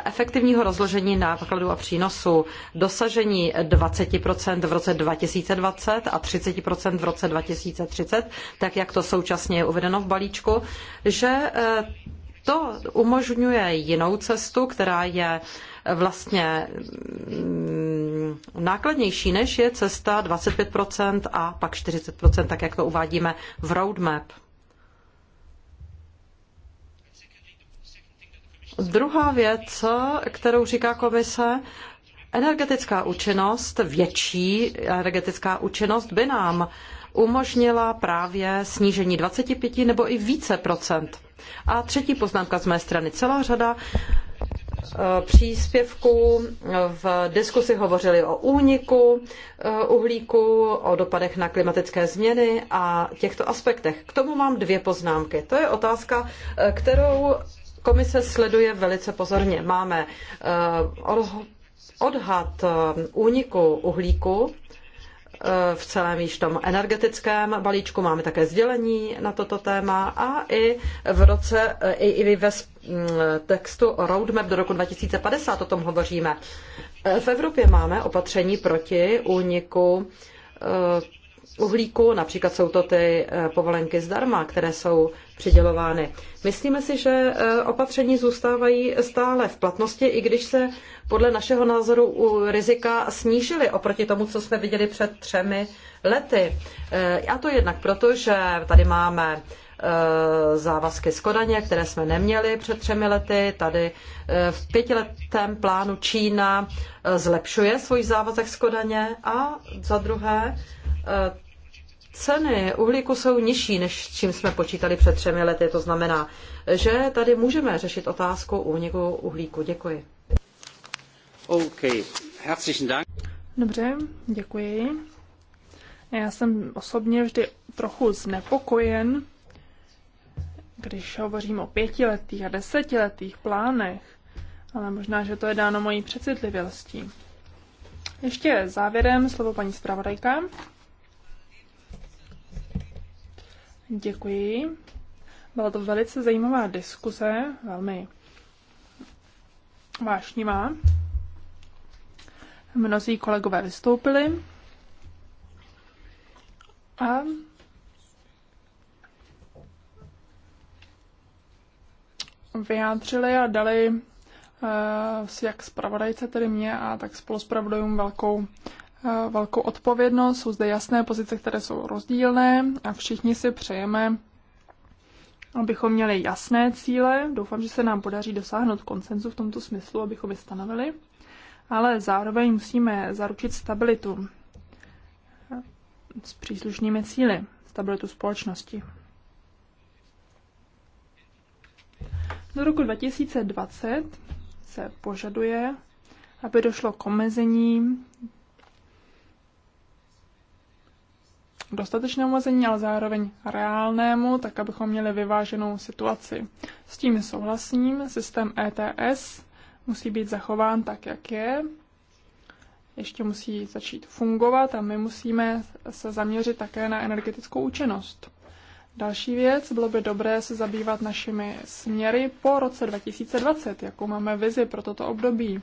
efektivního rozložení nákladů a přínosů. Dosažení 20 20% v roce 2020 a 30% v roce 2030, tak jak to současně je uvedeno v balíčku, že eh, to umožňuje jinou cestu, která je eh, vlastně mm, nákladnější, než je cesta 25% a pak 40%, tak jak to uvádíme v roadmap. Druhá věc, kterou říká komise, Energetická účinnost, větší energetická účinnost by nám umožnila právě snížení 25 nebo i více procent. A třetí poznámka z mé strany. Celá řada eh, příspěvků v diskusi hovořili o úniku eh, uhlíku, o dopadech na klimatické změny a těchto aspektech. K tomu mám dvě poznámky. To je otázka, eh, kterou komise sleduje velice pozorně. Máme odhad eh, úniku uhlíku eh, v celém již tom energetickém balíčku. Máme také sdělení na toto téma a i v roce, eh, i, i ve mm, textu Roadmap do roku 2050 o tom hovoříme. V Evropě máme opatření proti úniku uhlíku, například jsou to ty eh, povolenky zdarma, které jsou přidělovány. Myslíme si, že eh, opatření zůstávají stále v platnosti, i když se podle našeho názoru u rizika snížily oproti tomu, co jsme viděli před třemi lety. Eh, a to jednak proto, že tady máme závazky z Kodaně, které jsme neměli před třemi lety. Tady v pětiletém plánu Čína zlepšuje svůj závazek z Kodaně a za druhé ceny uhlíku jsou nižší, než čím jsme počítali před třemi lety. To znamená, že tady můžeme řešit otázku úniku uhlíku. Děkuji. Herzlichen Dank. Dobře, děkuji. Já jsem osobně vždy trochu znepokojen, když hovořím o pětiletých a desetiletých plánech, ale možná, že to je dáno mojí přecitlivělostí. Ještě závěrem slovo paní zpravodajka. Děkuji. Byla to velice zajímavá diskuse, velmi vášnivá. Mnozí kolegové vystoupili a vyjádřili a dali uh, jak zpravodajce, tedy mě, a tak s velkou Eh, velkou odpovědnost, jsou zde jasné pozice, které jsou rozdílné a všichni si přejeme, abychom měli jasné cíle. Doufám, že se nám podaří dosáhnout konsenzu v tomto smyslu, abychom je stanovili, ale zároveň musíme zaručit stabilitu eh, s příslušnými cíly, stabilitu společnosti. Do roku 2020 se požaduje, aby došlo k omezení dostatečnému omezení, ale zároveň reálnému, tak abychom měli vyváženou situaci. S tím souhlasím, systém ETS musí být zachován tak, jak je. Ještě musí začít fungovat a my musíme se zaměřit také na energetickou účinnost. Další věc, bylo by dobré se zabývat našimi směry po roce 2020, jakou máme vizi pro toto období.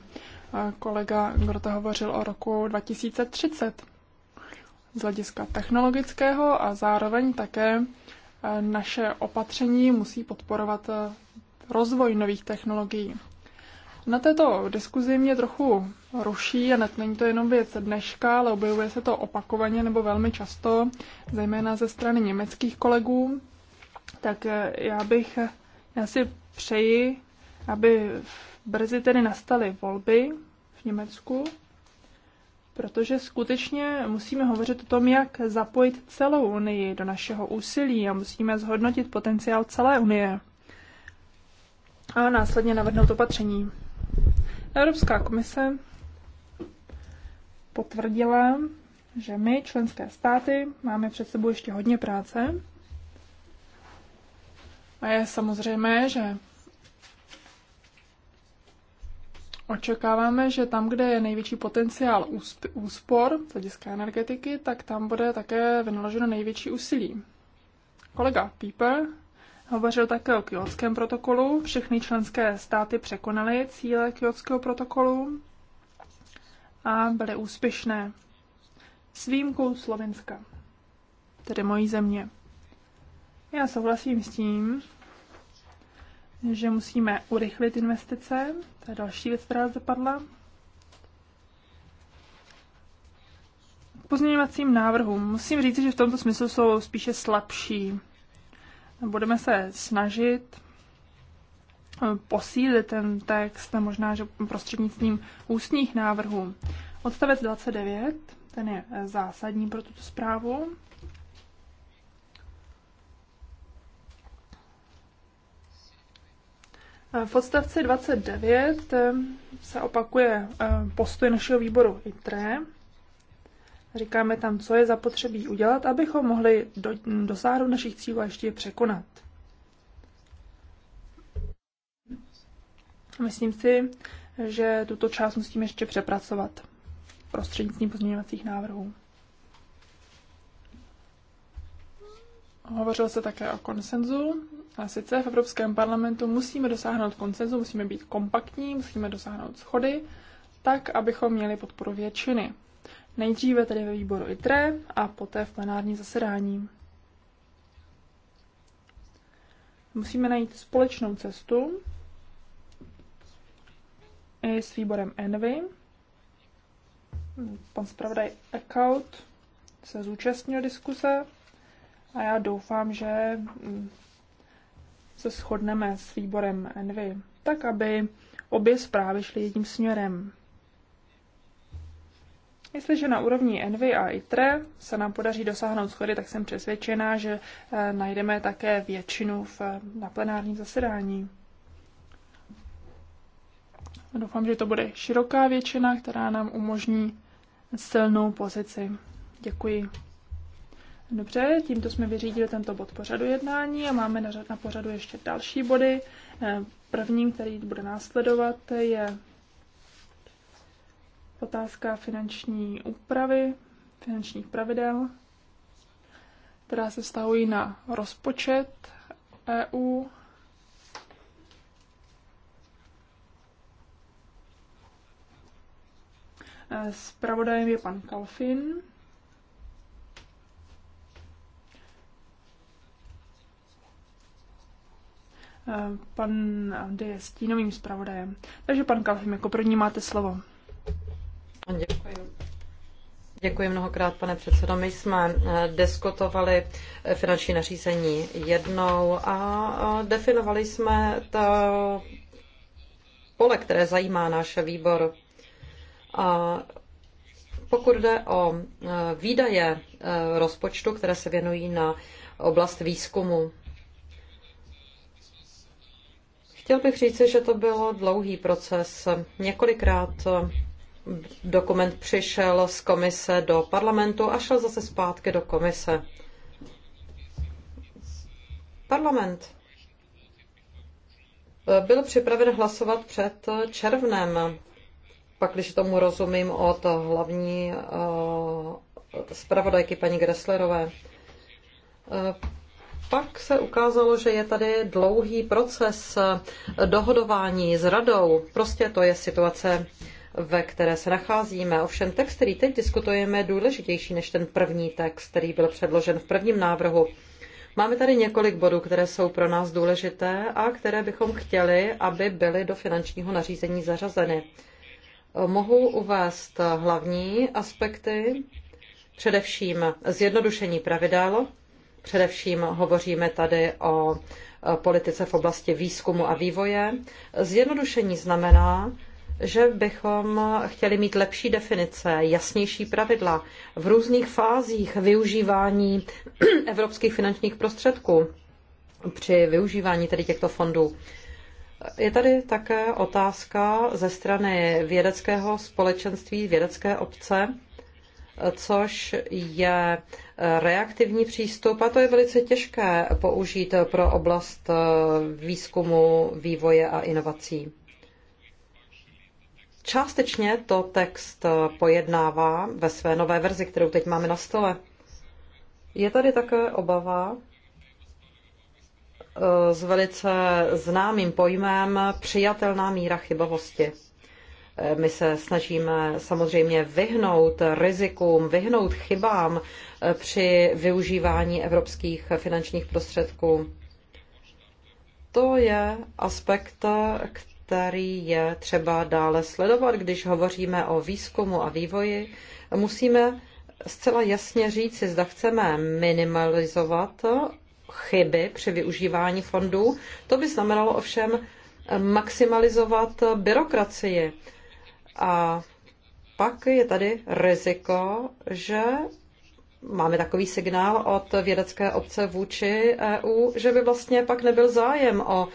Kolega Grota hovořil o roku 2030 z hlediska technologického a zároveň také eh, naše opatření musí podporovat eh, rozvoj nových technologií. Na této diskuzi mě trochu ruší, a není to jenom věc dneška, ale objevuje se to opakovaně nebo velmi často, zejména ze strany německých kolegů, tak eh, já bych, já si přeji, aby brzy tedy nastaly volby v Německu protože skutečně musíme hovořit o tom, jak zapojit celou Unii do našeho úsilí a musíme zhodnotit potenciál celé Unie a následně navrhnout opatření. Evropská komise potvrdila, že my, členské státy, máme před sebou ještě hodně práce. A je samozřejmé, že Očekáváme, že tam, kde je největší potenciál úspor z hlediska energetiky, tak tam bude také vynaloženo největší úsilí. Kolega Pieper hovořil také o kyotském protokolu. Všechny členské státy překonaly cíle kyotského protokolu a byly úspěšné. S výjimkou Slovenska, tedy mojí země. Já souhlasím s tím, že musíme urychlit investice to je další věc, která zapadla. K pozměňovacím návrhům. Musím říct, že v tomto smyslu jsou spíše slabší. Budeme se snažit eh, posílit ten text, možná že prostřednictvím ústních návrhů. Odstavec 29, ten je eh, zásadní pro tuto zprávu. V odstavci 29 eh, se opakuje eh, postoj našeho výboru ITRE. Říkáme tam, co je zapotřebí udělat, abychom mohli do, dosáhnout našich cílů a ještě je překonat. Myslím si, že tuto část musím ještě přepracovat prostřednictvím pozměňovacích návrhů. Hovořilo se také o konsenzu a sice v Evropském parlamentu musíme dosáhnout koncenzu, musíme být kompaktní, musíme dosáhnout schody, tak, abychom měli podporu většiny. Nejdříve tedy ve výboru ITRE a poté v plenárním zasedání. Musíme najít společnou cestu i s výborem Envy. Pan zpravodaj Account se zúčastnil diskuse a já doufám, že se shodneme s výborem Envy, tak aby obě zprávy šly jedním směrem. Jestliže na úrovni Envy a ITRE se nám podaří dosáhnout schody, tak jsem přesvědčená, že eh, najdeme také většinu v, na plenárním zasedání. Doufám, že to bude široká většina, která nám umožní silnou pozici. Děkuji. Dobře, tímto jsme vyřídili tento bod pořadu jednání a máme na, na pořadu ještě další body. Eh, Prvním, který bude následovat, je otázka finanční úpravy, finančních pravidel, která se vztahují na rozpočet EU. Spravodajem eh, je pan Kalfin. Eh, pan Andy je stínovým zpravodajem. Takže pan Kalhim, jako první máte slovo. Děkuji. Děkuji mnohokrát, pane předsedo. My jsme eh, diskutovali eh, finanční nařízení jednou a definovali jsme to pole, které zajímá náš výbor. A pokud jde o výdaje rozpočtu, které se věnují na oblast výzkumu, Chtěl bych říci, že to bylo dlouhý proces. Několikrát dokument přišel z komise do parlamentu a šel zase zpátky do komise. Parlament byl připraven hlasovat před červnem, pak když tomu rozumím od hlavní eh, zpravodajky paní Gresslerové. Eh, pak se ukázalo, že je tady dlouhý proces dohodování s radou. Prostě to je situace, ve které se nacházíme. Ovšem text, který teď diskutujeme, je důležitější než ten první text, který byl předložen v prvním návrhu. Máme tady několik bodů, které jsou pro nás důležité a které bychom chtěli, aby byly do finančního nařízení zařazeny. Mohu uvést hlavní aspekty, především zjednodušení pravidel, Především hovoříme tady o e, politice v oblasti výzkumu a vývoje. Zjednodušení znamená, že bychom chtěli mít lepší definice, jasnější pravidla v různých fázích využívání evropských finančních prostředků při využívání tedy těchto fondů. Je tady také otázka ze strany vědeckého společenství, vědecké obce, což je reaktivní přístup a to je velice těžké použít pro oblast výzkumu, vývoje a inovací. Částečně to text pojednává ve své nové verzi, kterou teď máme na stole. Je tady také obava eh, s velice známým pojmem přijatelná míra chybovosti. My se snažíme samozřejmě vyhnout rizikům, vyhnout chybám eh, při využívání evropských finančních prostředků. To je aspekt, který je třeba dále sledovat, když hovoříme o výzkumu a vývoji. Musíme zcela jasně říci, zda chceme minimalizovat chyby při využívání fondů. To by znamenalo ovšem maximalizovat byrokracii. A pak je tady riziko, že máme takový signál od vědecké obce vůči EU, že by vlastně pak nebyl zájem o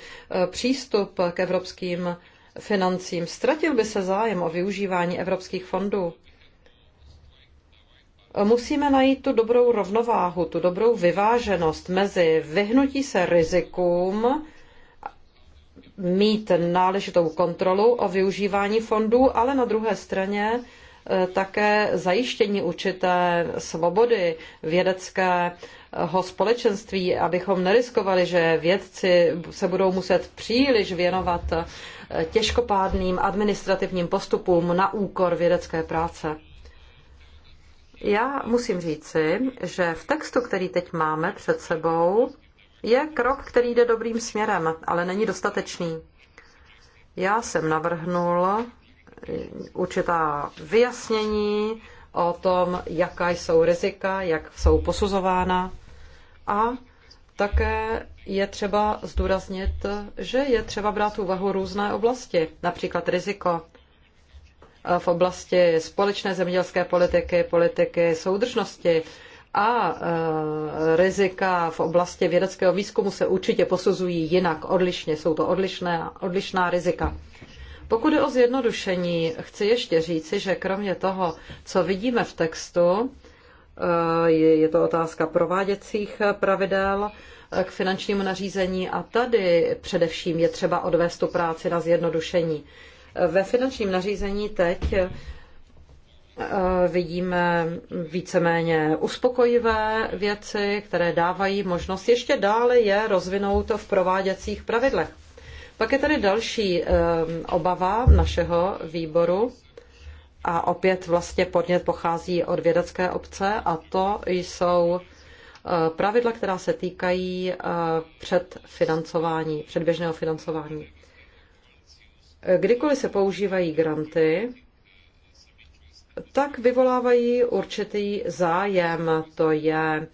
e, přístup k evropským financím. Ztratil by se zájem o využívání evropských fondů. Musíme najít tu dobrou rovnováhu, tu dobrou vyváženost mezi vyhnutí se rizikům, mít náležitou kontrolu o využívání fondů, ale na druhé straně eh, také zajištění určité svobody vědeckého společenství, abychom neriskovali, že vědci se budou muset příliš věnovat eh, těžkopádným administrativním postupům na úkor vědecké práce. Já musím říci, že v textu, který teď máme před sebou, je krok, který jde dobrým směrem, ale není dostatečný. Já jsem navrhnul určitá vyjasnění o tom, jaká jsou rizika, jak jsou posuzována a také je třeba zdůraznit, že je třeba brát úvahu různé oblasti, například riziko v oblasti společné zemědělské politiky, politiky soudržnosti, a e, rizika v oblasti vědeckého výzkumu se určitě posuzují jinak, odlišně, jsou to odlišné, odlišná rizika. Pokud je o zjednodušení, chci ještě říci, že kromě toho, co vidíme v textu, e, je to otázka prováděcích pravidel e, k finančnímu nařízení a tady především je třeba odvést tu práci na zjednodušení. Ve finančním nařízení teď Eh, vidíme víceméně uspokojivé věci, které dávají možnost ještě dále je rozvinout v prováděcích pravidlech. Pak je tady další eh, obava našeho výboru a opět vlastně podnět pochází od vědecké obce a to jsou eh, pravidla, která se týkají předfinancování, předběžného financování. Kdykoliv se používají granty, tak vyvolávají určitý zájem. To je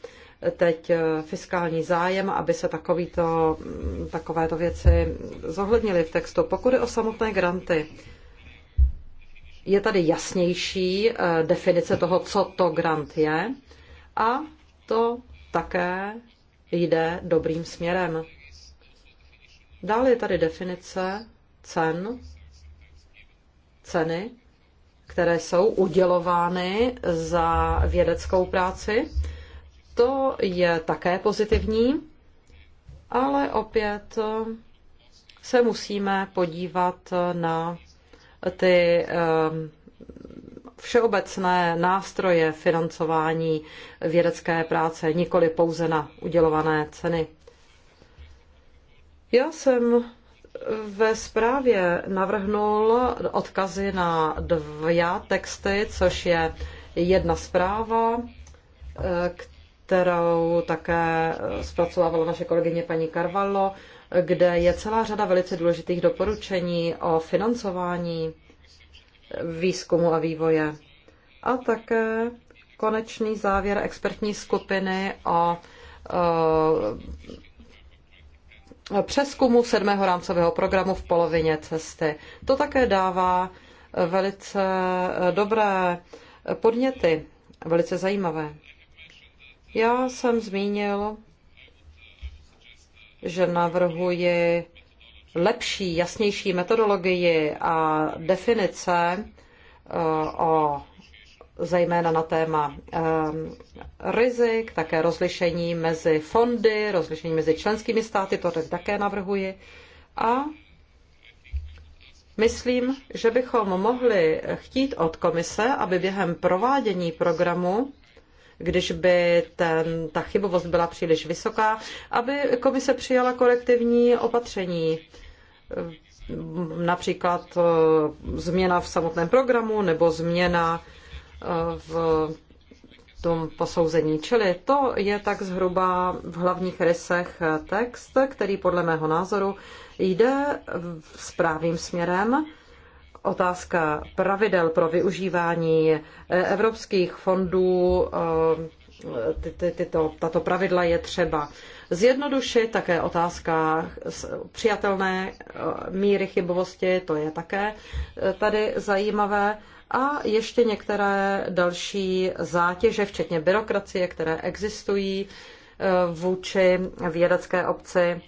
teď fiskální zájem, aby se takovýto, takovéto věci zohlednily v textu. Pokud je o samotné granty, je tady jasnější eh, definice toho, co to grant je a to také jde dobrým směrem. Dále je tady definice cen, ceny, které jsou udělovány za vědeckou práci. To je také pozitivní, ale opět eh, se musíme podívat na ty eh, všeobecné nástroje financování vědecké práce, nikoli pouze na udělované ceny. Já jsem ve zprávě navrhnul odkazy na dva texty, což je jedna zpráva, kterou také zpracovávala naše kolegyně paní Carvalho, kde je celá řada velice důležitých doporučení o financování výzkumu a vývoje. A také konečný závěr expertní skupiny o přeskumu sedmého rámcového programu v polovině cesty. To také dává velice dobré podněty, velice zajímavé. Já jsem zmínil, že navrhuji lepší, jasnější metodologii a definice eh, o zejména na téma ehm, rizik, také rozlišení mezi fondy, rozlišení mezi členskými státy, to také navrhuji. A myslím, že bychom mohli chtít od komise, aby během provádění programu když by ten, ta chybovost byla příliš vysoká, aby komise přijala korektivní opatření, například eh, změna v samotném programu nebo změna v tom posouzení. Čili to je tak zhruba v hlavních rysech text, který podle mého názoru jde správným směrem. Otázka pravidel pro využívání evropských fondů, eh, ty, ty, tyto, tato pravidla je třeba zjednodušit, také otázka přijatelné eh, míry chybovosti, to je také eh, tady zajímavé. A ještě některé další zátěže, včetně byrokracie, které existují eh, vůči vědecké obci.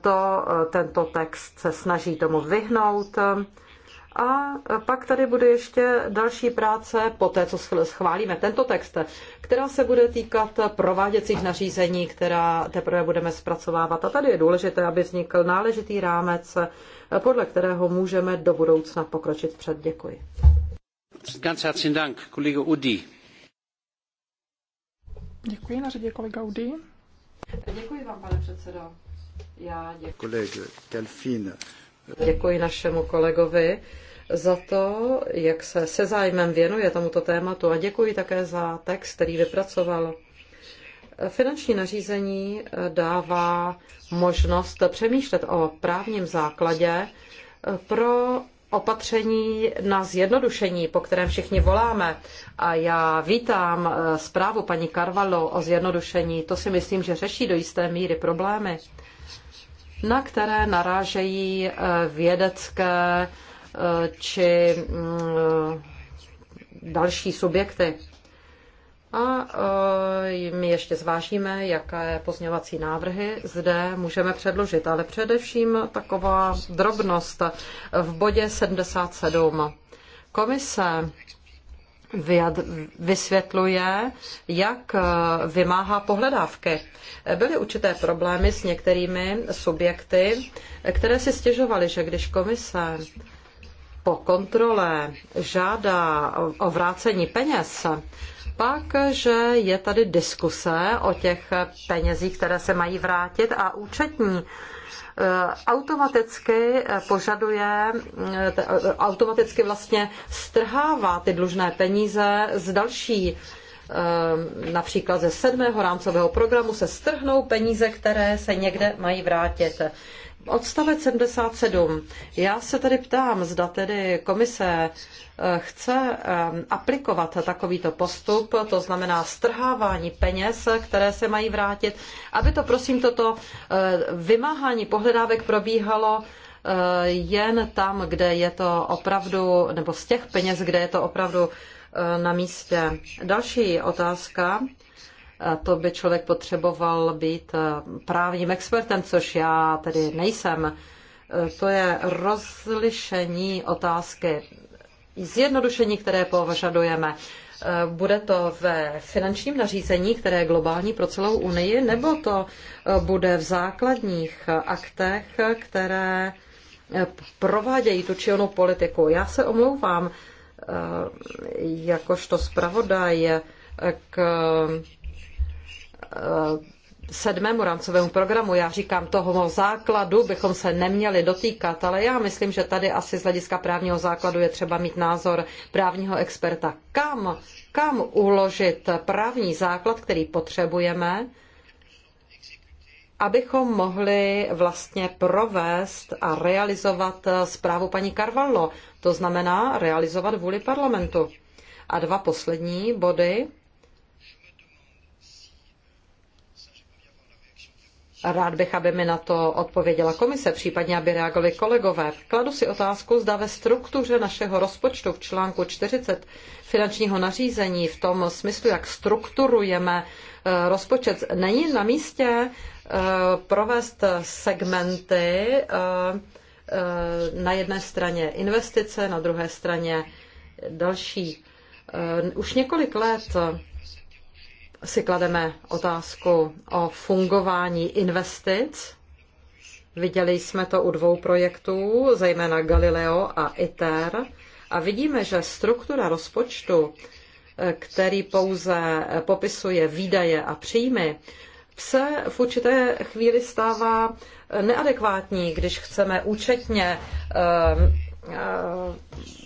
To tento text se snaží tomu vyhnout. A pak tady bude ještě další práce, po té, co schválíme tento text, která se bude týkat prováděcích nařízení, která teprve budeme zpracovávat. A tady je důležité, aby vznikl náležitý rámec, podle kterého můžeme do budoucna pokročit před. Děkuji. Ganz Dank, kolega Udi. Děkuji, na řadě kolega Udi. Děkuji vám, pane předsedo. Já děkuji. Kolege Delfín. Děkuji našemu kolegovi za to, jak se se zájmem věnuje tomuto tématu a děkuji také za text, který vypracoval. Finanční nařízení eh, dává možnost přemýšlet o právním základě eh, pro opatření na zjednodušení, po kterém všichni voláme. A já vítám eh, zprávu paní Carvalho o zjednodušení. To si myslím, že řeší do jisté míry problémy, na které narážejí vědecké či mm, další subjekty. A eh, my ještě zvážíme, jaké pozměňovací návrhy zde můžeme předložit, ale především taková drobnost v bodě 77. Komise vysvětluje, jak eh, vymáhá pohledávky. Byly určité problémy s některými subjekty, které si stěžovaly, že když komise po kontrole žádá o vrácení peněz, pak, že je tady diskuse o těch penězích, které se mají vrátit a účetní eh, automaticky požaduje, eh, automaticky vlastně strhává ty dlužné peníze z další eh, například ze sedmého rámcového programu se strhnou peníze, které se někde mají vrátit. Odstavec 77. Já se tedy ptám, zda tedy komise eh, chce eh, aplikovat takovýto postup, to znamená strhávání peněz, které se mají vrátit, aby to prosím toto eh, vymáhání pohledávek probíhalo jen tam, kde je to opravdu, nebo z těch peněz, kde je to opravdu na místě. Další otázka to by člověk potřeboval být eh, právním expertem, což já tedy nejsem. Eh, to je rozlišení otázky, zjednodušení, které považujeme. Eh, bude to ve finančním nařízení, které je globální pro celou Unii, nebo to bude v základních aktech, které provádějí tu či onu politiku. Já se omlouvám, jakožto zpravodaj k Eh, sedmému rámcovému programu, já říkám toho základu, bychom se neměli dotýkat, ale já myslím, že tady asi z hlediska právního základu je třeba mít názor právního experta. Kam, kam uložit právní základ, který potřebujeme, abychom mohli vlastně provést a realizovat zprávu paní Carvalho, to znamená realizovat vůli parlamentu. A dva poslední body Rád bych, aby mi na to odpověděla komise, případně aby reagovali kolegové. Kladu si otázku, zda ve struktuře našeho rozpočtu v článku 40 finančního nařízení, v tom smyslu, jak strukturujeme eh, rozpočet, není na místě eh, provést segmenty eh, na jedné straně investice, na druhé straně další. Už několik let si klademe otázku o fungování investic. Viděli jsme to u dvou projektů, zejména Galileo a ITER. A vidíme, že struktura rozpočtu, eh, který pouze popisuje výdaje a příjmy, se v určité chvíli stává neadekvátní, když chceme účetně eh, Eh,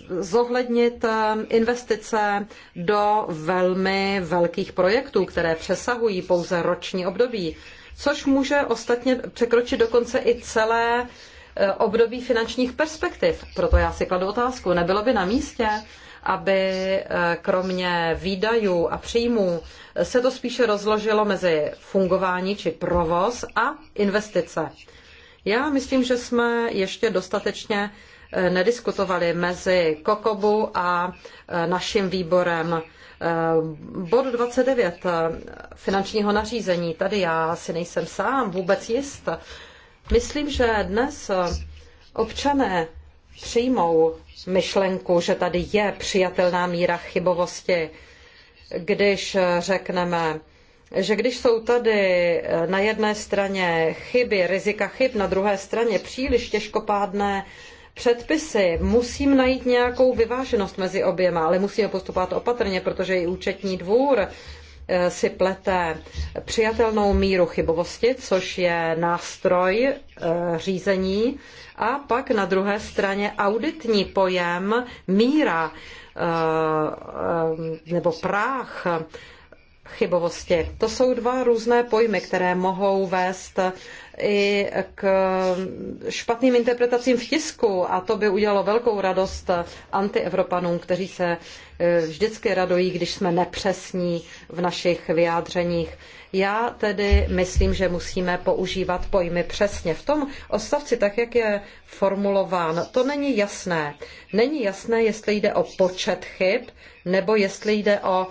zohlednit eh, investice do velmi velkých projektů, které přesahují pouze roční období, což může ostatně překročit dokonce i celé eh, období finančních perspektiv. Proto já si kladu otázku, nebylo by na místě, aby kromě výdajů a příjmů se to spíše rozložilo mezi fungování či provoz a investice. Já myslím, že jsme ještě dostatečně nediskutovali mezi Kokobu a e, naším výborem. E, bod 29 e, finančního nařízení, tady já si nejsem sám vůbec jist. Myslím, že dnes občané přijmou myšlenku, že tady je přijatelná míra chybovosti, když řekneme, že když jsou tady na jedné straně chyby, rizika chyb, na druhé straně příliš těžkopádné předpisy. Musím najít nějakou vyváženost mezi oběma, ale musíme postupovat opatrně, protože i účetní dvůr eh, si plete přijatelnou míru chybovosti, což je nástroj eh, řízení, a pak na druhé straně auditní pojem míra eh, nebo práh chybovosti. To jsou dva různé pojmy, které mohou vést i k špatným interpretacím v tisku a to by udělalo velkou radost antievropanům, kteří se eh, vždycky radují, když jsme nepřesní v našich vyjádřeních. Já tedy myslím, že musíme používat pojmy přesně. V tom odstavci, tak jak je formulován, to není jasné. Není jasné, jestli jde o počet chyb nebo jestli jde o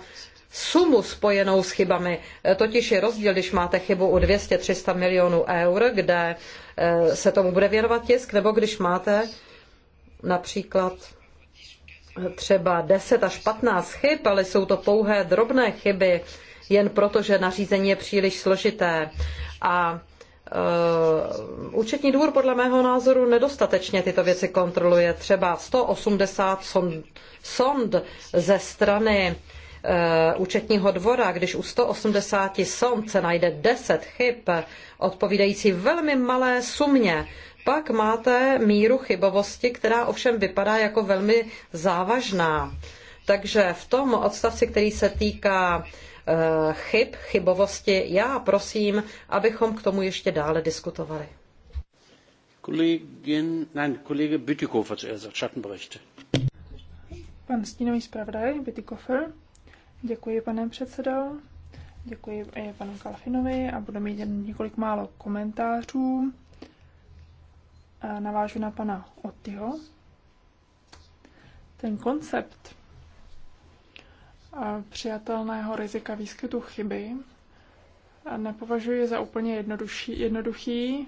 sumu spojenou s chybami. E, totiž je rozdíl, když máte chybu u 200-300 milionů eur, kde e, se tomu bude věnovat tisk, nebo když máte například třeba 10 až 15 chyb, ale jsou to pouhé drobné chyby, jen proto, že nařízení je příliš složité. A Uh, účetní dvůr podle mého názoru nedostatečně tyto věci kontroluje. Třeba 180 sond, sond ze strany Eh, účetního dvora, když u 180 sond se najde 10 chyb odpovídající velmi malé sumě, pak máte míru chybovosti, která ovšem vypadá jako velmi závažná. Takže v tom odstavci, který se týká eh, chyb, chybovosti, já prosím, abychom k tomu ještě dále diskutovali. Kollegin, nein, Kollege Bütikofer zuerst, Schattenbericht. Pan stínový zpravodaj Bütikofer. Děkuji, pane předsedo. Děkuji i panu Kalfinovi a budu mít jen několik málo komentářů. Navážu na pana Otyho. Ten koncept přijatelného rizika výskytu chyby nepovažuji za úplně jednoduchý.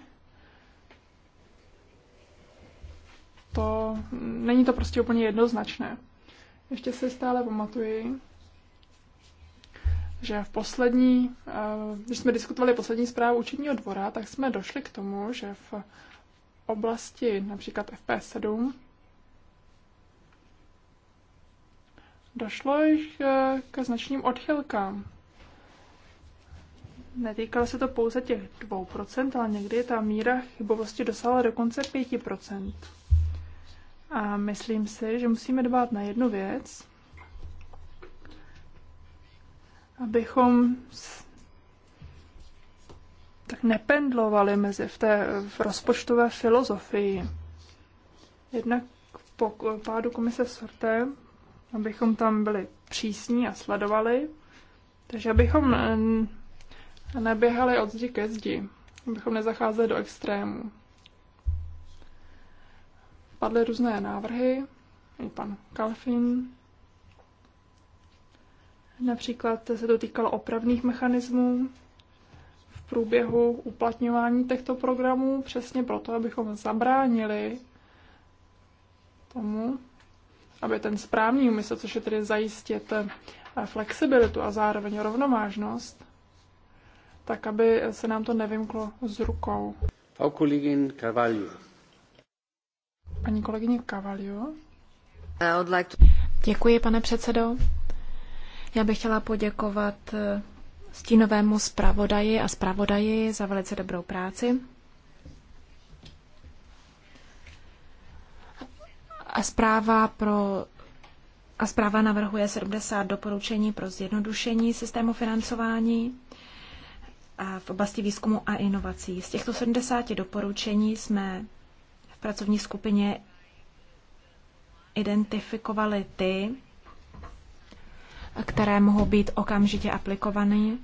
To, není to prostě úplně jednoznačné. Ještě si stále pamatuji, že v poslední, eh, když jsme diskutovali poslední zprávu účetního dvora, tak jsme došli k tomu, že v oblasti například FP7 došlo již eh, ke značným odchylkám. Netýkalo se to pouze těch 2%, ale někdy ta míra chybovosti dosáhla dokonce 5%. A myslím si, že musíme dbát na jednu věc, abychom tak nependlovali mezi v té v rozpočtové filozofii. Jednak po pádu komise sorté, abychom tam byli přísní a sledovali, takže abychom eh, neběhali od zdi ke zdi, abychom nezacházeli do extrému. Padly různé návrhy, i pan Kalfin Například se to týkalo opravných mechanismů v průběhu uplatňování těchto programů, přesně proto, abychom zabránili tomu, aby ten správný úmysl, což je tedy zajistit eh, flexibilitu a zároveň rovnovážnost, tak aby se nám to nevymklo z rukou. Frau Kollegin Carvalho. Paní kolegyně Carvalho. Děkuji, pane předsedo. Já bych chtěla poděkovat eh, stínovému zpravodaji a zpravodaji za velice dobrou práci. A zpráva pro a zpráva navrhuje 70 doporučení pro zjednodušení systému financování v oblasti výzkumu a inovací. Z těchto 70 doporučení jsme v pracovní skupině identifikovali ty, které mohou být okamžitě aplikované.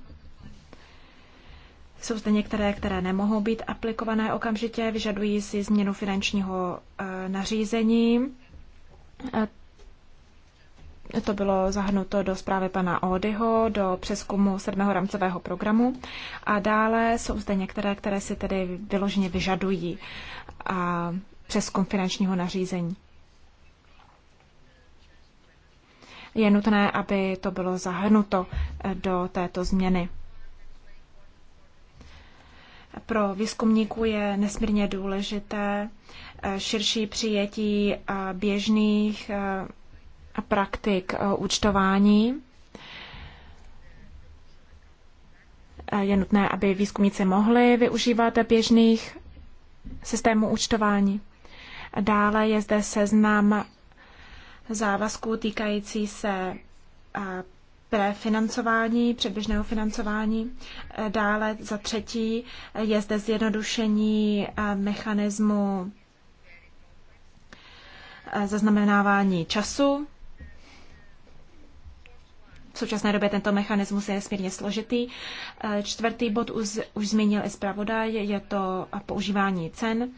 Jsou zde některé, které nemohou být aplikované okamžitě, vyžadují si změnu finančního eh, nařízení. Eh, to bylo zahrnuto do zprávy pana Odyho, do přeskumu sedmého rámcového programu. A dále jsou zde některé, které si tedy vyloženě vyžadují a eh, přeskum finančního nařízení. Je nutné, aby to bylo zahrnuto eh, do této změny. Pro výzkumníků je nesmírně důležité eh, širší přijetí eh, běžných praktik účtování. Je nutné, aby výzkumníci mohli využívat běžných systémů účtování. Dále je zde seznam závazků týkající se prefinancování, předběžného financování. E, dále za třetí je zde zjednodušení e, mechanismu e, zaznamenávání času v současné době tento mechanismus je nesmírně složitý. Eh, čtvrtý bod už, už zmínil i zpravodaj, je to používání cen.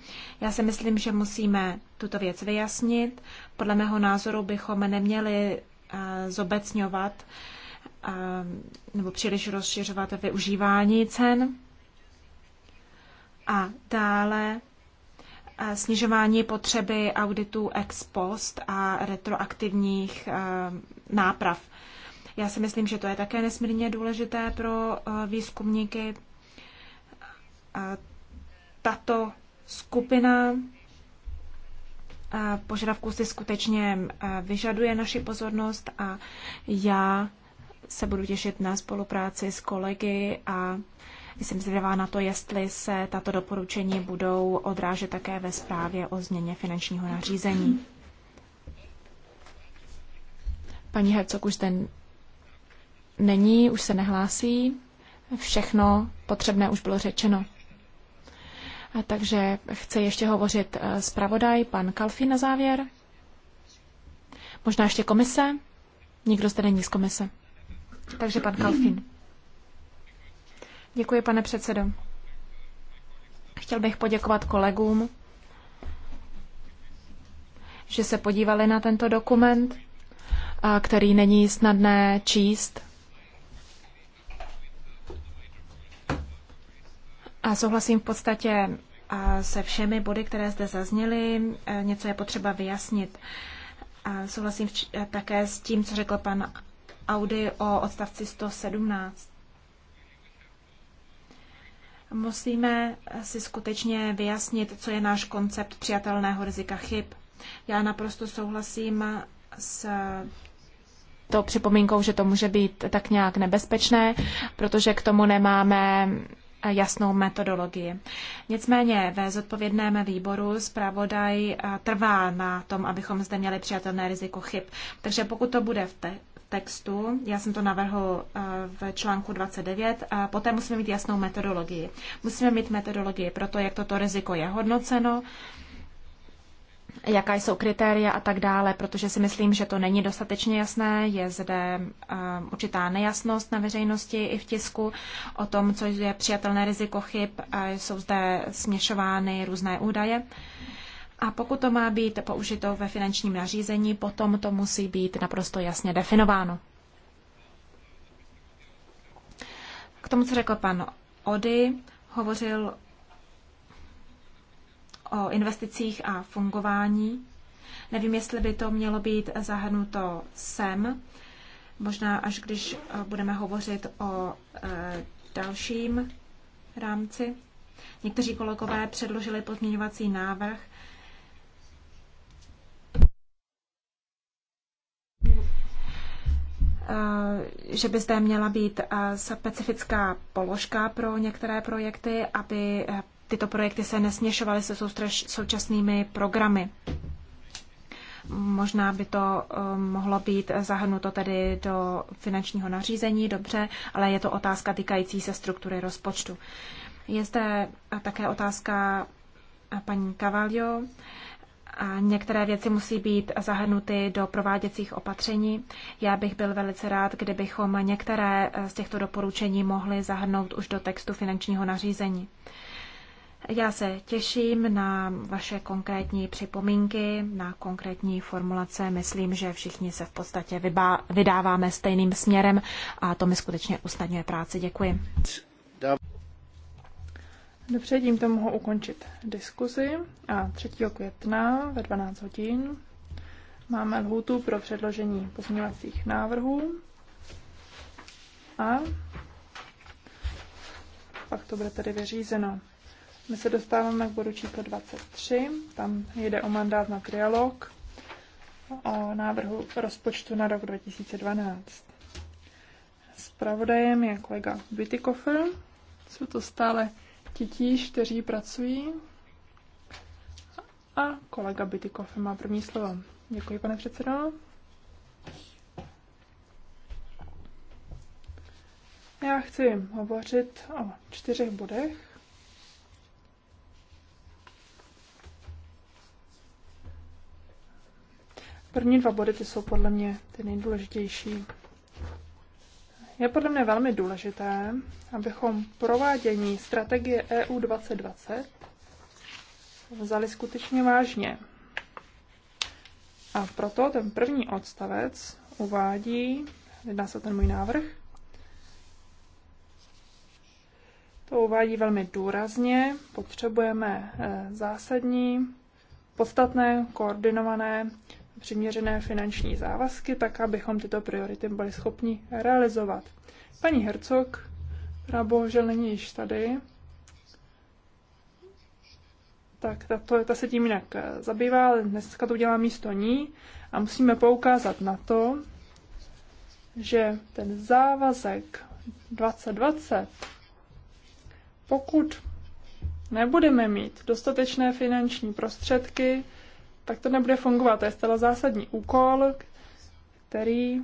Já si myslím, že musíme tuto věc vyjasnit. Podle mého názoru bychom neměli eh, zobecňovat eh, nebo příliš rozšiřovat využívání cen. A dále snižování potřeby auditů ex post a retroaktivních náprav. Já si myslím, že to je také nesmírně důležité pro eh, výzkumníky. Tato skupina eh, požadavků si skutečně eh, vyžaduje naši pozornost a já se budu těšit na spolupráci s kolegy a jsem zvědavá na to, jestli se tato doporučení budou odrážet také ve zprávě o změně finančního nařízení. Paní Hercog už ten není, už se nehlásí. Všechno potřebné už bylo řečeno. A takže chce ještě hovořit eh, zpravodaj, pan Kalfi na závěr. Možná ještě komise. Nikdo zde není z komise. Takže pan Kalfin. Děkuji, pane předsedo. Chtěl bych poděkovat kolegům, že se podívali na tento dokument, eh, který není snadné číst A souhlasím v podstatě se všemi body, které zde zazněly. E, něco je potřeba vyjasnit. A souhlasím e, také s tím, co řekl pan Audi o odstavci 117. Musíme si skutečně vyjasnit, co je náš koncept přijatelného rizika chyb. Já naprosto souhlasím s to připomínkou, že to může být tak nějak nebezpečné, protože k tomu nemáme Eh, jasnou metodologii. Nicméně ve zodpovědném výboru zpravodaj eh, trvá na tom, abychom zde měli přijatelné riziko chyb. Takže pokud to bude v, té textu, já jsem to navrhl eh, v článku 29, a poté musíme mít jasnou metodologii. Musíme mít metodologii pro to, jak toto riziko je hodnoceno, jaká jsou kritéria a tak dále, protože si myslím, že to není dostatečně jasné. Je zde eh, určitá nejasnost na veřejnosti i v tisku o tom, co je přijatelné riziko chyb. Jsou zde směšovány různé údaje. A pokud to má být použito ve finančním nařízení, potom to musí být naprosto jasně definováno. K tomu, co řekl pan Ody, hovořil o investicích a fungování. Nevím, jestli by to mělo být zahrnuto sem, možná až když eh, budeme hovořit o eh, dalším rámci. Někteří kolegové předložili pozměňovací návrh, eh, že by zde měla být specifická položka pro některé projekty, aby tyto projekty se nesměšovaly se současnými programy. Možná by to eh, mohlo být zahrnuto tedy do finančního nařízení, dobře, ale je to otázka týkající se struktury rozpočtu. Je zde také otázka paní Cavaglio. A některé věci musí být zahrnuty do prováděcích opatření. Já bych byl velice rád, kdybychom některé z těchto doporučení mohli zahrnout už do textu finančního nařízení. Já se těším na vaše konkrétní připomínky, na konkrétní formulace. Myslím, že všichni se v podstatě vybá, vydáváme stejným směrem a to mi skutečně usnadňuje práci. Děkuji. Dobře, tímto mohu ukončit diskuzi a 3. května ve 12 hodin máme lhůtu pro předložení pozměňovacích návrhů a pak to bude tedy vyřízeno. My se dostáváme k bodu číslo 23, tam jde o mandát na trialog o návrhu rozpočtu na rok 2012. Spravodajem je kolega Bytykofr. Jsou to stále titíž, kteří pracují. A kolega Bytykofr má první slovo. Děkuji, pane předsedo. Já chci hovořit o čtyřech bodech. První dva body ty jsou podle mě ty nejdůležitější. Je podle mě velmi důležité, abychom provádění strategie EU 2020 vzali skutečně vážně. A proto ten první odstavec uvádí, jedná se ten můj návrh, to uvádí velmi důrazně, potřebujeme eh, zásadní, podstatné, koordinované přiměřené finanční závazky, tak abychom tyto priority byli schopni realizovat. Paní Hercog, která bohužel není již tady, tak tato, ta se tím jinak eh, zabývá, ale dneska to udělá místo ní a musíme poukázat na to, že ten závazek 2020, pokud nebudeme mít dostatečné finanční prostředky, tak to nebude fungovat. To je zcela zásadní úkol, který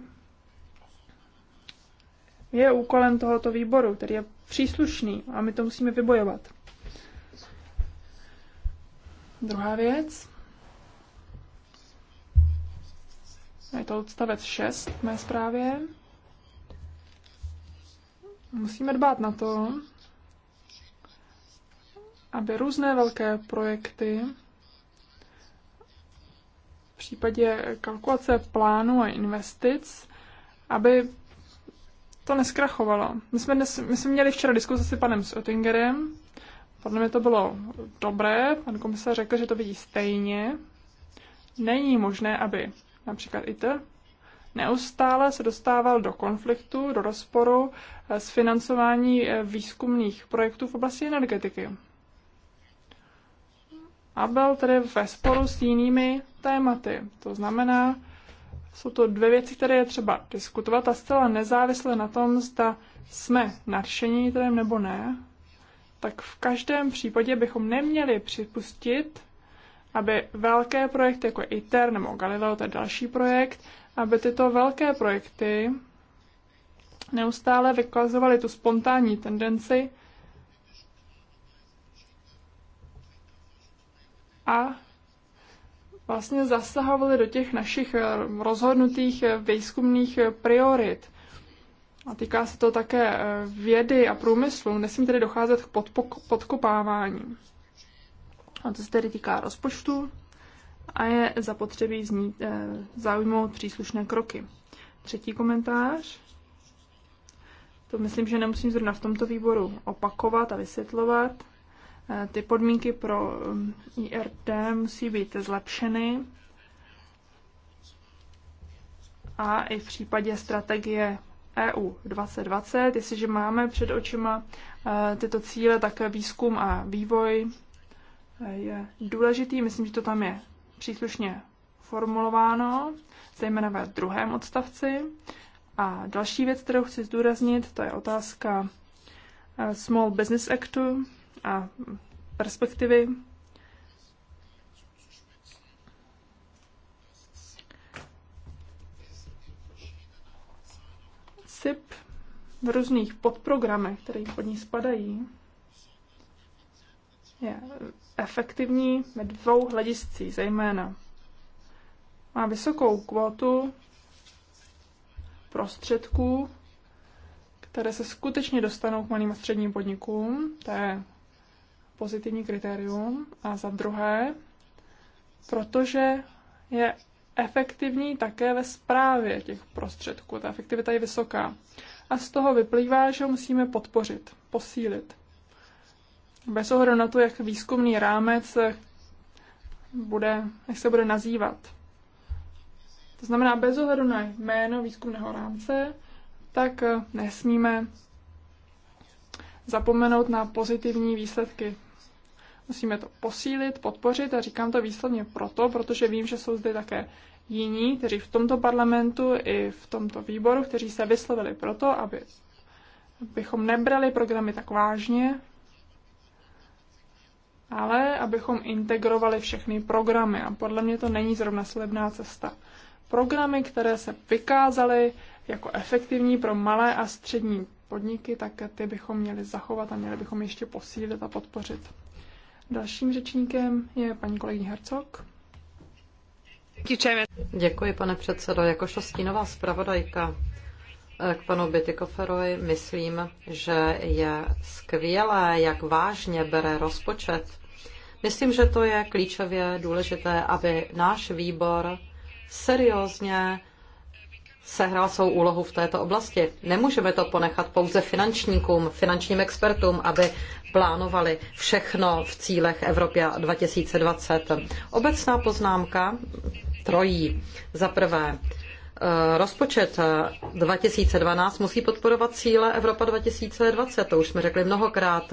je úkolem tohoto výboru, který je příslušný a my to musíme vybojovat. Druhá věc. Je to odstavec 6 v mé zprávě. Musíme dbát na to, aby různé velké projekty případě kalkulace plánu a investic, aby to neskrachovalo. My jsme, dnes, my jsme měli včera diskuzi s panem Sötingerem. podle mě to bylo dobré, pan komisař řekl, že to vidí stejně. Není možné, aby například ITER neustále se dostával do konfliktu, do rozporu eh, s financování eh, výzkumných projektů v oblasti energetiky a byl tedy ve sporu s jinými tématy. To znamená, jsou to dvě věci, které je třeba diskutovat a zcela nezávisle na tom, zda jsme nadšení tedy nebo ne, tak v každém případě bychom neměli připustit, aby velké projekty jako ITER nebo Galileo, to je další projekt, aby tyto velké projekty neustále vykazovaly tu spontánní tendenci a vlastně zasahovali do těch našich eh, rozhodnutých eh, výzkumných eh, priorit. A týká se to také vědy a průmyslu. Nesmí tedy docházet k podkopávání. A to se tedy týká rozpočtu a je zapotřebí znít, zaujmout příslušné kroky. Třetí komentář. To myslím, že nemusím zrovna v tomto výboru opakovat a vysvětlovat. Ty podmínky pro um, IRT musí být zlepšeny a i v případě strategie EU 2020, jestliže máme před očima eh, tyto cíle, tak výzkum a vývoj eh, je důležitý. Myslím, že to tam je příslušně formulováno, zejména ve druhém odstavci. A další věc, kterou chci zdůraznit, to je otázka eh, Small Business Actu a perspektivy. SIP v různých podprogramech, které pod ní spadají, je efektivní ve dvou hlediscích zejména. Má vysokou kvotu prostředků, které se skutečně dostanou k malým a středním podnikům. To je pozitivní kritérium. A za druhé, protože je efektivní také ve správě těch prostředků. Ta efektivita je vysoká. A z toho vyplývá, že ho musíme podpořit, posílit. Bez ohledu na to, jak výzkumný rámec bude, jak se bude nazývat. To znamená, bez ohledu na jméno výzkumného rámce, tak eh, nesmíme zapomenout na pozitivní výsledky Musíme to posílit, podpořit a říkám to výslovně proto, protože vím, že jsou zde také jiní, kteří v tomto parlamentu i v tomto výboru, kteří se vyslovili proto, aby, abychom nebrali programy tak vážně, ale abychom integrovali všechny programy. A podle mě to není zrovna slibná cesta. Programy, které se vykázaly jako efektivní pro malé a střední podniky, tak ty bychom měli zachovat a měli bychom ještě posílit a podpořit. Dalším řečníkem je paní kolegyně Hercog. Děkuji, pane předsedo. Jakožto stínová zpravodajka eh, k panu Bytikoferovi myslím, že je skvělé, jak vážně bere rozpočet. Myslím, že to je klíčově důležité, aby náš výbor seriózně sehrál svou úlohu v této oblasti. Nemůžeme to ponechat pouze finančníkům, finančním expertům, aby plánovali všechno v cílech Evropě 2020. Obecná poznámka trojí. Za prvé, eh, rozpočet 2012 musí podporovat cíle Evropa 2020, to už jsme řekli mnohokrát.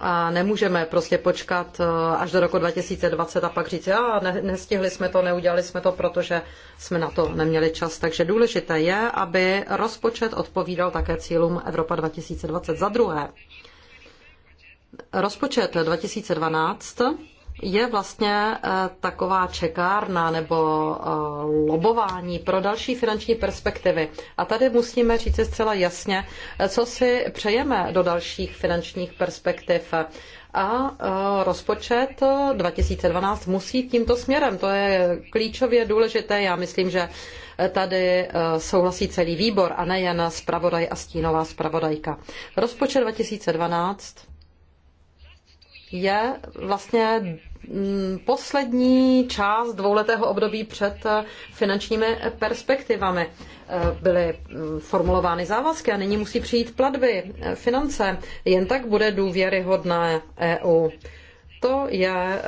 A nemůžeme prostě počkat eh, až do roku 2020 a pak říct, a ne, nestihli jsme to, neudělali jsme to, protože jsme na to neměli čas. Takže důležité je, aby rozpočet odpovídal také cílům Evropa 2020. Za druhé, rozpočet 2012 je vlastně eh, taková čekárna nebo eh, lobování pro další finanční perspektivy. A tady musíme říct zcela jasně, eh, co si přejeme do dalších finančních perspektiv. A rozpočet 2012 musí tímto směrem. To je klíčově důležité. Já myslím, že tady souhlasí celý výbor a nejen zpravodaj a stínová zpravodajka. Rozpočet 2012 je vlastně Mm, poslední část dvouletého období před eh, finančními perspektivami. Eh, byly mm, formulovány závazky a nyní musí přijít platby, eh, finance. Jen tak bude důvěryhodná EU. To je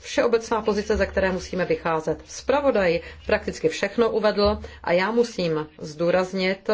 všeobecná pozice, ze které musíme vycházet. Spravodaj prakticky všechno uvedl a já musím zdůraznit,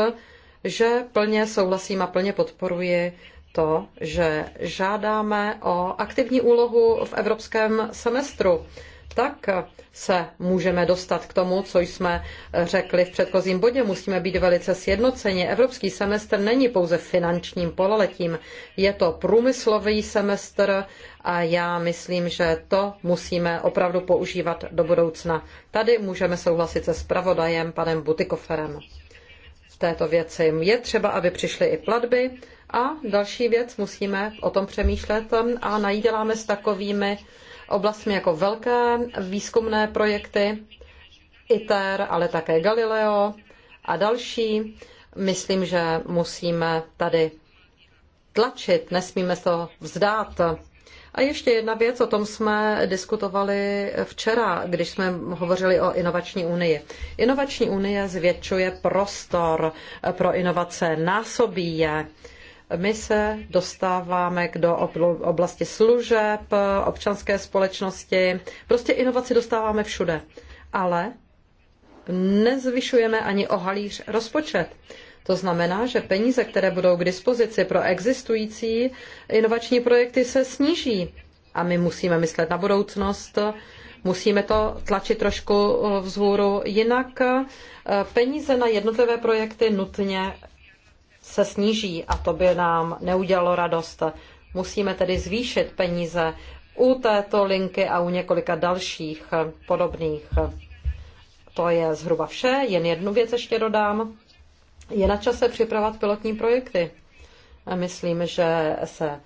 že plně souhlasím a plně podporuji to, že žádáme o aktivní úlohu v evropském semestru. Tak se můžeme dostat k tomu, co jsme řekli v předchozím bodě. Musíme být velice sjednoceni. Evropský semestr není pouze finančním pololetím, je to průmyslový semestr a já myslím, že to musíme opravdu používat do budoucna. Tady můžeme souhlasit se spravodajem panem Butikoferem v této věci. Je třeba, aby přišly i platby a další věc, musíme o tom přemýšlet um, a najíděláme s takovými oblastmi jako velké výzkumné projekty, ITER, ale také Galileo a další. Myslím, že musíme tady tlačit, nesmíme se to vzdát. A ještě jedna věc, o tom jsme diskutovali včera, když jsme hovořili o inovační unii. Inovační unie zvětšuje prostor pro inovace, násobí je my se dostáváme k do oblasti služeb, občanské společnosti. Prostě inovaci dostáváme všude. Ale nezvyšujeme ani o halíř rozpočet. To znamená, že peníze, které budou k dispozici pro existující inovační projekty, se sníží. A my musíme myslet na budoucnost, musíme to tlačit trošku vzhůru, jinak eh, peníze na jednotlivé projekty nutně se sníží a to by nám neudělalo radost. Musíme tedy zvýšit peníze u této linky a u několika dalších podobných. To je zhruba vše. Jen jednu věc ještě dodám. Je na čase připravovat pilotní projekty. Myslím, že se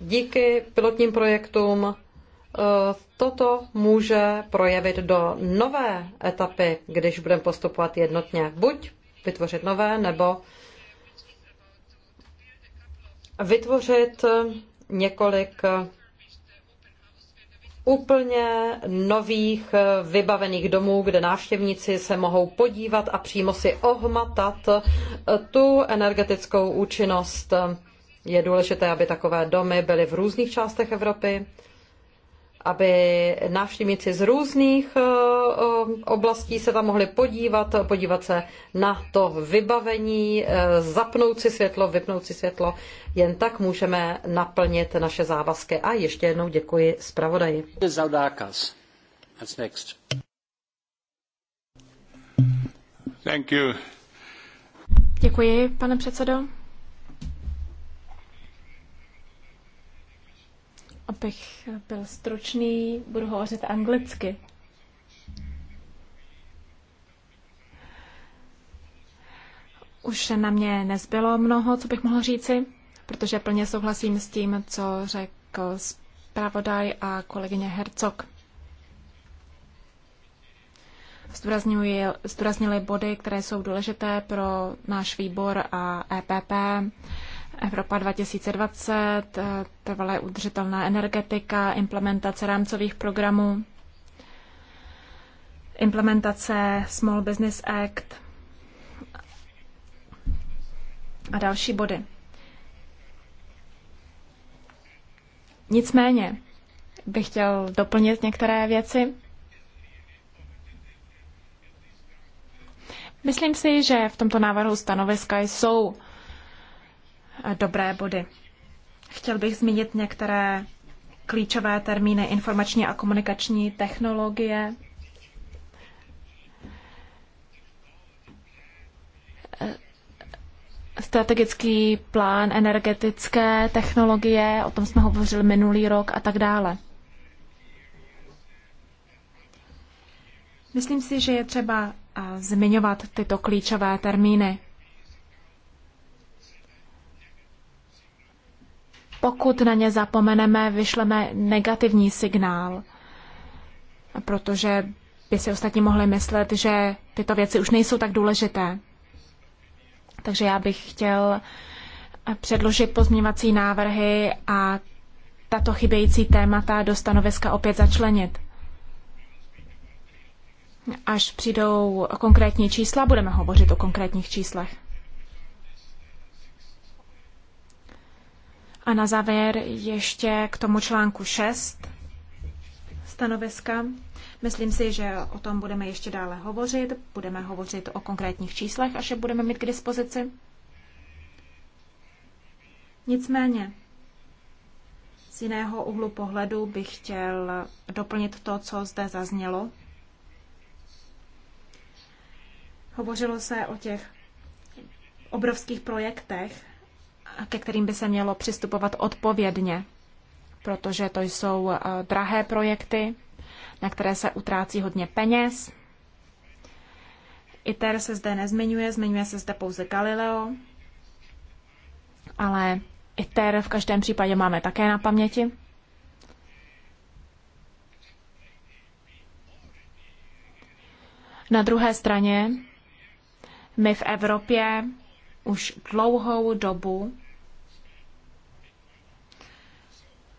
díky pilotním projektům eh, toto může projevit do nové etapy, když budeme postupovat jednotně. Buď vytvořit nové, nebo vytvořit několik úplně nových vybavených domů, kde návštěvníci se mohou podívat a přímo si ohmatat tu energetickou účinnost. Je důležité, aby takové domy byly v různých částech Evropy aby návštěvníci z různých eh, eh, oblastí se tam mohli podívat, podívat se na to vybavení, eh, zapnout si světlo, vypnout si světlo. Jen tak můžeme naplnit naše závazky. A ještě jednou děkuji zpravodaji. next. Thank you. Děkuji, pane předsedo. Abych byl stručný, budu hovořit anglicky. Už na mě nezbylo mnoho, co bych mohl říci, protože plně souhlasím s tím, co řekl zpravodaj a kolegyně Hercog. Zdůraznili body, které jsou důležité pro náš výbor a EPP Evropa 2020, eh, trvalé udržitelná energetika, implementace rámcových programů, implementace Small Business Act a další body. Nicméně bych chtěl doplnit některé věci. Myslím si, že v tomto návrhu stanoviska jsou dobré body. Chtěl bych zmínit některé klíčové termíny informační a komunikační technologie. Strategický plán energetické technologie, o tom jsme hovořili minulý rok a tak dále. Myslím si, že je třeba zmiňovat tyto klíčové termíny. Pokud na ně zapomeneme, vyšleme negativní signál, protože by si ostatní mohli myslet, že tyto věci už nejsou tak důležité. Takže já bych chtěl eh, předložit pozměňovací návrhy a tato chybějící témata do stanoviska opět začlenit. Až přijdou konkrétní čísla, budeme hovořit o konkrétních číslech. A na závěr ještě k tomu článku 6 stanoviska. Myslím si, že o tom budeme ještě dále hovořit. Budeme hovořit o konkrétních číslech, až je budeme mít k dispozici. Nicméně, z jiného úhlu pohledu bych chtěl doplnit to, co zde zaznělo. Hovořilo se o těch obrovských projektech, ke kterým by se mělo přistupovat odpovědně, protože to jsou eh, drahé projekty, na které se utrácí hodně peněz. ITER se zde nezmiňuje, zmiňuje se zde pouze Galileo, ale ITER v každém případě máme také na paměti. Na druhé straně, my v Evropě už dlouhou dobu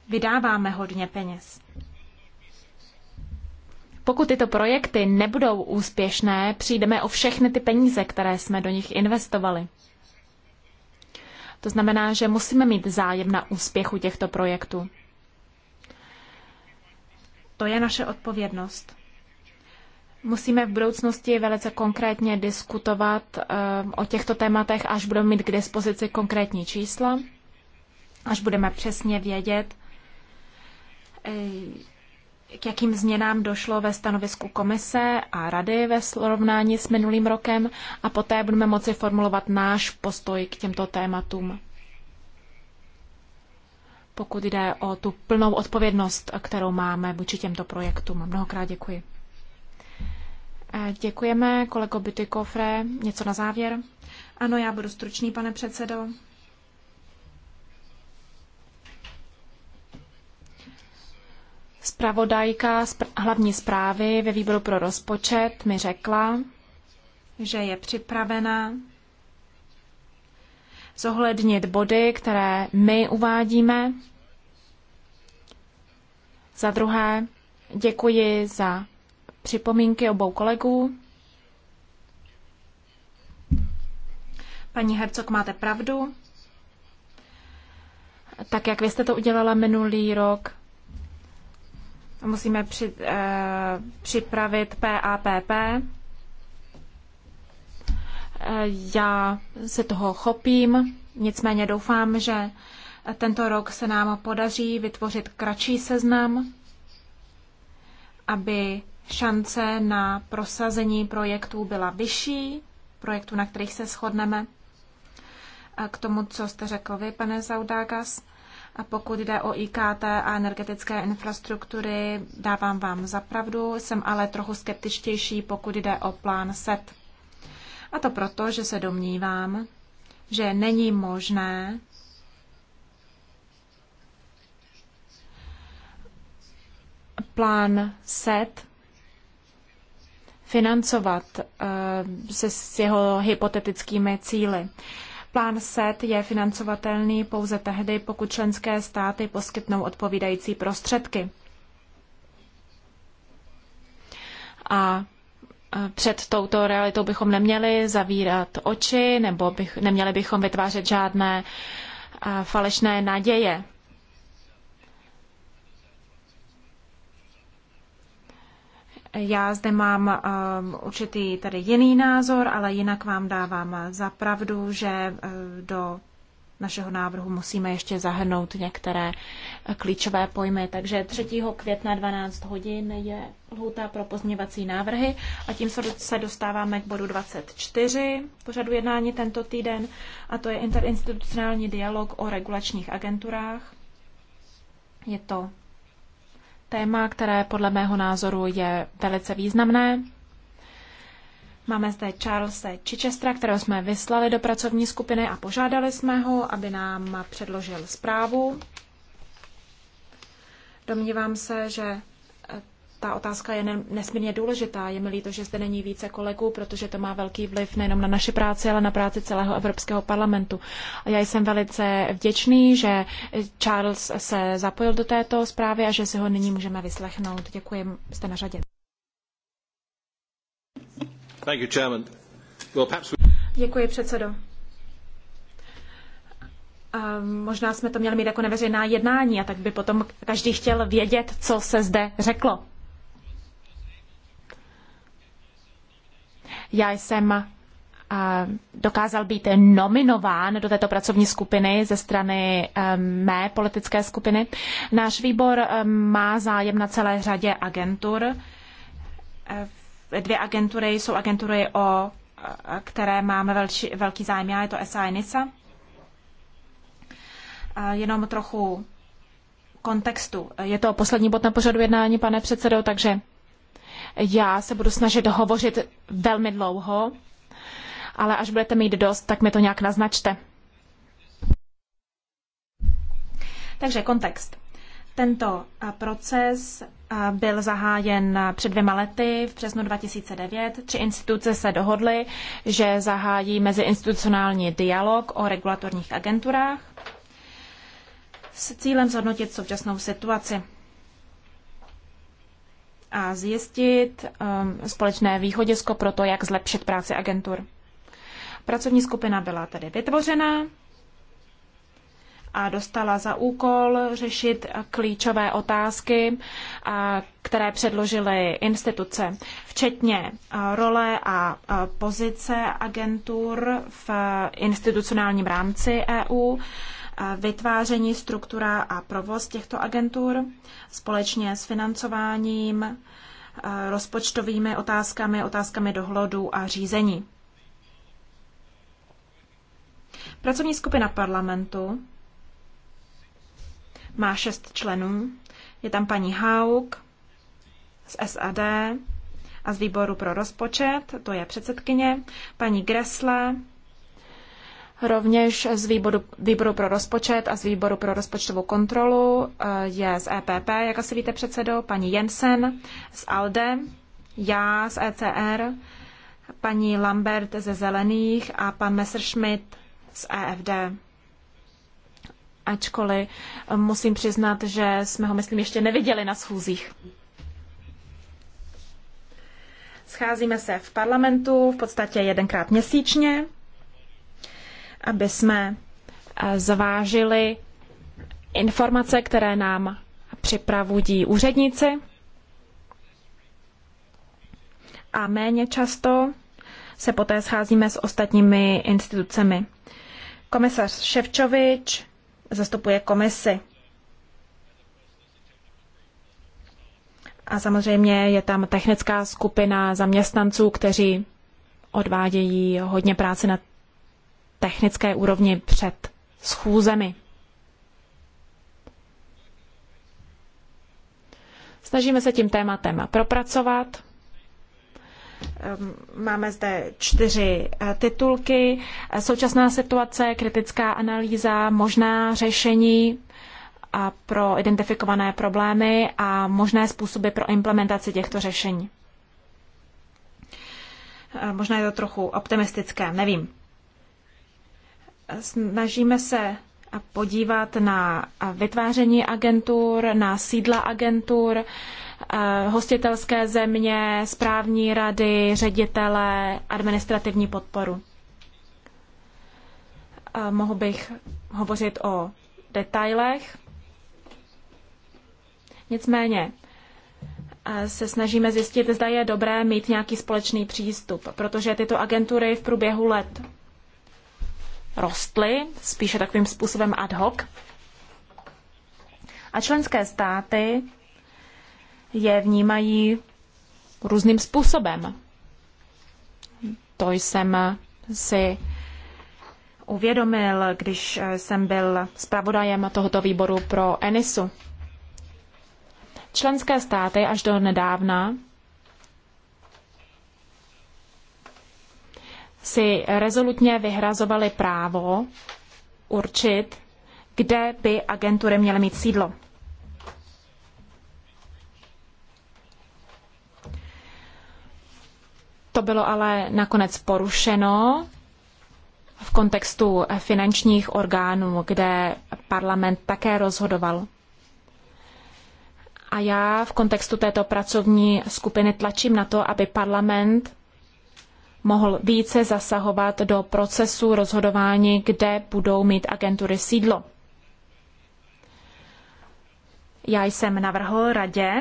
vydáváme hodně peněz. Pokud tyto projekty nebudou úspěšné, přijdeme o všechny ty peníze, které jsme do nich investovali. To znamená, že musíme mít zájem na úspěchu těchto projektů. To je naše odpovědnost. Musíme v budoucnosti velice konkrétně diskutovat eh, o těchto tématech, až budeme mít k dispozici konkrétní čísla, až budeme přesně vědět, Eh, k jakým změnám došlo ve stanovisku komise a rady ve srovnání s minulým rokem a poté budeme moci formulovat náš postoj k těmto tématům. Pokud jde o tu plnou odpovědnost, kterou máme vůči těmto projektům. Mnohokrát děkuji. Eh, děkujeme, kolego Bytykofre. Něco na závěr? Ano, já budu stručný, pane předsedo. Spravodajka hlavní zprávy ve výboru pro rozpočet mi řekla, že je připravena zohlednit body, které my uvádíme. Za druhé, děkuji za připomínky obou kolegů. Paní Hercok, máte pravdu. Tak jak vy jste to udělala minulý rok, Musíme při, uh, připravit PAPP. Eh, já se toho chopím, nicméně doufám, že tento rok se nám podaří vytvořit kratší seznam, aby šance na prosazení projektů byla vyšší, projektů, na kterých se shodneme. A k tomu, co jste řekl vy, pane Zaudágas, a pokud jde o IKT a energetické infrastruktury, dávám vám zapravdu, jsem ale trochu skeptičtější, pokud jde o plán SET. A to proto, že se domnívám, že není možné plán SET financovat eh, se s jeho hypotetickými cíly. Plán SET je financovatelný pouze tehdy, pokud členské státy poskytnou odpovídající prostředky. A před touto realitou bychom neměli zavírat oči nebo bych, neměli bychom vytvářet žádné falešné naděje. Já zde mám um, určitý tady jiný názor, ale jinak vám dávám za pravdu, že uh, do našeho návrhu musíme ještě zahrnout některé uh, klíčové pojmy. Takže 3. května 12 hodin je lhůta pro pozměvací návrhy a tím se dostáváme k bodu 24 pořadu jednání tento týden a to je interinstitucionální dialog o regulačních agenturách. Je to téma, které podle mého názoru je velice významné. Máme zde Charlesa Chichestra, kterého jsme vyslali do pracovní skupiny a požádali jsme ho, aby nám předložil zprávu. Domnívám se, že ta otázka je nesmírně důležitá. Je mi líto, že zde není více kolegů, protože to má velký vliv nejenom na naše práci, ale na práci celého Evropského parlamentu. A já jsem velice vděčný, že Charles se zapojil do této zprávy a že si ho nyní můžeme vyslechnout. Děkuji, jste na řadě. Thank you, Chairman. Well, perhaps we... Děkuji, předsedo. A možná jsme to měli mít jako neveřejná jednání a tak by potom každý chtěl vědět, co se zde řeklo. Já jsem dokázal být nominován do této pracovní skupiny ze strany e, mé politické skupiny. Náš výbor e, má zájem na celé řadě agentur. E, dvě agentury jsou agentury, o které máme velči, velký zájem. Já je to SA NISA. Jenom trochu kontextu. Je to poslední bod na pořadu jednání, pane předsedo, takže já se budu snažit hovořit velmi dlouho, ale až budete mít dost, tak mi to nějak naznačte. Takže kontext. Tento proces byl zahájen před dvěma lety, v březnu 2009. Tři instituce se dohodly, že zahájí meziinstitucionální dialog o regulatorních agenturách s cílem zhodnotit současnou situaci a zjistit um, společné východisko pro to, jak zlepšit práci agentur. Pracovní skupina byla tedy vytvořena a dostala za úkol řešit klíčové otázky, které předložily instituce, včetně role a pozice agentur v institucionálním rámci EU vytváření, struktura a provoz těchto agentur společně s financováním, eh, rozpočtovými otázkami, otázkami dohledu a řízení. Pracovní skupina parlamentu má šest členů. Je tam paní Hauk z SAD a z výboru pro rozpočet, to je předsedkyně, paní Gresle Rovněž z výboru, výboru pro rozpočet a z výboru pro rozpočtovou kontrolu eh, je z EPP, jak asi víte předsedo, paní Jensen z ALDE, já z ECR, paní Lambert ze Zelených a pan Messerschmidt z EFD. Ačkoliv eh, musím přiznat, že jsme ho, myslím, ještě neviděli na schůzích. Scházíme se v parlamentu v podstatě jedenkrát měsíčně aby jsme eh, zvážili informace, které nám připravují úředníci. A méně často se poté scházíme s ostatními institucemi. Komisař Ševčovič zastupuje komisi. A samozřejmě je tam technická skupina zaměstnanců, kteří odvádějí hodně práce na technické úrovni před schůzemi. Snažíme se tím tématem propracovat. Ehm, máme zde čtyři eh, titulky. Současná situace, kritická analýza, možná řešení a pro identifikované problémy a možné způsoby pro implementaci těchto řešení. Ehm, možná je to trochu optimistické, nevím. Snažíme se podívat na vytváření agentur, na sídla agentur, eh, hostitelské země, správní rady, ředitele, administrativní podporu. Eh, Mohl bych hovořit o detailech. Nicméně eh, se snažíme zjistit, zda je dobré mít nějaký společný přístup, protože tyto agentury v průběhu let rostly, spíše takovým způsobem ad hoc. A členské státy je vnímají různým způsobem. To jsem si uvědomil, když jsem byl zpravodajem tohoto výboru pro Enisu. Členské státy až do nedávna si rezolutně vyhrazovali právo určit, kde by agentury měly mít sídlo. To bylo ale nakonec porušeno v kontextu finančních orgánů, kde parlament také rozhodoval. A já v kontextu této pracovní skupiny tlačím na to, aby parlament mohl více zasahovat do procesu rozhodování, kde budou mít agentury sídlo. Já jsem navrhl radě,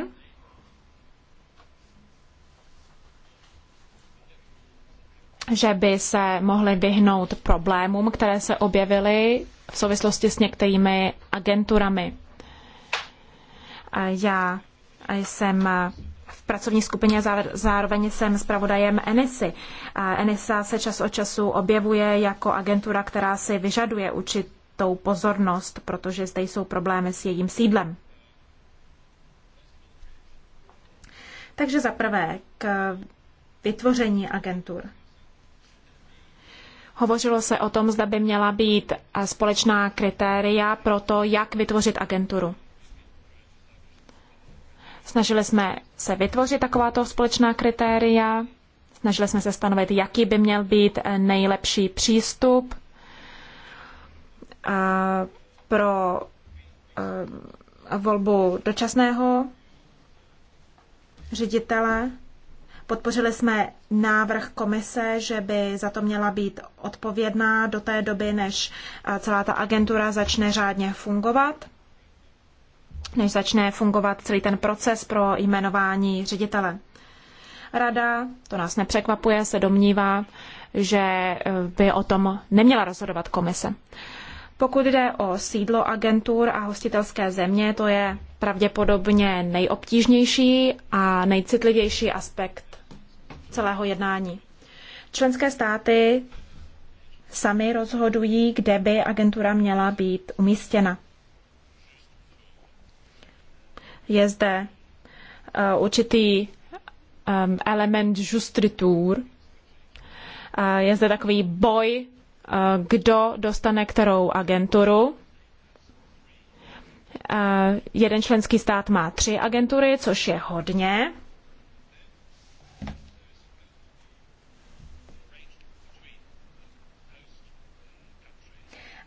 že by se mohly vyhnout problémům, které se objevily v souvislosti s některými agenturami. Já jsem pracovní skupině, zároveň jsem zpravodajem Enisy. Enisa se čas od času objevuje jako agentura, která si vyžaduje určitou pozornost, protože zde jsou problémy s jejím sídlem. Takže za prvé k vytvoření agentur. Hovořilo se o tom, zda by měla být společná kritéria pro to, jak vytvořit agenturu. Snažili jsme se vytvořit takováto společná kritéria, snažili jsme se stanovit, jaký by měl být eh, nejlepší přístup pro eh, volbu dočasného ředitele. Podpořili jsme návrh komise, že by za to měla být odpovědná do té doby, než eh, celá ta agentura začne řádně fungovat než začne fungovat celý ten proces pro jmenování ředitele. Rada, to nás nepřekvapuje, se domnívá, že eh, by o tom neměla rozhodovat komise. Pokud jde o sídlo agentur a hostitelské země, to je pravděpodobně nejobtížnější a nejcitlivější aspekt celého jednání. Členské státy sami rozhodují, kde by agentura měla být umístěna. Je zde eh, určitý ehm, element justritur. Eh, je zde takový boj, eh, kdo dostane kterou agenturu. Jeden členský stát má tři agentury, což je hodně.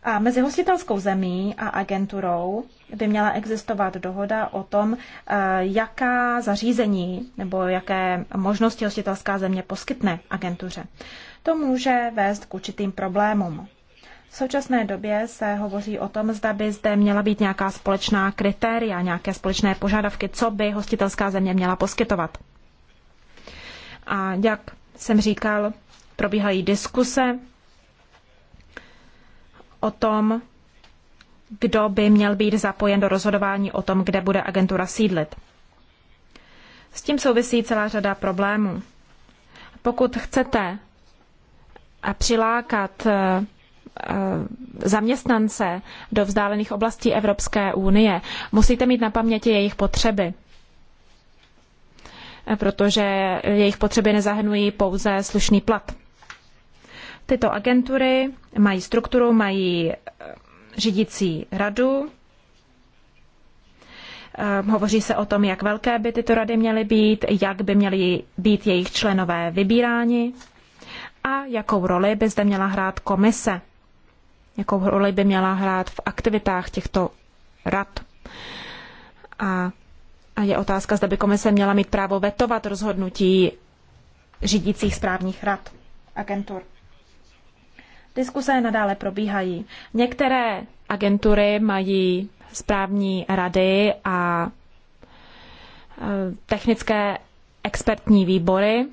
A mezi hostitelskou zemí a agenturou by měla existovat dohoda o tom, eh, jaká zařízení nebo jaké možnosti hostitelská země poskytne agentuře. To může vést k určitým problémům. V současné době se hovoří o tom, zda by zde měla být nějaká společná kritéria, nějaké společné požadavky, co by hostitelská země měla poskytovat. A jak jsem říkal, probíhají diskuse o tom, kdo by měl být zapojen do rozhodování o tom, kde bude agentura sídlit. S tím souvisí celá řada problémů. Pokud chcete eh, přilákat eh, eh, zaměstnance do vzdálených oblastí Evropské unie, musíte mít na paměti jejich potřeby protože jejich potřeby nezahrnují pouze slušný plat. Tyto agentury mají strukturu, mají eh, řídící radu. Eh, hovoří se o tom, jak velké by tyto rady měly být, jak by měly být jejich členové vybíráni a jakou roli by zde měla hrát komise, jakou roli by měla hrát v aktivitách těchto rad. A, a je otázka, zda by komise měla mít právo vetovat rozhodnutí řídících správních rad agentur. Diskuse nadále probíhají. Některé agentury mají správní rady a e, technické expertní výbory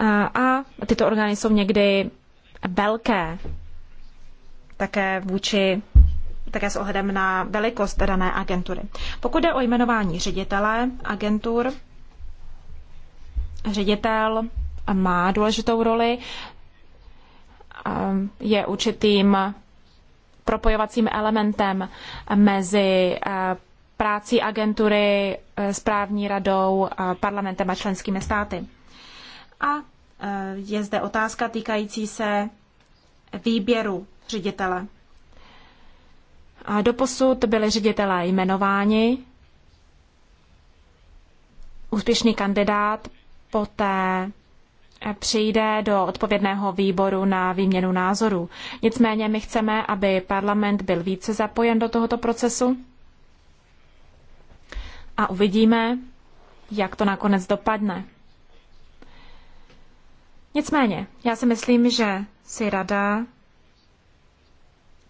e, a tyto orgány jsou někdy velké, také vůči také s ohledem na velikost dané agentury. Pokud jde o jmenování ředitele agentur, ředitel má důležitou roli je určitým propojovacím elementem mezi eh, práci agentury, eh, správní radou, parlamentem a členskými státy. A eh, je zde otázka týkající se výběru ředitele. Doposud byli ředitelé jmenováni. Úspěšný kandidát poté přijde do odpovědného výboru na výměnu názorů. Nicméně my chceme, aby parlament byl více zapojen do tohoto procesu a uvidíme, jak to nakonec dopadne. Nicméně, já si myslím, že si rada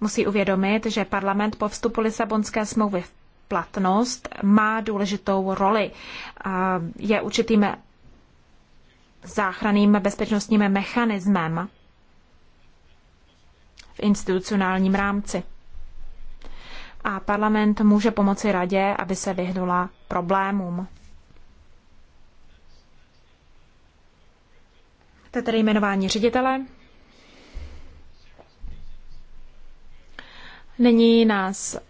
musí uvědomit, že parlament po vstupu Lisabonské smlouvy v platnost má důležitou roli. Je určitým záchranným bezpečnostním mechanismem v institucionálním rámci. A parlament může pomoci radě, aby se vyhnula problémům. To je tedy jmenování ředitele. Nyní nás eh,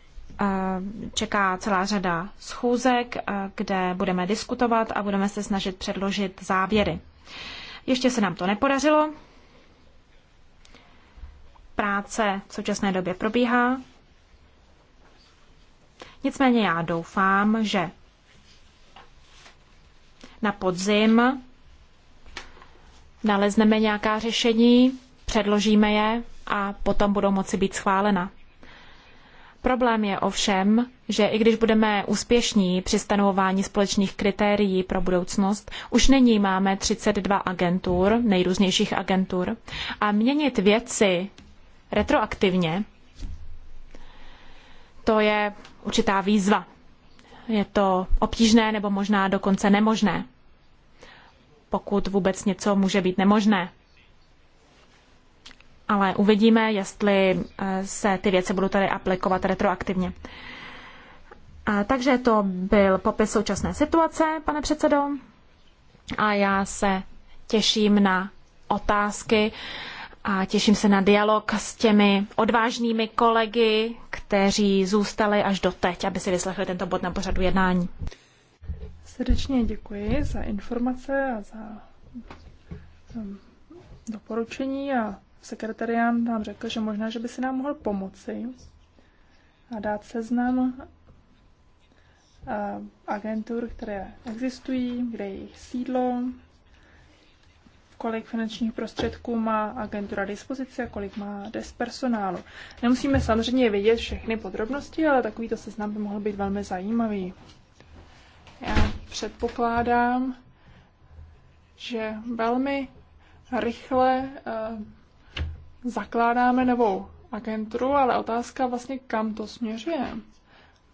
čeká celá řada schůzek, eh, kde budeme diskutovat a budeme se snažit předložit závěry. Ještě se nám to nepodařilo. Práce v současné době probíhá. Nicméně já doufám, že na podzim nalezneme nějaká řešení, předložíme je a potom budou moci být schválena. Problém je ovšem, že i když budeme úspěšní při stanovování společných kritérií pro budoucnost, už nyní máme 32 agentur, nejrůznějších agentur, a měnit věci retroaktivně, to je určitá výzva. Je to obtížné nebo možná dokonce nemožné, pokud vůbec něco může být nemožné ale uvidíme, jestli eh, se ty věci budou tady aplikovat retroaktivně. A takže to byl popis současné situace, pane předsedo. A já se těším na otázky a těším se na dialog s těmi odvážnými kolegy, kteří zůstali až do teď, aby si vyslechli tento bod na pořadu jednání. Srdečně děkuji za informace a za um, doporučení a sekretariát nám řekl, že možná, že by si nám mohl pomoci a dát seznam eh, agentur, které existují, kde je jejich sídlo, kolik finančních prostředků má agentura dispozice a kolik má des personálu. Nemusíme samozřejmě vědět všechny podrobnosti, ale takovýto seznam by mohl být velmi zajímavý. Já předpokládám, že velmi rychle eh, zakládáme novou agenturu, ale otázka vlastně, kam to směřuje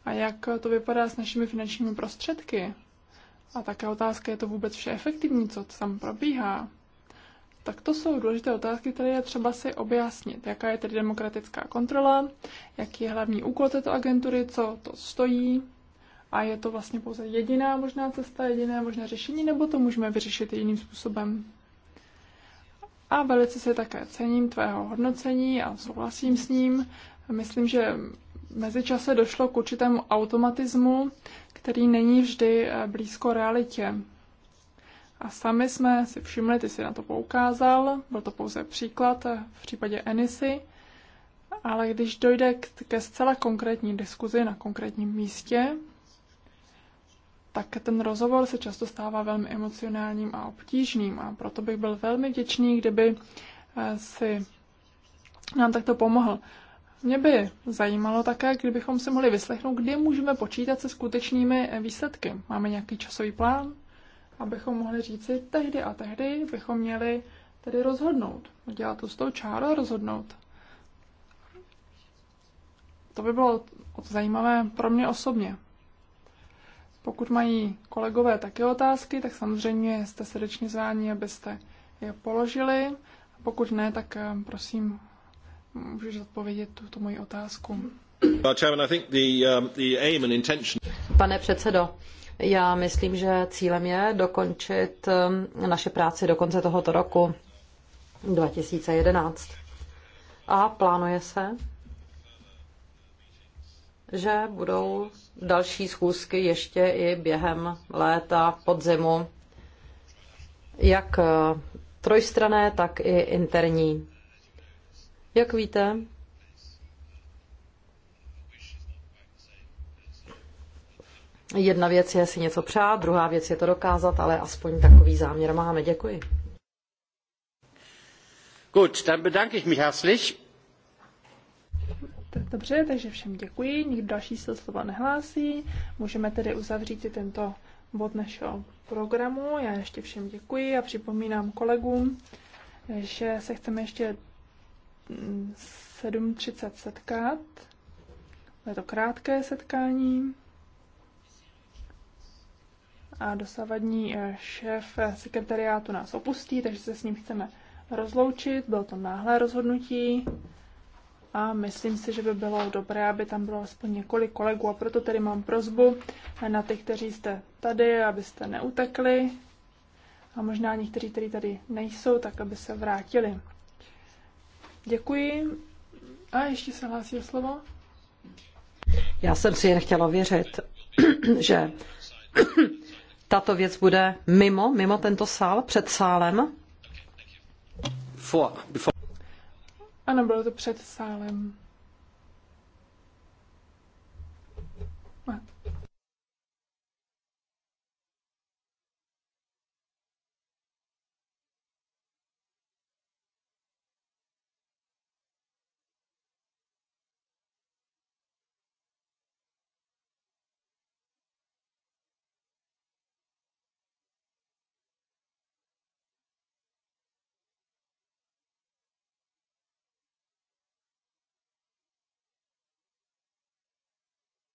a jak to vypadá s našimi finančními prostředky. A také otázka, je to vůbec vše efektivní, co tam probíhá. Tak to jsou důležité otázky, které je třeba si objasnit. Jaká je tedy demokratická kontrola, jaký je hlavní úkol této agentury, co to stojí a je to vlastně pouze jediná možná cesta, jediné možné řešení, nebo to můžeme vyřešit jiným způsobem. A velice si také cením tvého hodnocení a souhlasím s ním. Myslím, že mezičase došlo k určitému automatismu, který není vždy eh, blízko realitě. A sami jsme si všimli, ty si na to poukázal, byl to pouze příklad eh, v případě Enisy, ale když dojde ke zcela konkrétní diskuzi na konkrétním místě, tak ten rozhovor se často stává velmi emocionálním a obtížným. A proto bych byl velmi vděčný, kdyby eh, si nám takto pomohl. Mě by zajímalo také, kdybychom si mohli vyslechnout, kdy můžeme počítat se skutečnými eh, výsledky. Máme nějaký časový plán, abychom mohli říci, tehdy a tehdy bychom měli tedy rozhodnout. Udělat tu s tou čáru a rozhodnout. To by bylo zajímavé pro mě osobně. Pokud mají kolegové také otázky, tak samozřejmě jste srdečně zváni, abyste je položili. Pokud ne, tak eh, prosím, můžeš odpovědět tuto moji otázku. Uh, um, Pane předsedo, já myslím, že cílem je dokončit um, naše práci do konce tohoto roku 2011. A plánuje se, že budou další schůzky ještě i během léta, podzimu, jak eh, trojstrané, tak i interní. Jak víte, jedna věc je si něco přát, druhá věc je to dokázat, ale aspoň takový záměr máme. Děkuji. Gut, dann bedanke ich mich herzlich. Dobře, takže všem děkuji, nikdo další se slova nehlásí. Můžeme tedy uzavřít i tento bod našeho programu. Já ještě všem děkuji a připomínám kolegům, že se chceme ještě 7.30 mm, setkat. Je to krátké setkání. A dosavadní eh, šéf eh, sekretariátu nás opustí, takže se s ním chceme rozloučit. Bylo to náhlé rozhodnutí a myslím si, že by bylo dobré, aby tam bylo aspoň několik kolegů a proto tedy mám prozbu na ty, kteří jste tady, abyste neutekli a možná někteří, kteří tady nejsou, tak aby se vrátili. Děkuji. A ještě se hlásí o slovo. Já jsem si jen chtěla věřit, že tato věc bude mimo, mimo tento sál, před sálem. For, ano, bylo to před sálem.